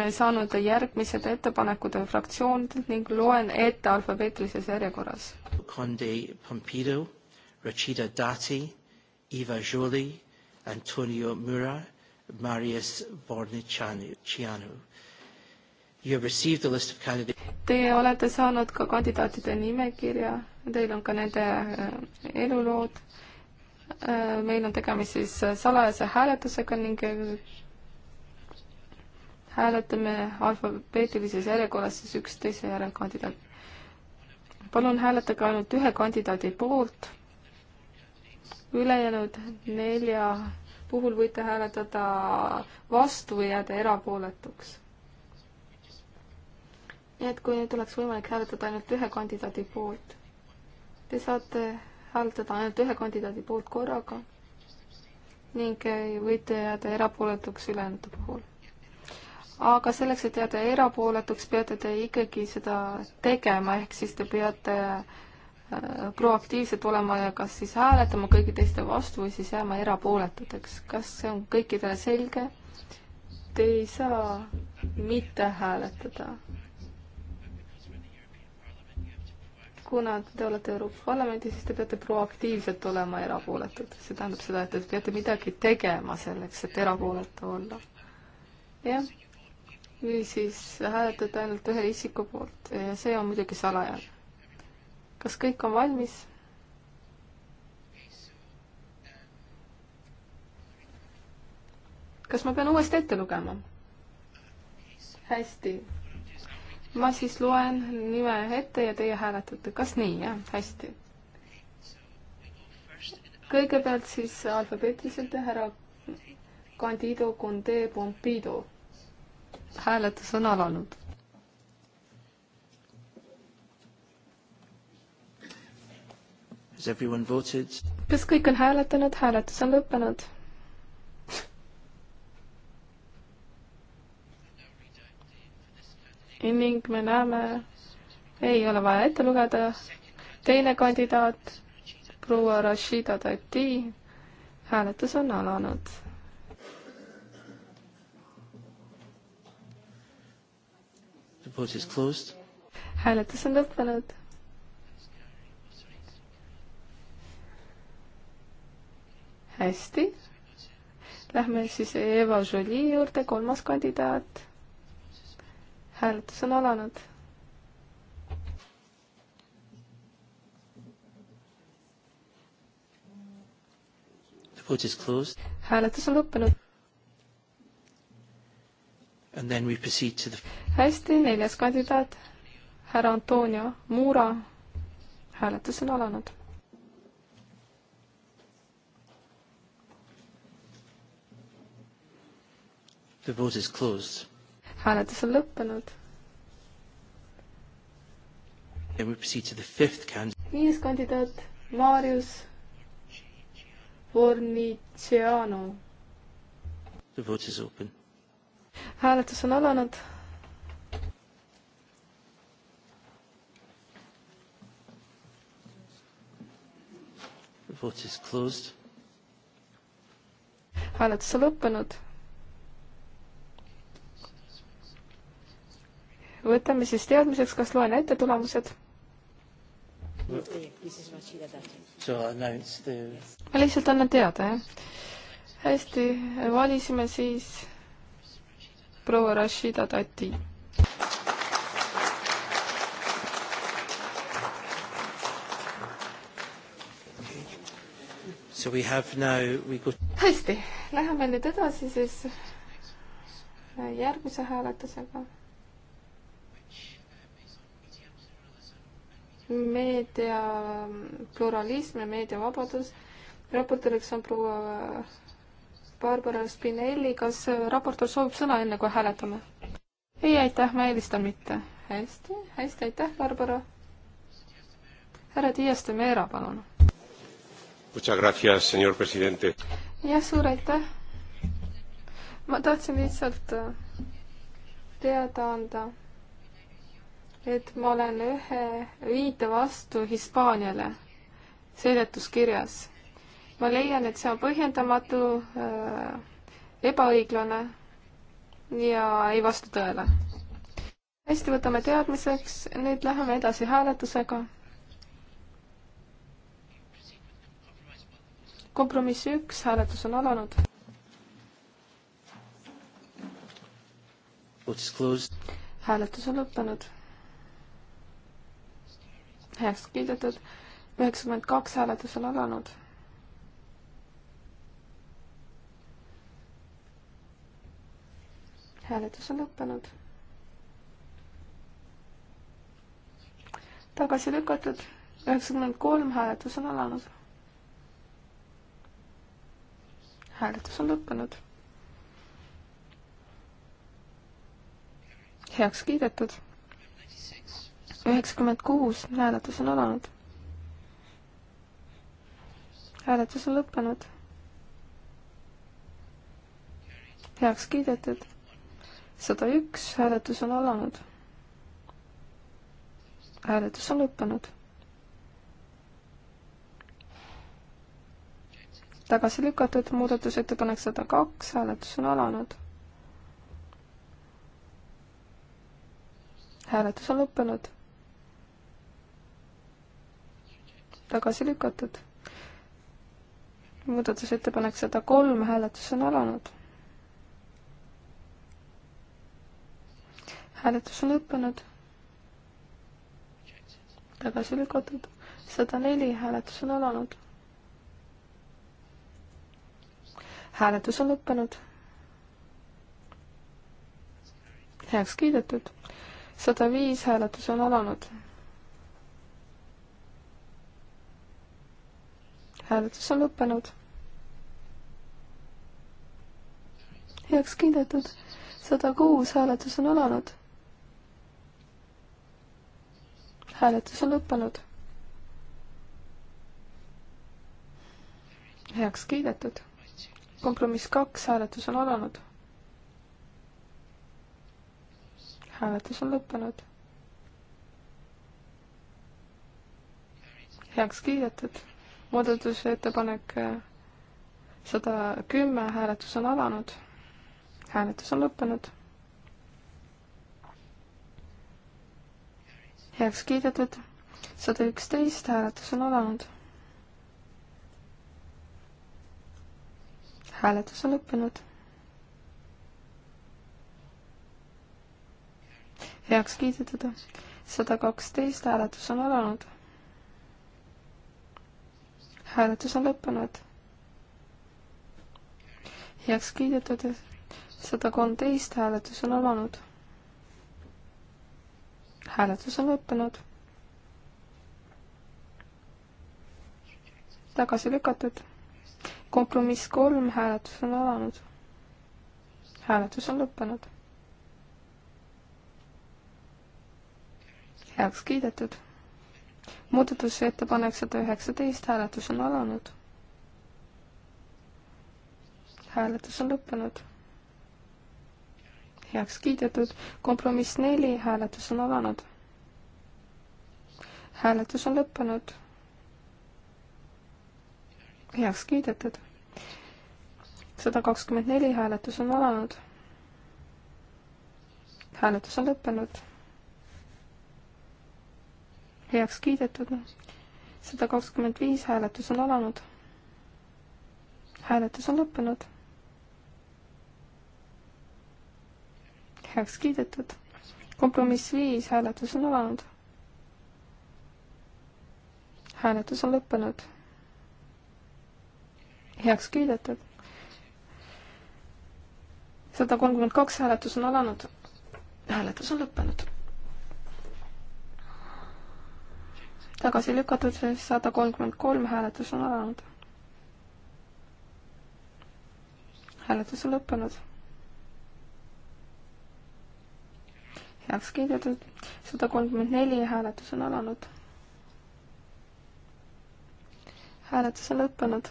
me saanud järgmised ettepanekud fraktsioonidelt ning loen ette alfabeetilises järjekorras. Conde Pompido, Rachida Dati, Eva Jolie, Antonio Mura, Marius Bornicianu. Teie olete saanud ka kandidaatide nimekirja, teil on ka nende äh, elulood. Äh, meil on tegemist siis äh, salajase hääletusega ning hääletame alfabeetilises järjekorras siis üksteise järel kandidaat. palun hääletage ainult ühe kandidaadi poolt. ülejäänud nelja puhul võite hääletada vastu või jääda erapooletuks et kui nüüd oleks võimalik hääletada ainult ühe kandidaadi poolt, te saate hääletada ainult ühe kandidaadi poolt korraga ning võite jääda erapooletuks ülejäänute puhul. aga selleks, et jääda erapooletuks, peate te ikkagi seda tegema, ehk siis te peate äh, proaktiivselt olema ja kas siis hääletama kõigi teiste vastu või siis jääma erapooletuteks. kas see on kõikidele selge? Te ei saa mitte hääletada kuna te olete Euroopa Parlamendi, siis te peate proaktiivselt olema erapooletud. see tähendab seda, et te peate midagi tegema selleks, et erapooletu olla. jah, või siis hääletate ainult ühe isiku poolt ja see on muidugi salajane. kas kõik on valmis? kas ma pean uuesti ette lugema? hästi ma siis loen nime ette ja teie hääletate, kas nii, jah, hästi. kõigepealt siis alfabetiliselt härra Candido Conde Pompido. hääletus on alanud. kas kõik on hääletanud, hääletus on lõppenud ning me näeme, ei ole vaja ette lugeda, teine kandidaat, proua Rashida Tati, hääletus on alanud. hääletus on lõppenud. hästi, lähme siis Eva Jolie juurde, kolmas kandidaat hääletus on alanud. hääletus on lõppenud. The... hästi, neljas kandidaat, härra Antonio Mura. hääletus on alanud The vote is closed hääletus on lõppenud. viies kandidaat, Marius Forniciano. hääletus on alanud vote is closed. hääletus on lõppenud võtame siis teadmiseks, kas loen ette tulemused? ma lihtsalt annan teada, jah. hästi, valisime siis proua Rashida Tati. Got... hästi, läheme nüüd edasi siis järgmise hääletusega meedia pluralism ja meediavabadus. raportööriks on proua Barbara Spinelli, kas raportöör soovib sõna, enne kui hääletame? ei, aitäh, ma eelistan mitte. hästi, hästi, aitäh, Barbara. härra Dias de Meera, palun. jah, suur aitäh. ma tahtsin lihtsalt äh, teada anda et ma olen ühe viite vastu Hispaaniale seletuskirjas. ma leian, et see on põhjendamatu äh,, ebaõiglane ja ei vasta tõele. hästi, võtame teadmiseks, nüüd läheme edasi hääletusega. kompromiss üks, hääletus on alanud. hääletus on lõppenud heaks kiidetud, üheksakümmend kaks hääletus on alanud. hääletus on lõppenud. tagasi lükatud, üheksakümmend kolm hääletus on alanud. hääletus on lõppenud heaks kiidetud üheksakümmend kuus, hääletus on alanud. hääletus on lõppenud. heaks kiidetud. sada üks, hääletus on alanud. hääletus on lõppenud tagasi lükatud muudatusettepanek sada kaks, hääletus on alanud. hääletus on lõppenud. tagasi lükatud. muudatusettepanek sada kolm, hääletus on alanud. hääletus on lõppenud. tagasi lükatud. sada neli, hääletus on alanud. hääletus on lõppenud. heaks kiidetud. sada viis, hääletus on alanud hääletus on lõppenud. heaks kiidetud, sada kuus hääletus on alanud. hääletus on lõppenud. heaks kiidetud, kompromiss kaks hääletus on alanud. hääletus on lõppenud. heaks kiidetud muudatusettepanek äh, sada kümme, hääletus on alanud. hääletus on lõppenud. heaks kiidetud. sada üksteist, hääletus on alanud. hääletus on lõppenud. heaks kiidetud. sada kaksteist, hääletus on alanud hääletus on lõppenud. heaks kiidetud sada kolmteist, hääletus on alanud. hääletus on lõppenud. tagasi lükatud. kompromiss kolm, hääletus on alanud. hääletus on lõppenud. heaks kiidetud muudatusettepanek sada üheksateist, hääletus on alanud. hääletus on lõppenud. heaks kiidetud, kompromiss neli, hääletus on alanud. hääletus on lõppenud. heaks kiidetud. sada kakskümmend neli, hääletus on alanud. hääletus on lõppenud heaks kiidetud. sada kakskümmend viis hääletus on alanud. hääletus on lõppenud. heaks kiidetud. kompromiss viis hääletus on alanud. hääletus on lõppenud. heaks kiidetud. sada kolmkümmend kaks hääletus on alanud. hääletus on lõppenud. tagasi lükatud, sada kolmkümmend kolm, hääletus on alanud. hääletus on lõppenud. heaks kiidetud, sada kolmkümmend neli, hääletus on alanud. hääletus on lõppenud.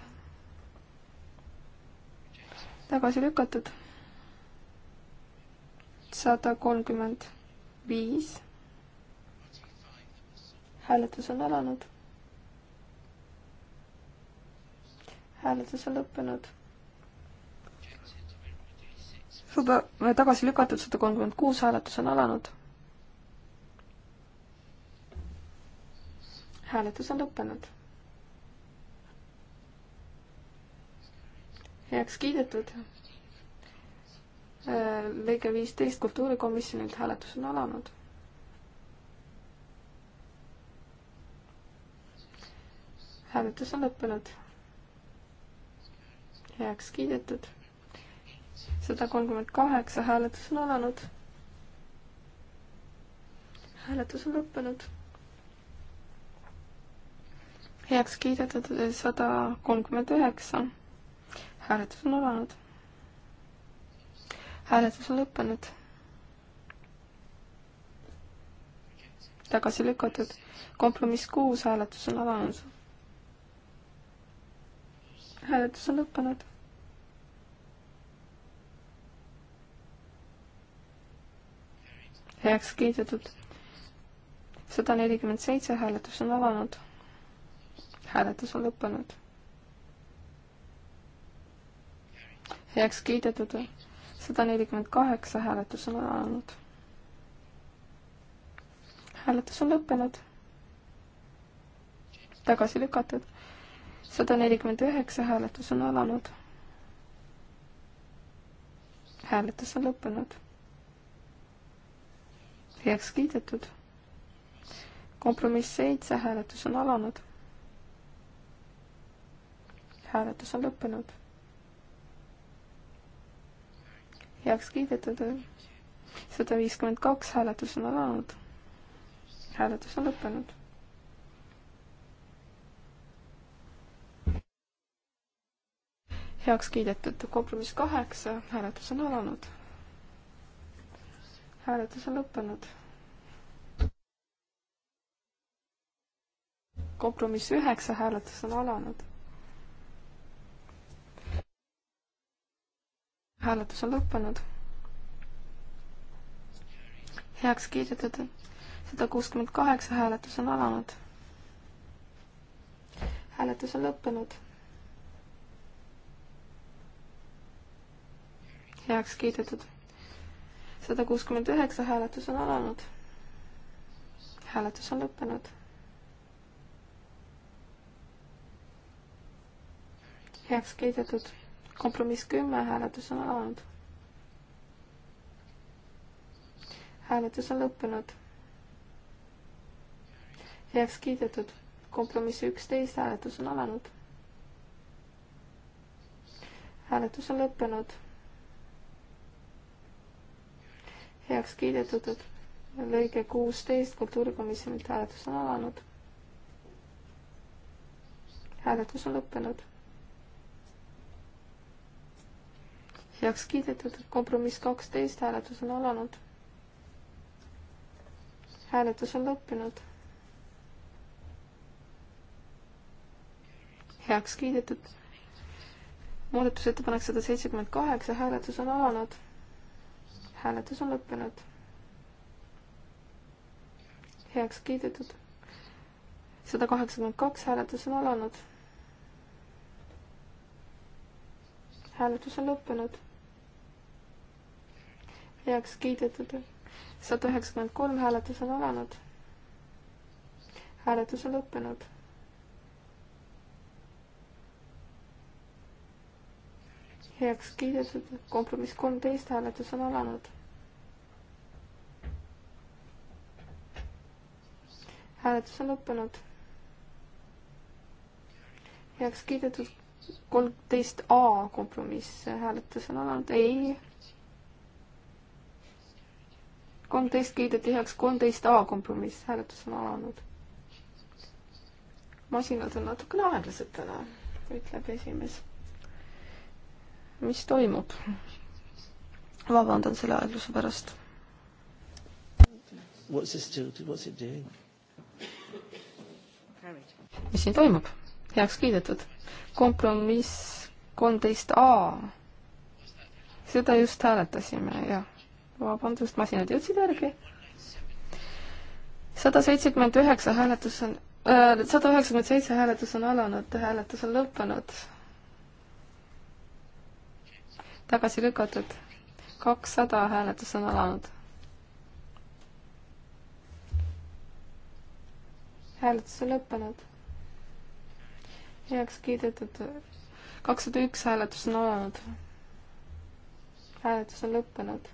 tagasi lükatud, sada kolmkümmend viis hääletus on alanud. hääletus on lõppenud. juba tagasi lükatud sada kolmkümmend kuus, hääletus on alanud. hääletus on lõppenud. heaks kiidetud. Äh, lõige viisteist kultuurikomisjonilt hääletus on alanud hääletus on lõppenud. heaks kiidetud. sada kolmkümmend kaheksa hääletus on alanud. hääletus on lõppenud. heaks kiidetud sada kolmkümmend üheksa. hääletus on alanud. hääletus on lõppenud. tagasi lükatud. kompromiss kuus hääletus on alanud hääletus on lõppenud. heaks kiidetud. sada nelikümmend seitse hääletus on alanud. hääletus on lõppenud. heaks kiidetud. sada nelikümmend kaheksa hääletus on alanud. hääletus on lõppenud. tagasi lükatud sada nelikümmend üheksa hääletus on alanud. hääletus on lõppenud. heaks kiidetud. kompromiss seitse, hääletus on alanud. hääletus on lõppenud. heaks kiidetud. sada viiskümmend kaks, hääletus on alanud. hääletus on lõppenud heaks kiidetud. kompromiss kaheksa, hääletus on alanud. hääletus on lõppenud. kompromiss üheksa, hääletus on alanud. hääletus on lõppenud. heaks kiidetud. sada kuuskümmend kaheksa hääletus on alanud. hääletus on lõppenud heaks kiidetud. sada kuuskümmend üheksa hääletus on alanud. hääletus on lõppenud. heaks kiidetud. kompromiss kümme, hääletus on alanud. hääletus on lõppenud. heaks kiidetud. kompromiss üksteist, hääletus on alanud. hääletus on lõppenud heaks kiidetud, lõige kuusteist kultuurikomisjonilt hääletus on alanud. hääletus on lõppenud. heaks kiidetud, kompromiss kaksteist, hääletus on alanud. hääletus on lõppenud. heaks kiidetud, muudatusettepanek sada seitsekümmend kaheksa, hääletus on alanud hääletus on lõppenud. heaks kiidetud. sada kaheksakümmend kaks hääletus on alanud. hääletus on lõppenud. heaks kiidetud. sada üheksakümmend kolm hääletus on alanud. hääletus on lõppenud heaks kiidetud, kompromiss kolmteist, hääletus on alanud. hääletus on lõppenud. heaks kiidetud kolmteist A kompromiss, hääletus on alanud, ei. kolmteist kiideti heaks, kolmteist A kompromiss, hääletus on alanud. masinad on natukene aeglased täna, ütleb esimees mis toimub. vabandan selle aegluse pärast. mis siin toimub? heaks kiidetud. kompromiss kolmteist A. seda just hääletasime, jah. vabandust, masinad jõudsid järgi. sada seitsekümmend üheksa hääletus on äh, sada üheksakümmend seitse hääletus on alanud, hääletus on lõppenud tagasi lükatud. kakssada hääletus on alanud. hääletus on lõppenud. heaks kiidetud. kakssada üks hääletus on alanud. hääletus on lõppenud.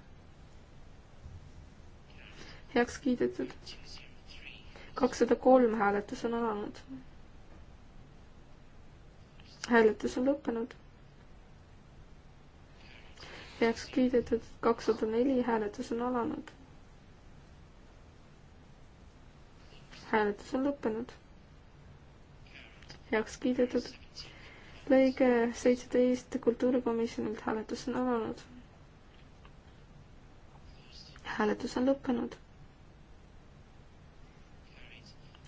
heaks kiidetud. kakssada kolm hääletus on alanud. hääletus on lõppenud heaks kiidetud, kakssada neli hääletus on alanud. hääletus on lõppenud. heaks kiidetud. lõige seitseteist kultuurikomisjonilt hääletus on alanud. hääletus on lõppenud.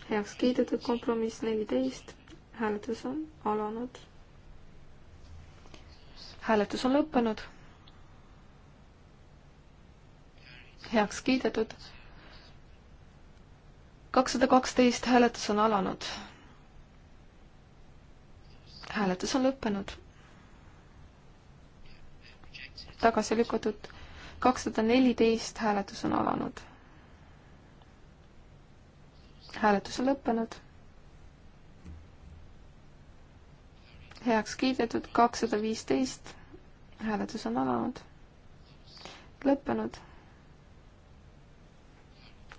heaks kiidetud kompromiss neliteist. hääletus on alanud. hääletus on lõppenud heaks kiidetud. kakssada kaksteist hääletus on alanud. hääletus on lõppenud. tagasi lükatud. kakssada neliteist hääletus on alanud. hääletus on lõppenud. heaks kiidetud kakssada viisteist hääletus on alanud, lõppenud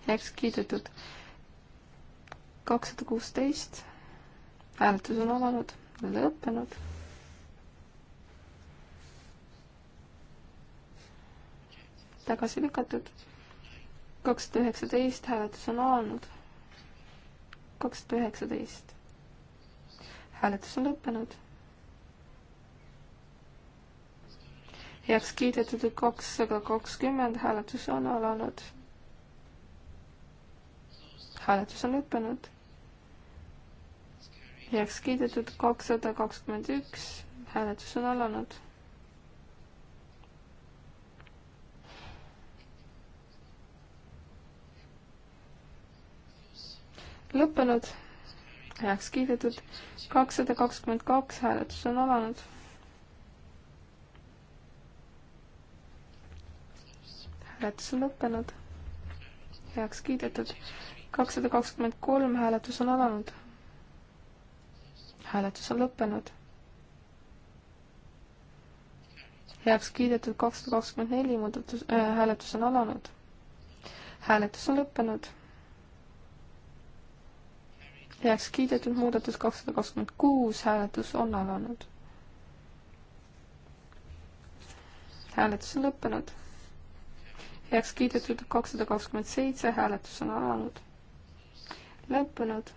heaks kiidetud. kakssada kuusteist, hääletus on alanud, lõppenud. tagasi lükatud. kakssada üheksateist, hääletus on alanud. kakssada üheksateist, hääletus on lõppenud heaks kiidetud kakssada kakskümmend hääletus on alanud hääletus on lõppenud. heaks kiidetud kakssada kakskümmend üks, hääletus on alanud. lõppenud, heaks kiidetud kakssada kakskümmend kaks, hääletus on alanud hääletus on lõppenud. heaks kiidetud kakssada kakskümmend kolm hääletus on alanud. hääletus on lõppenud. heaks kiidetud kakssada kakskümmend neli muudatus äh,, hääletus on alanud. hääletus on lõppenud. heaks kiidetud muudatus kakssada kakskümmend kuus, hääletus on alanud. hääletus on lõppenud heaks kiidetud kakssada kakskümmend seitse, hääletus on alanud lõppenud.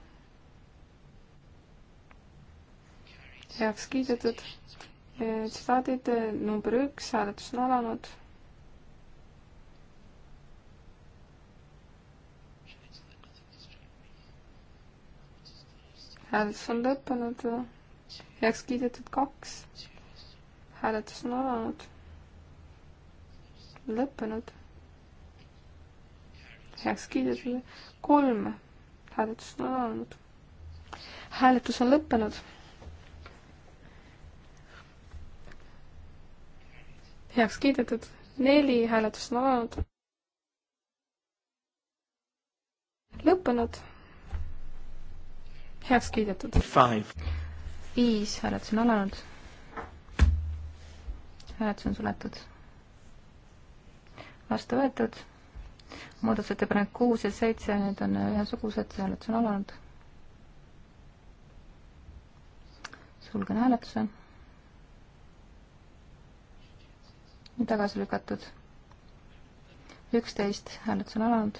heaks kiidetud. tsitaadid number üks, hääletus on alanud. hääletus on lõppenud. heaks kiidetud kaks. hääletus on alanud. lõppenud. heaks kiidetud kolm hääletus on alanud. hääletus on lõppenud. heaks kiidetud, neli hääletust on alanud. lõppenud. heaks kiidetud. viis hääletus on alanud. hääletus on suletud. vastu võetud muudatusettepanek kuus ja seitse, need on ühesugused, hääletus on alanud. sulgen hääletuse. tagasi lükatud. üksteist, hääletus on alanud.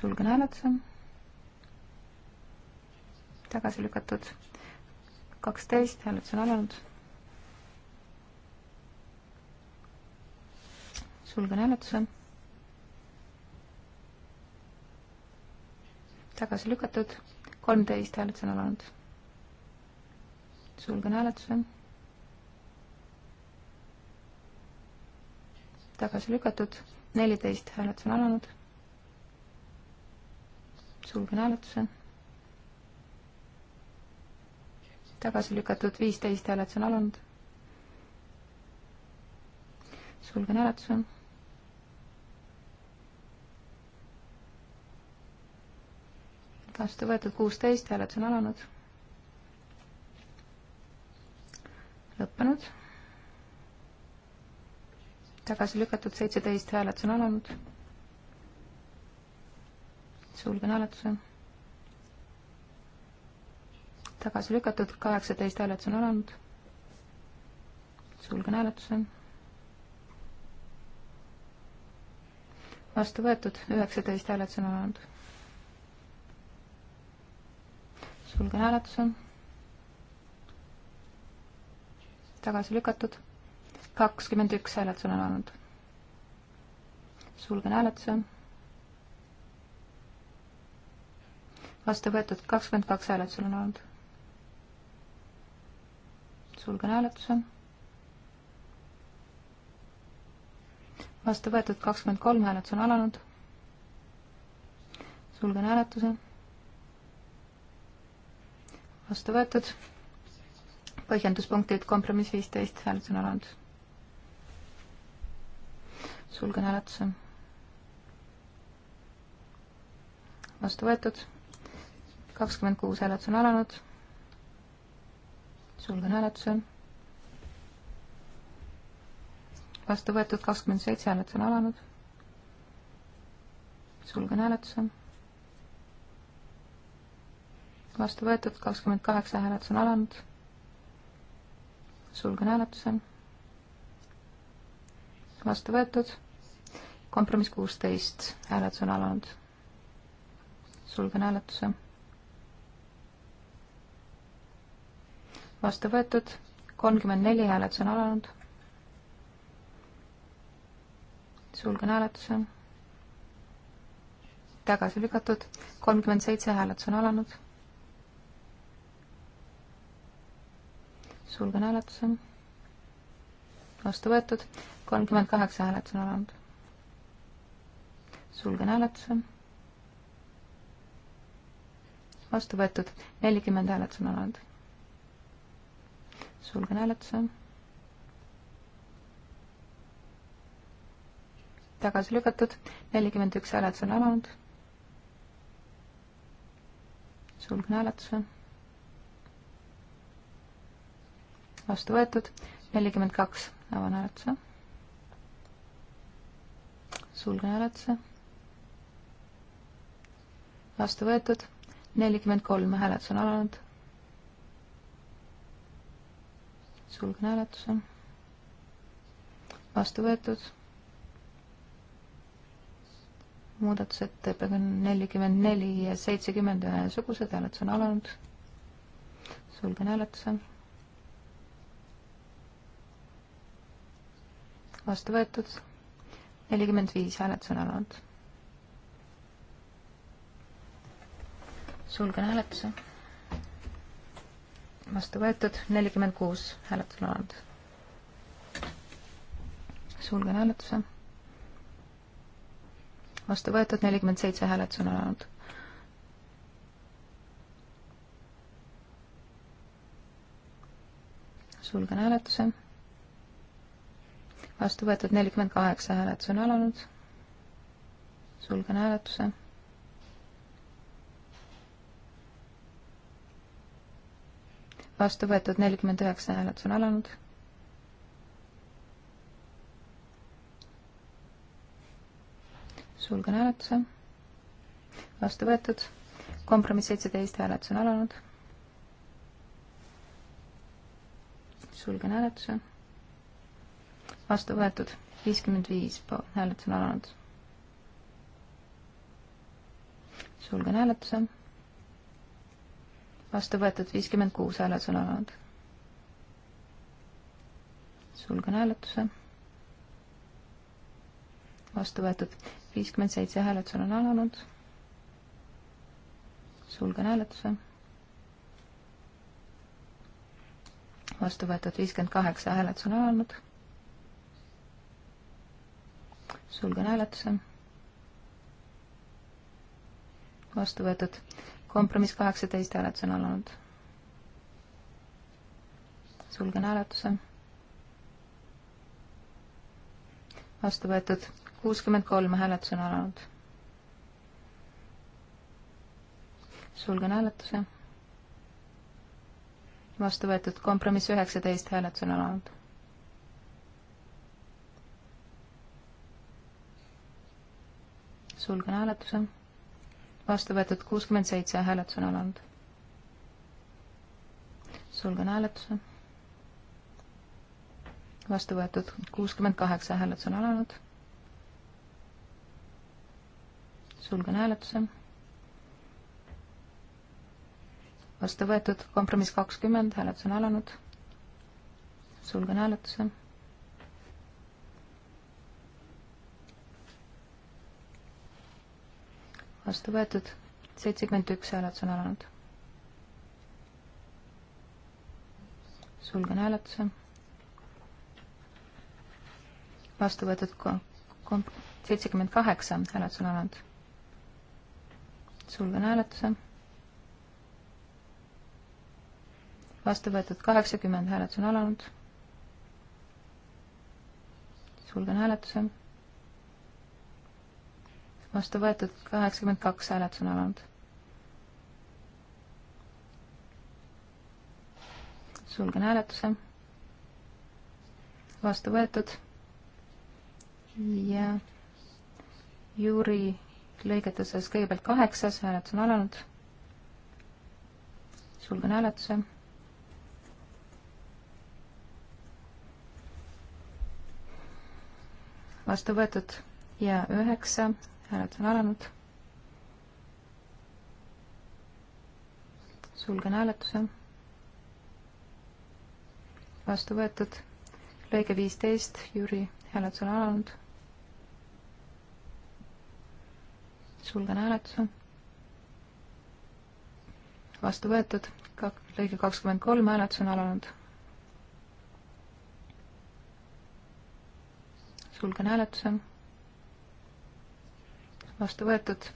sulgen hääletuse. tagasi lükatud. kaksteist, hääletus on alanud sulgen hääletuse. tagasi lükatud, kolmteist hääletus on alanud. sulgen hääletuse. tagasi lükatud, neliteist hääletus on alanud. sulgen hääletuse. tagasi lükatud, viisteist hääletus on alanud. sulgen hääletuse vastu võetud kuusteist, hääletus on alanud. lõppenud. tagasi lükatud seitseteist, hääletus on alanud. sulgen hääletuse. tagasi lükatud kaheksateist, hääletus on alanud. sulgen hääletuse vastu võetud, üheksateist hääletus on olnud sulgen hääletuse. tagasi lükatud. kakskümmend üks hääletus on alanud. sulgen hääletuse. vastu võetud kakskümmend kaks hääletus on alanud. sulgen hääletuse vastu võetud kakskümmend kolm hääletus on alanud. sulgen hääletuse vastu võetud. põhjenduspunktid, kompromiss viisteist, hääletus on alanud. sulgen hääletuse. vastu võetud. kakskümmend kuus hääletus on alanud. sulgen hääletuse. vastu võetud kakskümmend seitse hääletus on alanud. sulgen hääletuse vastu võetud, kakskümmend kaheksa hääletus on alanud. sulgen hääletuse. vastu võetud. kompromiss kuusteist, hääletus on alanud. sulgen hääletuse. vastu võetud. kolmkümmend neli hääletus on alanud. sulgen hääletuse. tagasi lükatud. kolmkümmend seitse hääletus on alanud sulgen hääletuse. vastu võetud, kolmkümmend kaheksa hääletus on alanud. sulgen hääletuse. vastu võetud, nelikümmend hääletus on alanud. sulgen hääletuse. tagasi lükatud, nelikümmend üks hääletus on alanud. sulgen hääletuse vastu võetud, nelikümmend kaks, avan hääletuse. sulgen hääletuse. vastu võetud, nelikümmend kolm, hääletus on alanud. sulgen hääletuse. vastu võetud muudatusettepanek on nelikümmend neli ja seitsekümmend ühesugused, hääletus on alanud. sulgen hääletuse. vastu võetud, nelikümmend viis hääletus on alanud. sulgen hääletuse. vastu võetud, nelikümmend kuus hääletus on alanud. sulgen hääletuse. vastu võetud, nelikümmend seitse hääletus on alanud sulgen hääletuse vastu võetud nelikümmend kaheksa, hääletus on alanud. sulgen hääletuse. vastu võetud nelikümmend üheksa, hääletus on alanud. sulgen hääletuse. vastu võetud. kompromiss seitseteist, hääletus on alanud. sulgen hääletuse vastu võetud, viiskümmend viis hääletus on alanud. sulgen hääletuse. vastu võetud viiskümmend kuus hääletus on alanud. sulgen hääletuse. vastu võetud viiskümmend seitse hääletus on alanud. sulgen hääletuse vastu võetud viiskümmend kaheksa hääletus on alanud. sulgen hääletuse. vastu võetud. kompromiss kaheksateist hääletus on alanud. sulgen hääletuse. vastu võetud. kuuskümmend kolm hääletus on alanud. sulgen hääletuse vastu võetud kompromiss üheksateist hääletus on alanud. sulgen hääletuse. vastu võetud kuuskümmend seitse, hääletus on alanud. sulgen hääletuse. vastu võetud kuuskümmend kaheksa, hääletus on alanud. sulgen hääletuse. vastu võetud kompromiss kakskümmend, hääletus on alanud. sulgen hääletuse vastu võetud, seitsekümmend üks hääletus on alanud. sulgen hääletuse. vastu võetud komp-, seitsekümmend kaheksa hääletus on alanud. sulgen hääletuse. vastu võetud kaheksakümmend hääletus on alanud. sulgen hääletuse vastu võetud, kaheksakümmend kaks hääletus on alanud. sulgen hääletuse. vastu võetud. ja Jüri lõigetuses kõigepealt kaheksas, hääletus on alanud. sulgen hääletuse vastu võetud ja üheksa hääletus on alanud. sulgen hääletuse. vastu võetud. lõige viisteist, Jüri, hääletus on alanud. sulgen hääletuse. vastu võetud. lõige kakskümmend kolm, hääletus on alanud. sulgen hääletuse vastu võetud.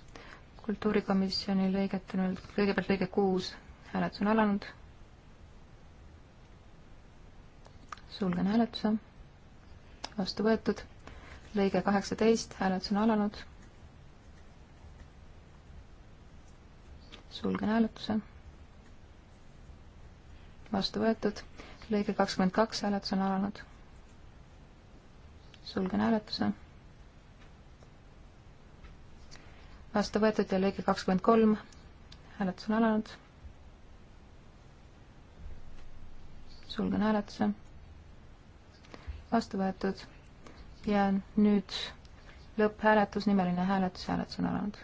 kultuurikomisjoni lõiget on öeldud kõigepealt lõige kuus, hääletus on alanud. sulgen hääletuse. vastu võetud. lõige kaheksateist, hääletus on alanud. sulgen hääletuse. vastu võetud. lõige kakskümmend kaks, hääletus on alanud. sulgen hääletuse vastu võetud ja lõige kakskümmend kolm, hääletus on alanud. sulgen hääletuse. vastu võetud ja nüüd lõpphääletus, nimeline hääletus, hääletus on alanud.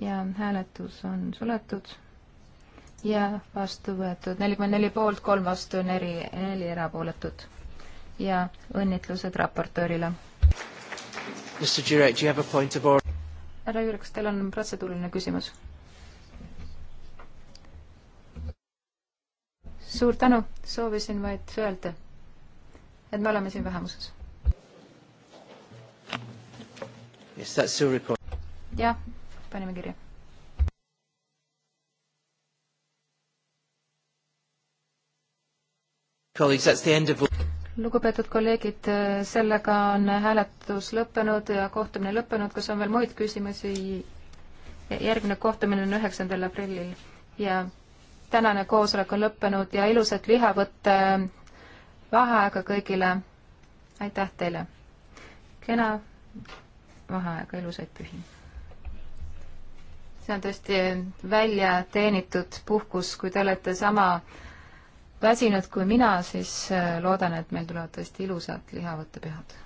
ja hääletus on suletud ja vastu võetud nelikümmend neli poolt, kolm vastu, neli, neli erapooletut ja õnnitlused raportöörile. härra Jüri, kas teil on protseduuriline küsimus? suur tänu, soovisin vaid öelda, et me oleme siin vähemuses. jah, panime kirja. Colleagues, that's the end of lugupeetud kolleegid, sellega on hääletus lõppenud ja kohtumine lõppenud, kas on veel muid küsimusi? järgmine kohtumine on üheksandal aprillil ja tänane koosolek on lõppenud ja ilusat lihavõtte vaheaega kõigile. aitäh teile. kena vaheaega, ilusaid pühi. see on tõesti välja teenitud puhkus, kui te olete sama väsinud kui mina, siis äh, loodan, et meil tulevad tõesti ilusad lihavõttepühad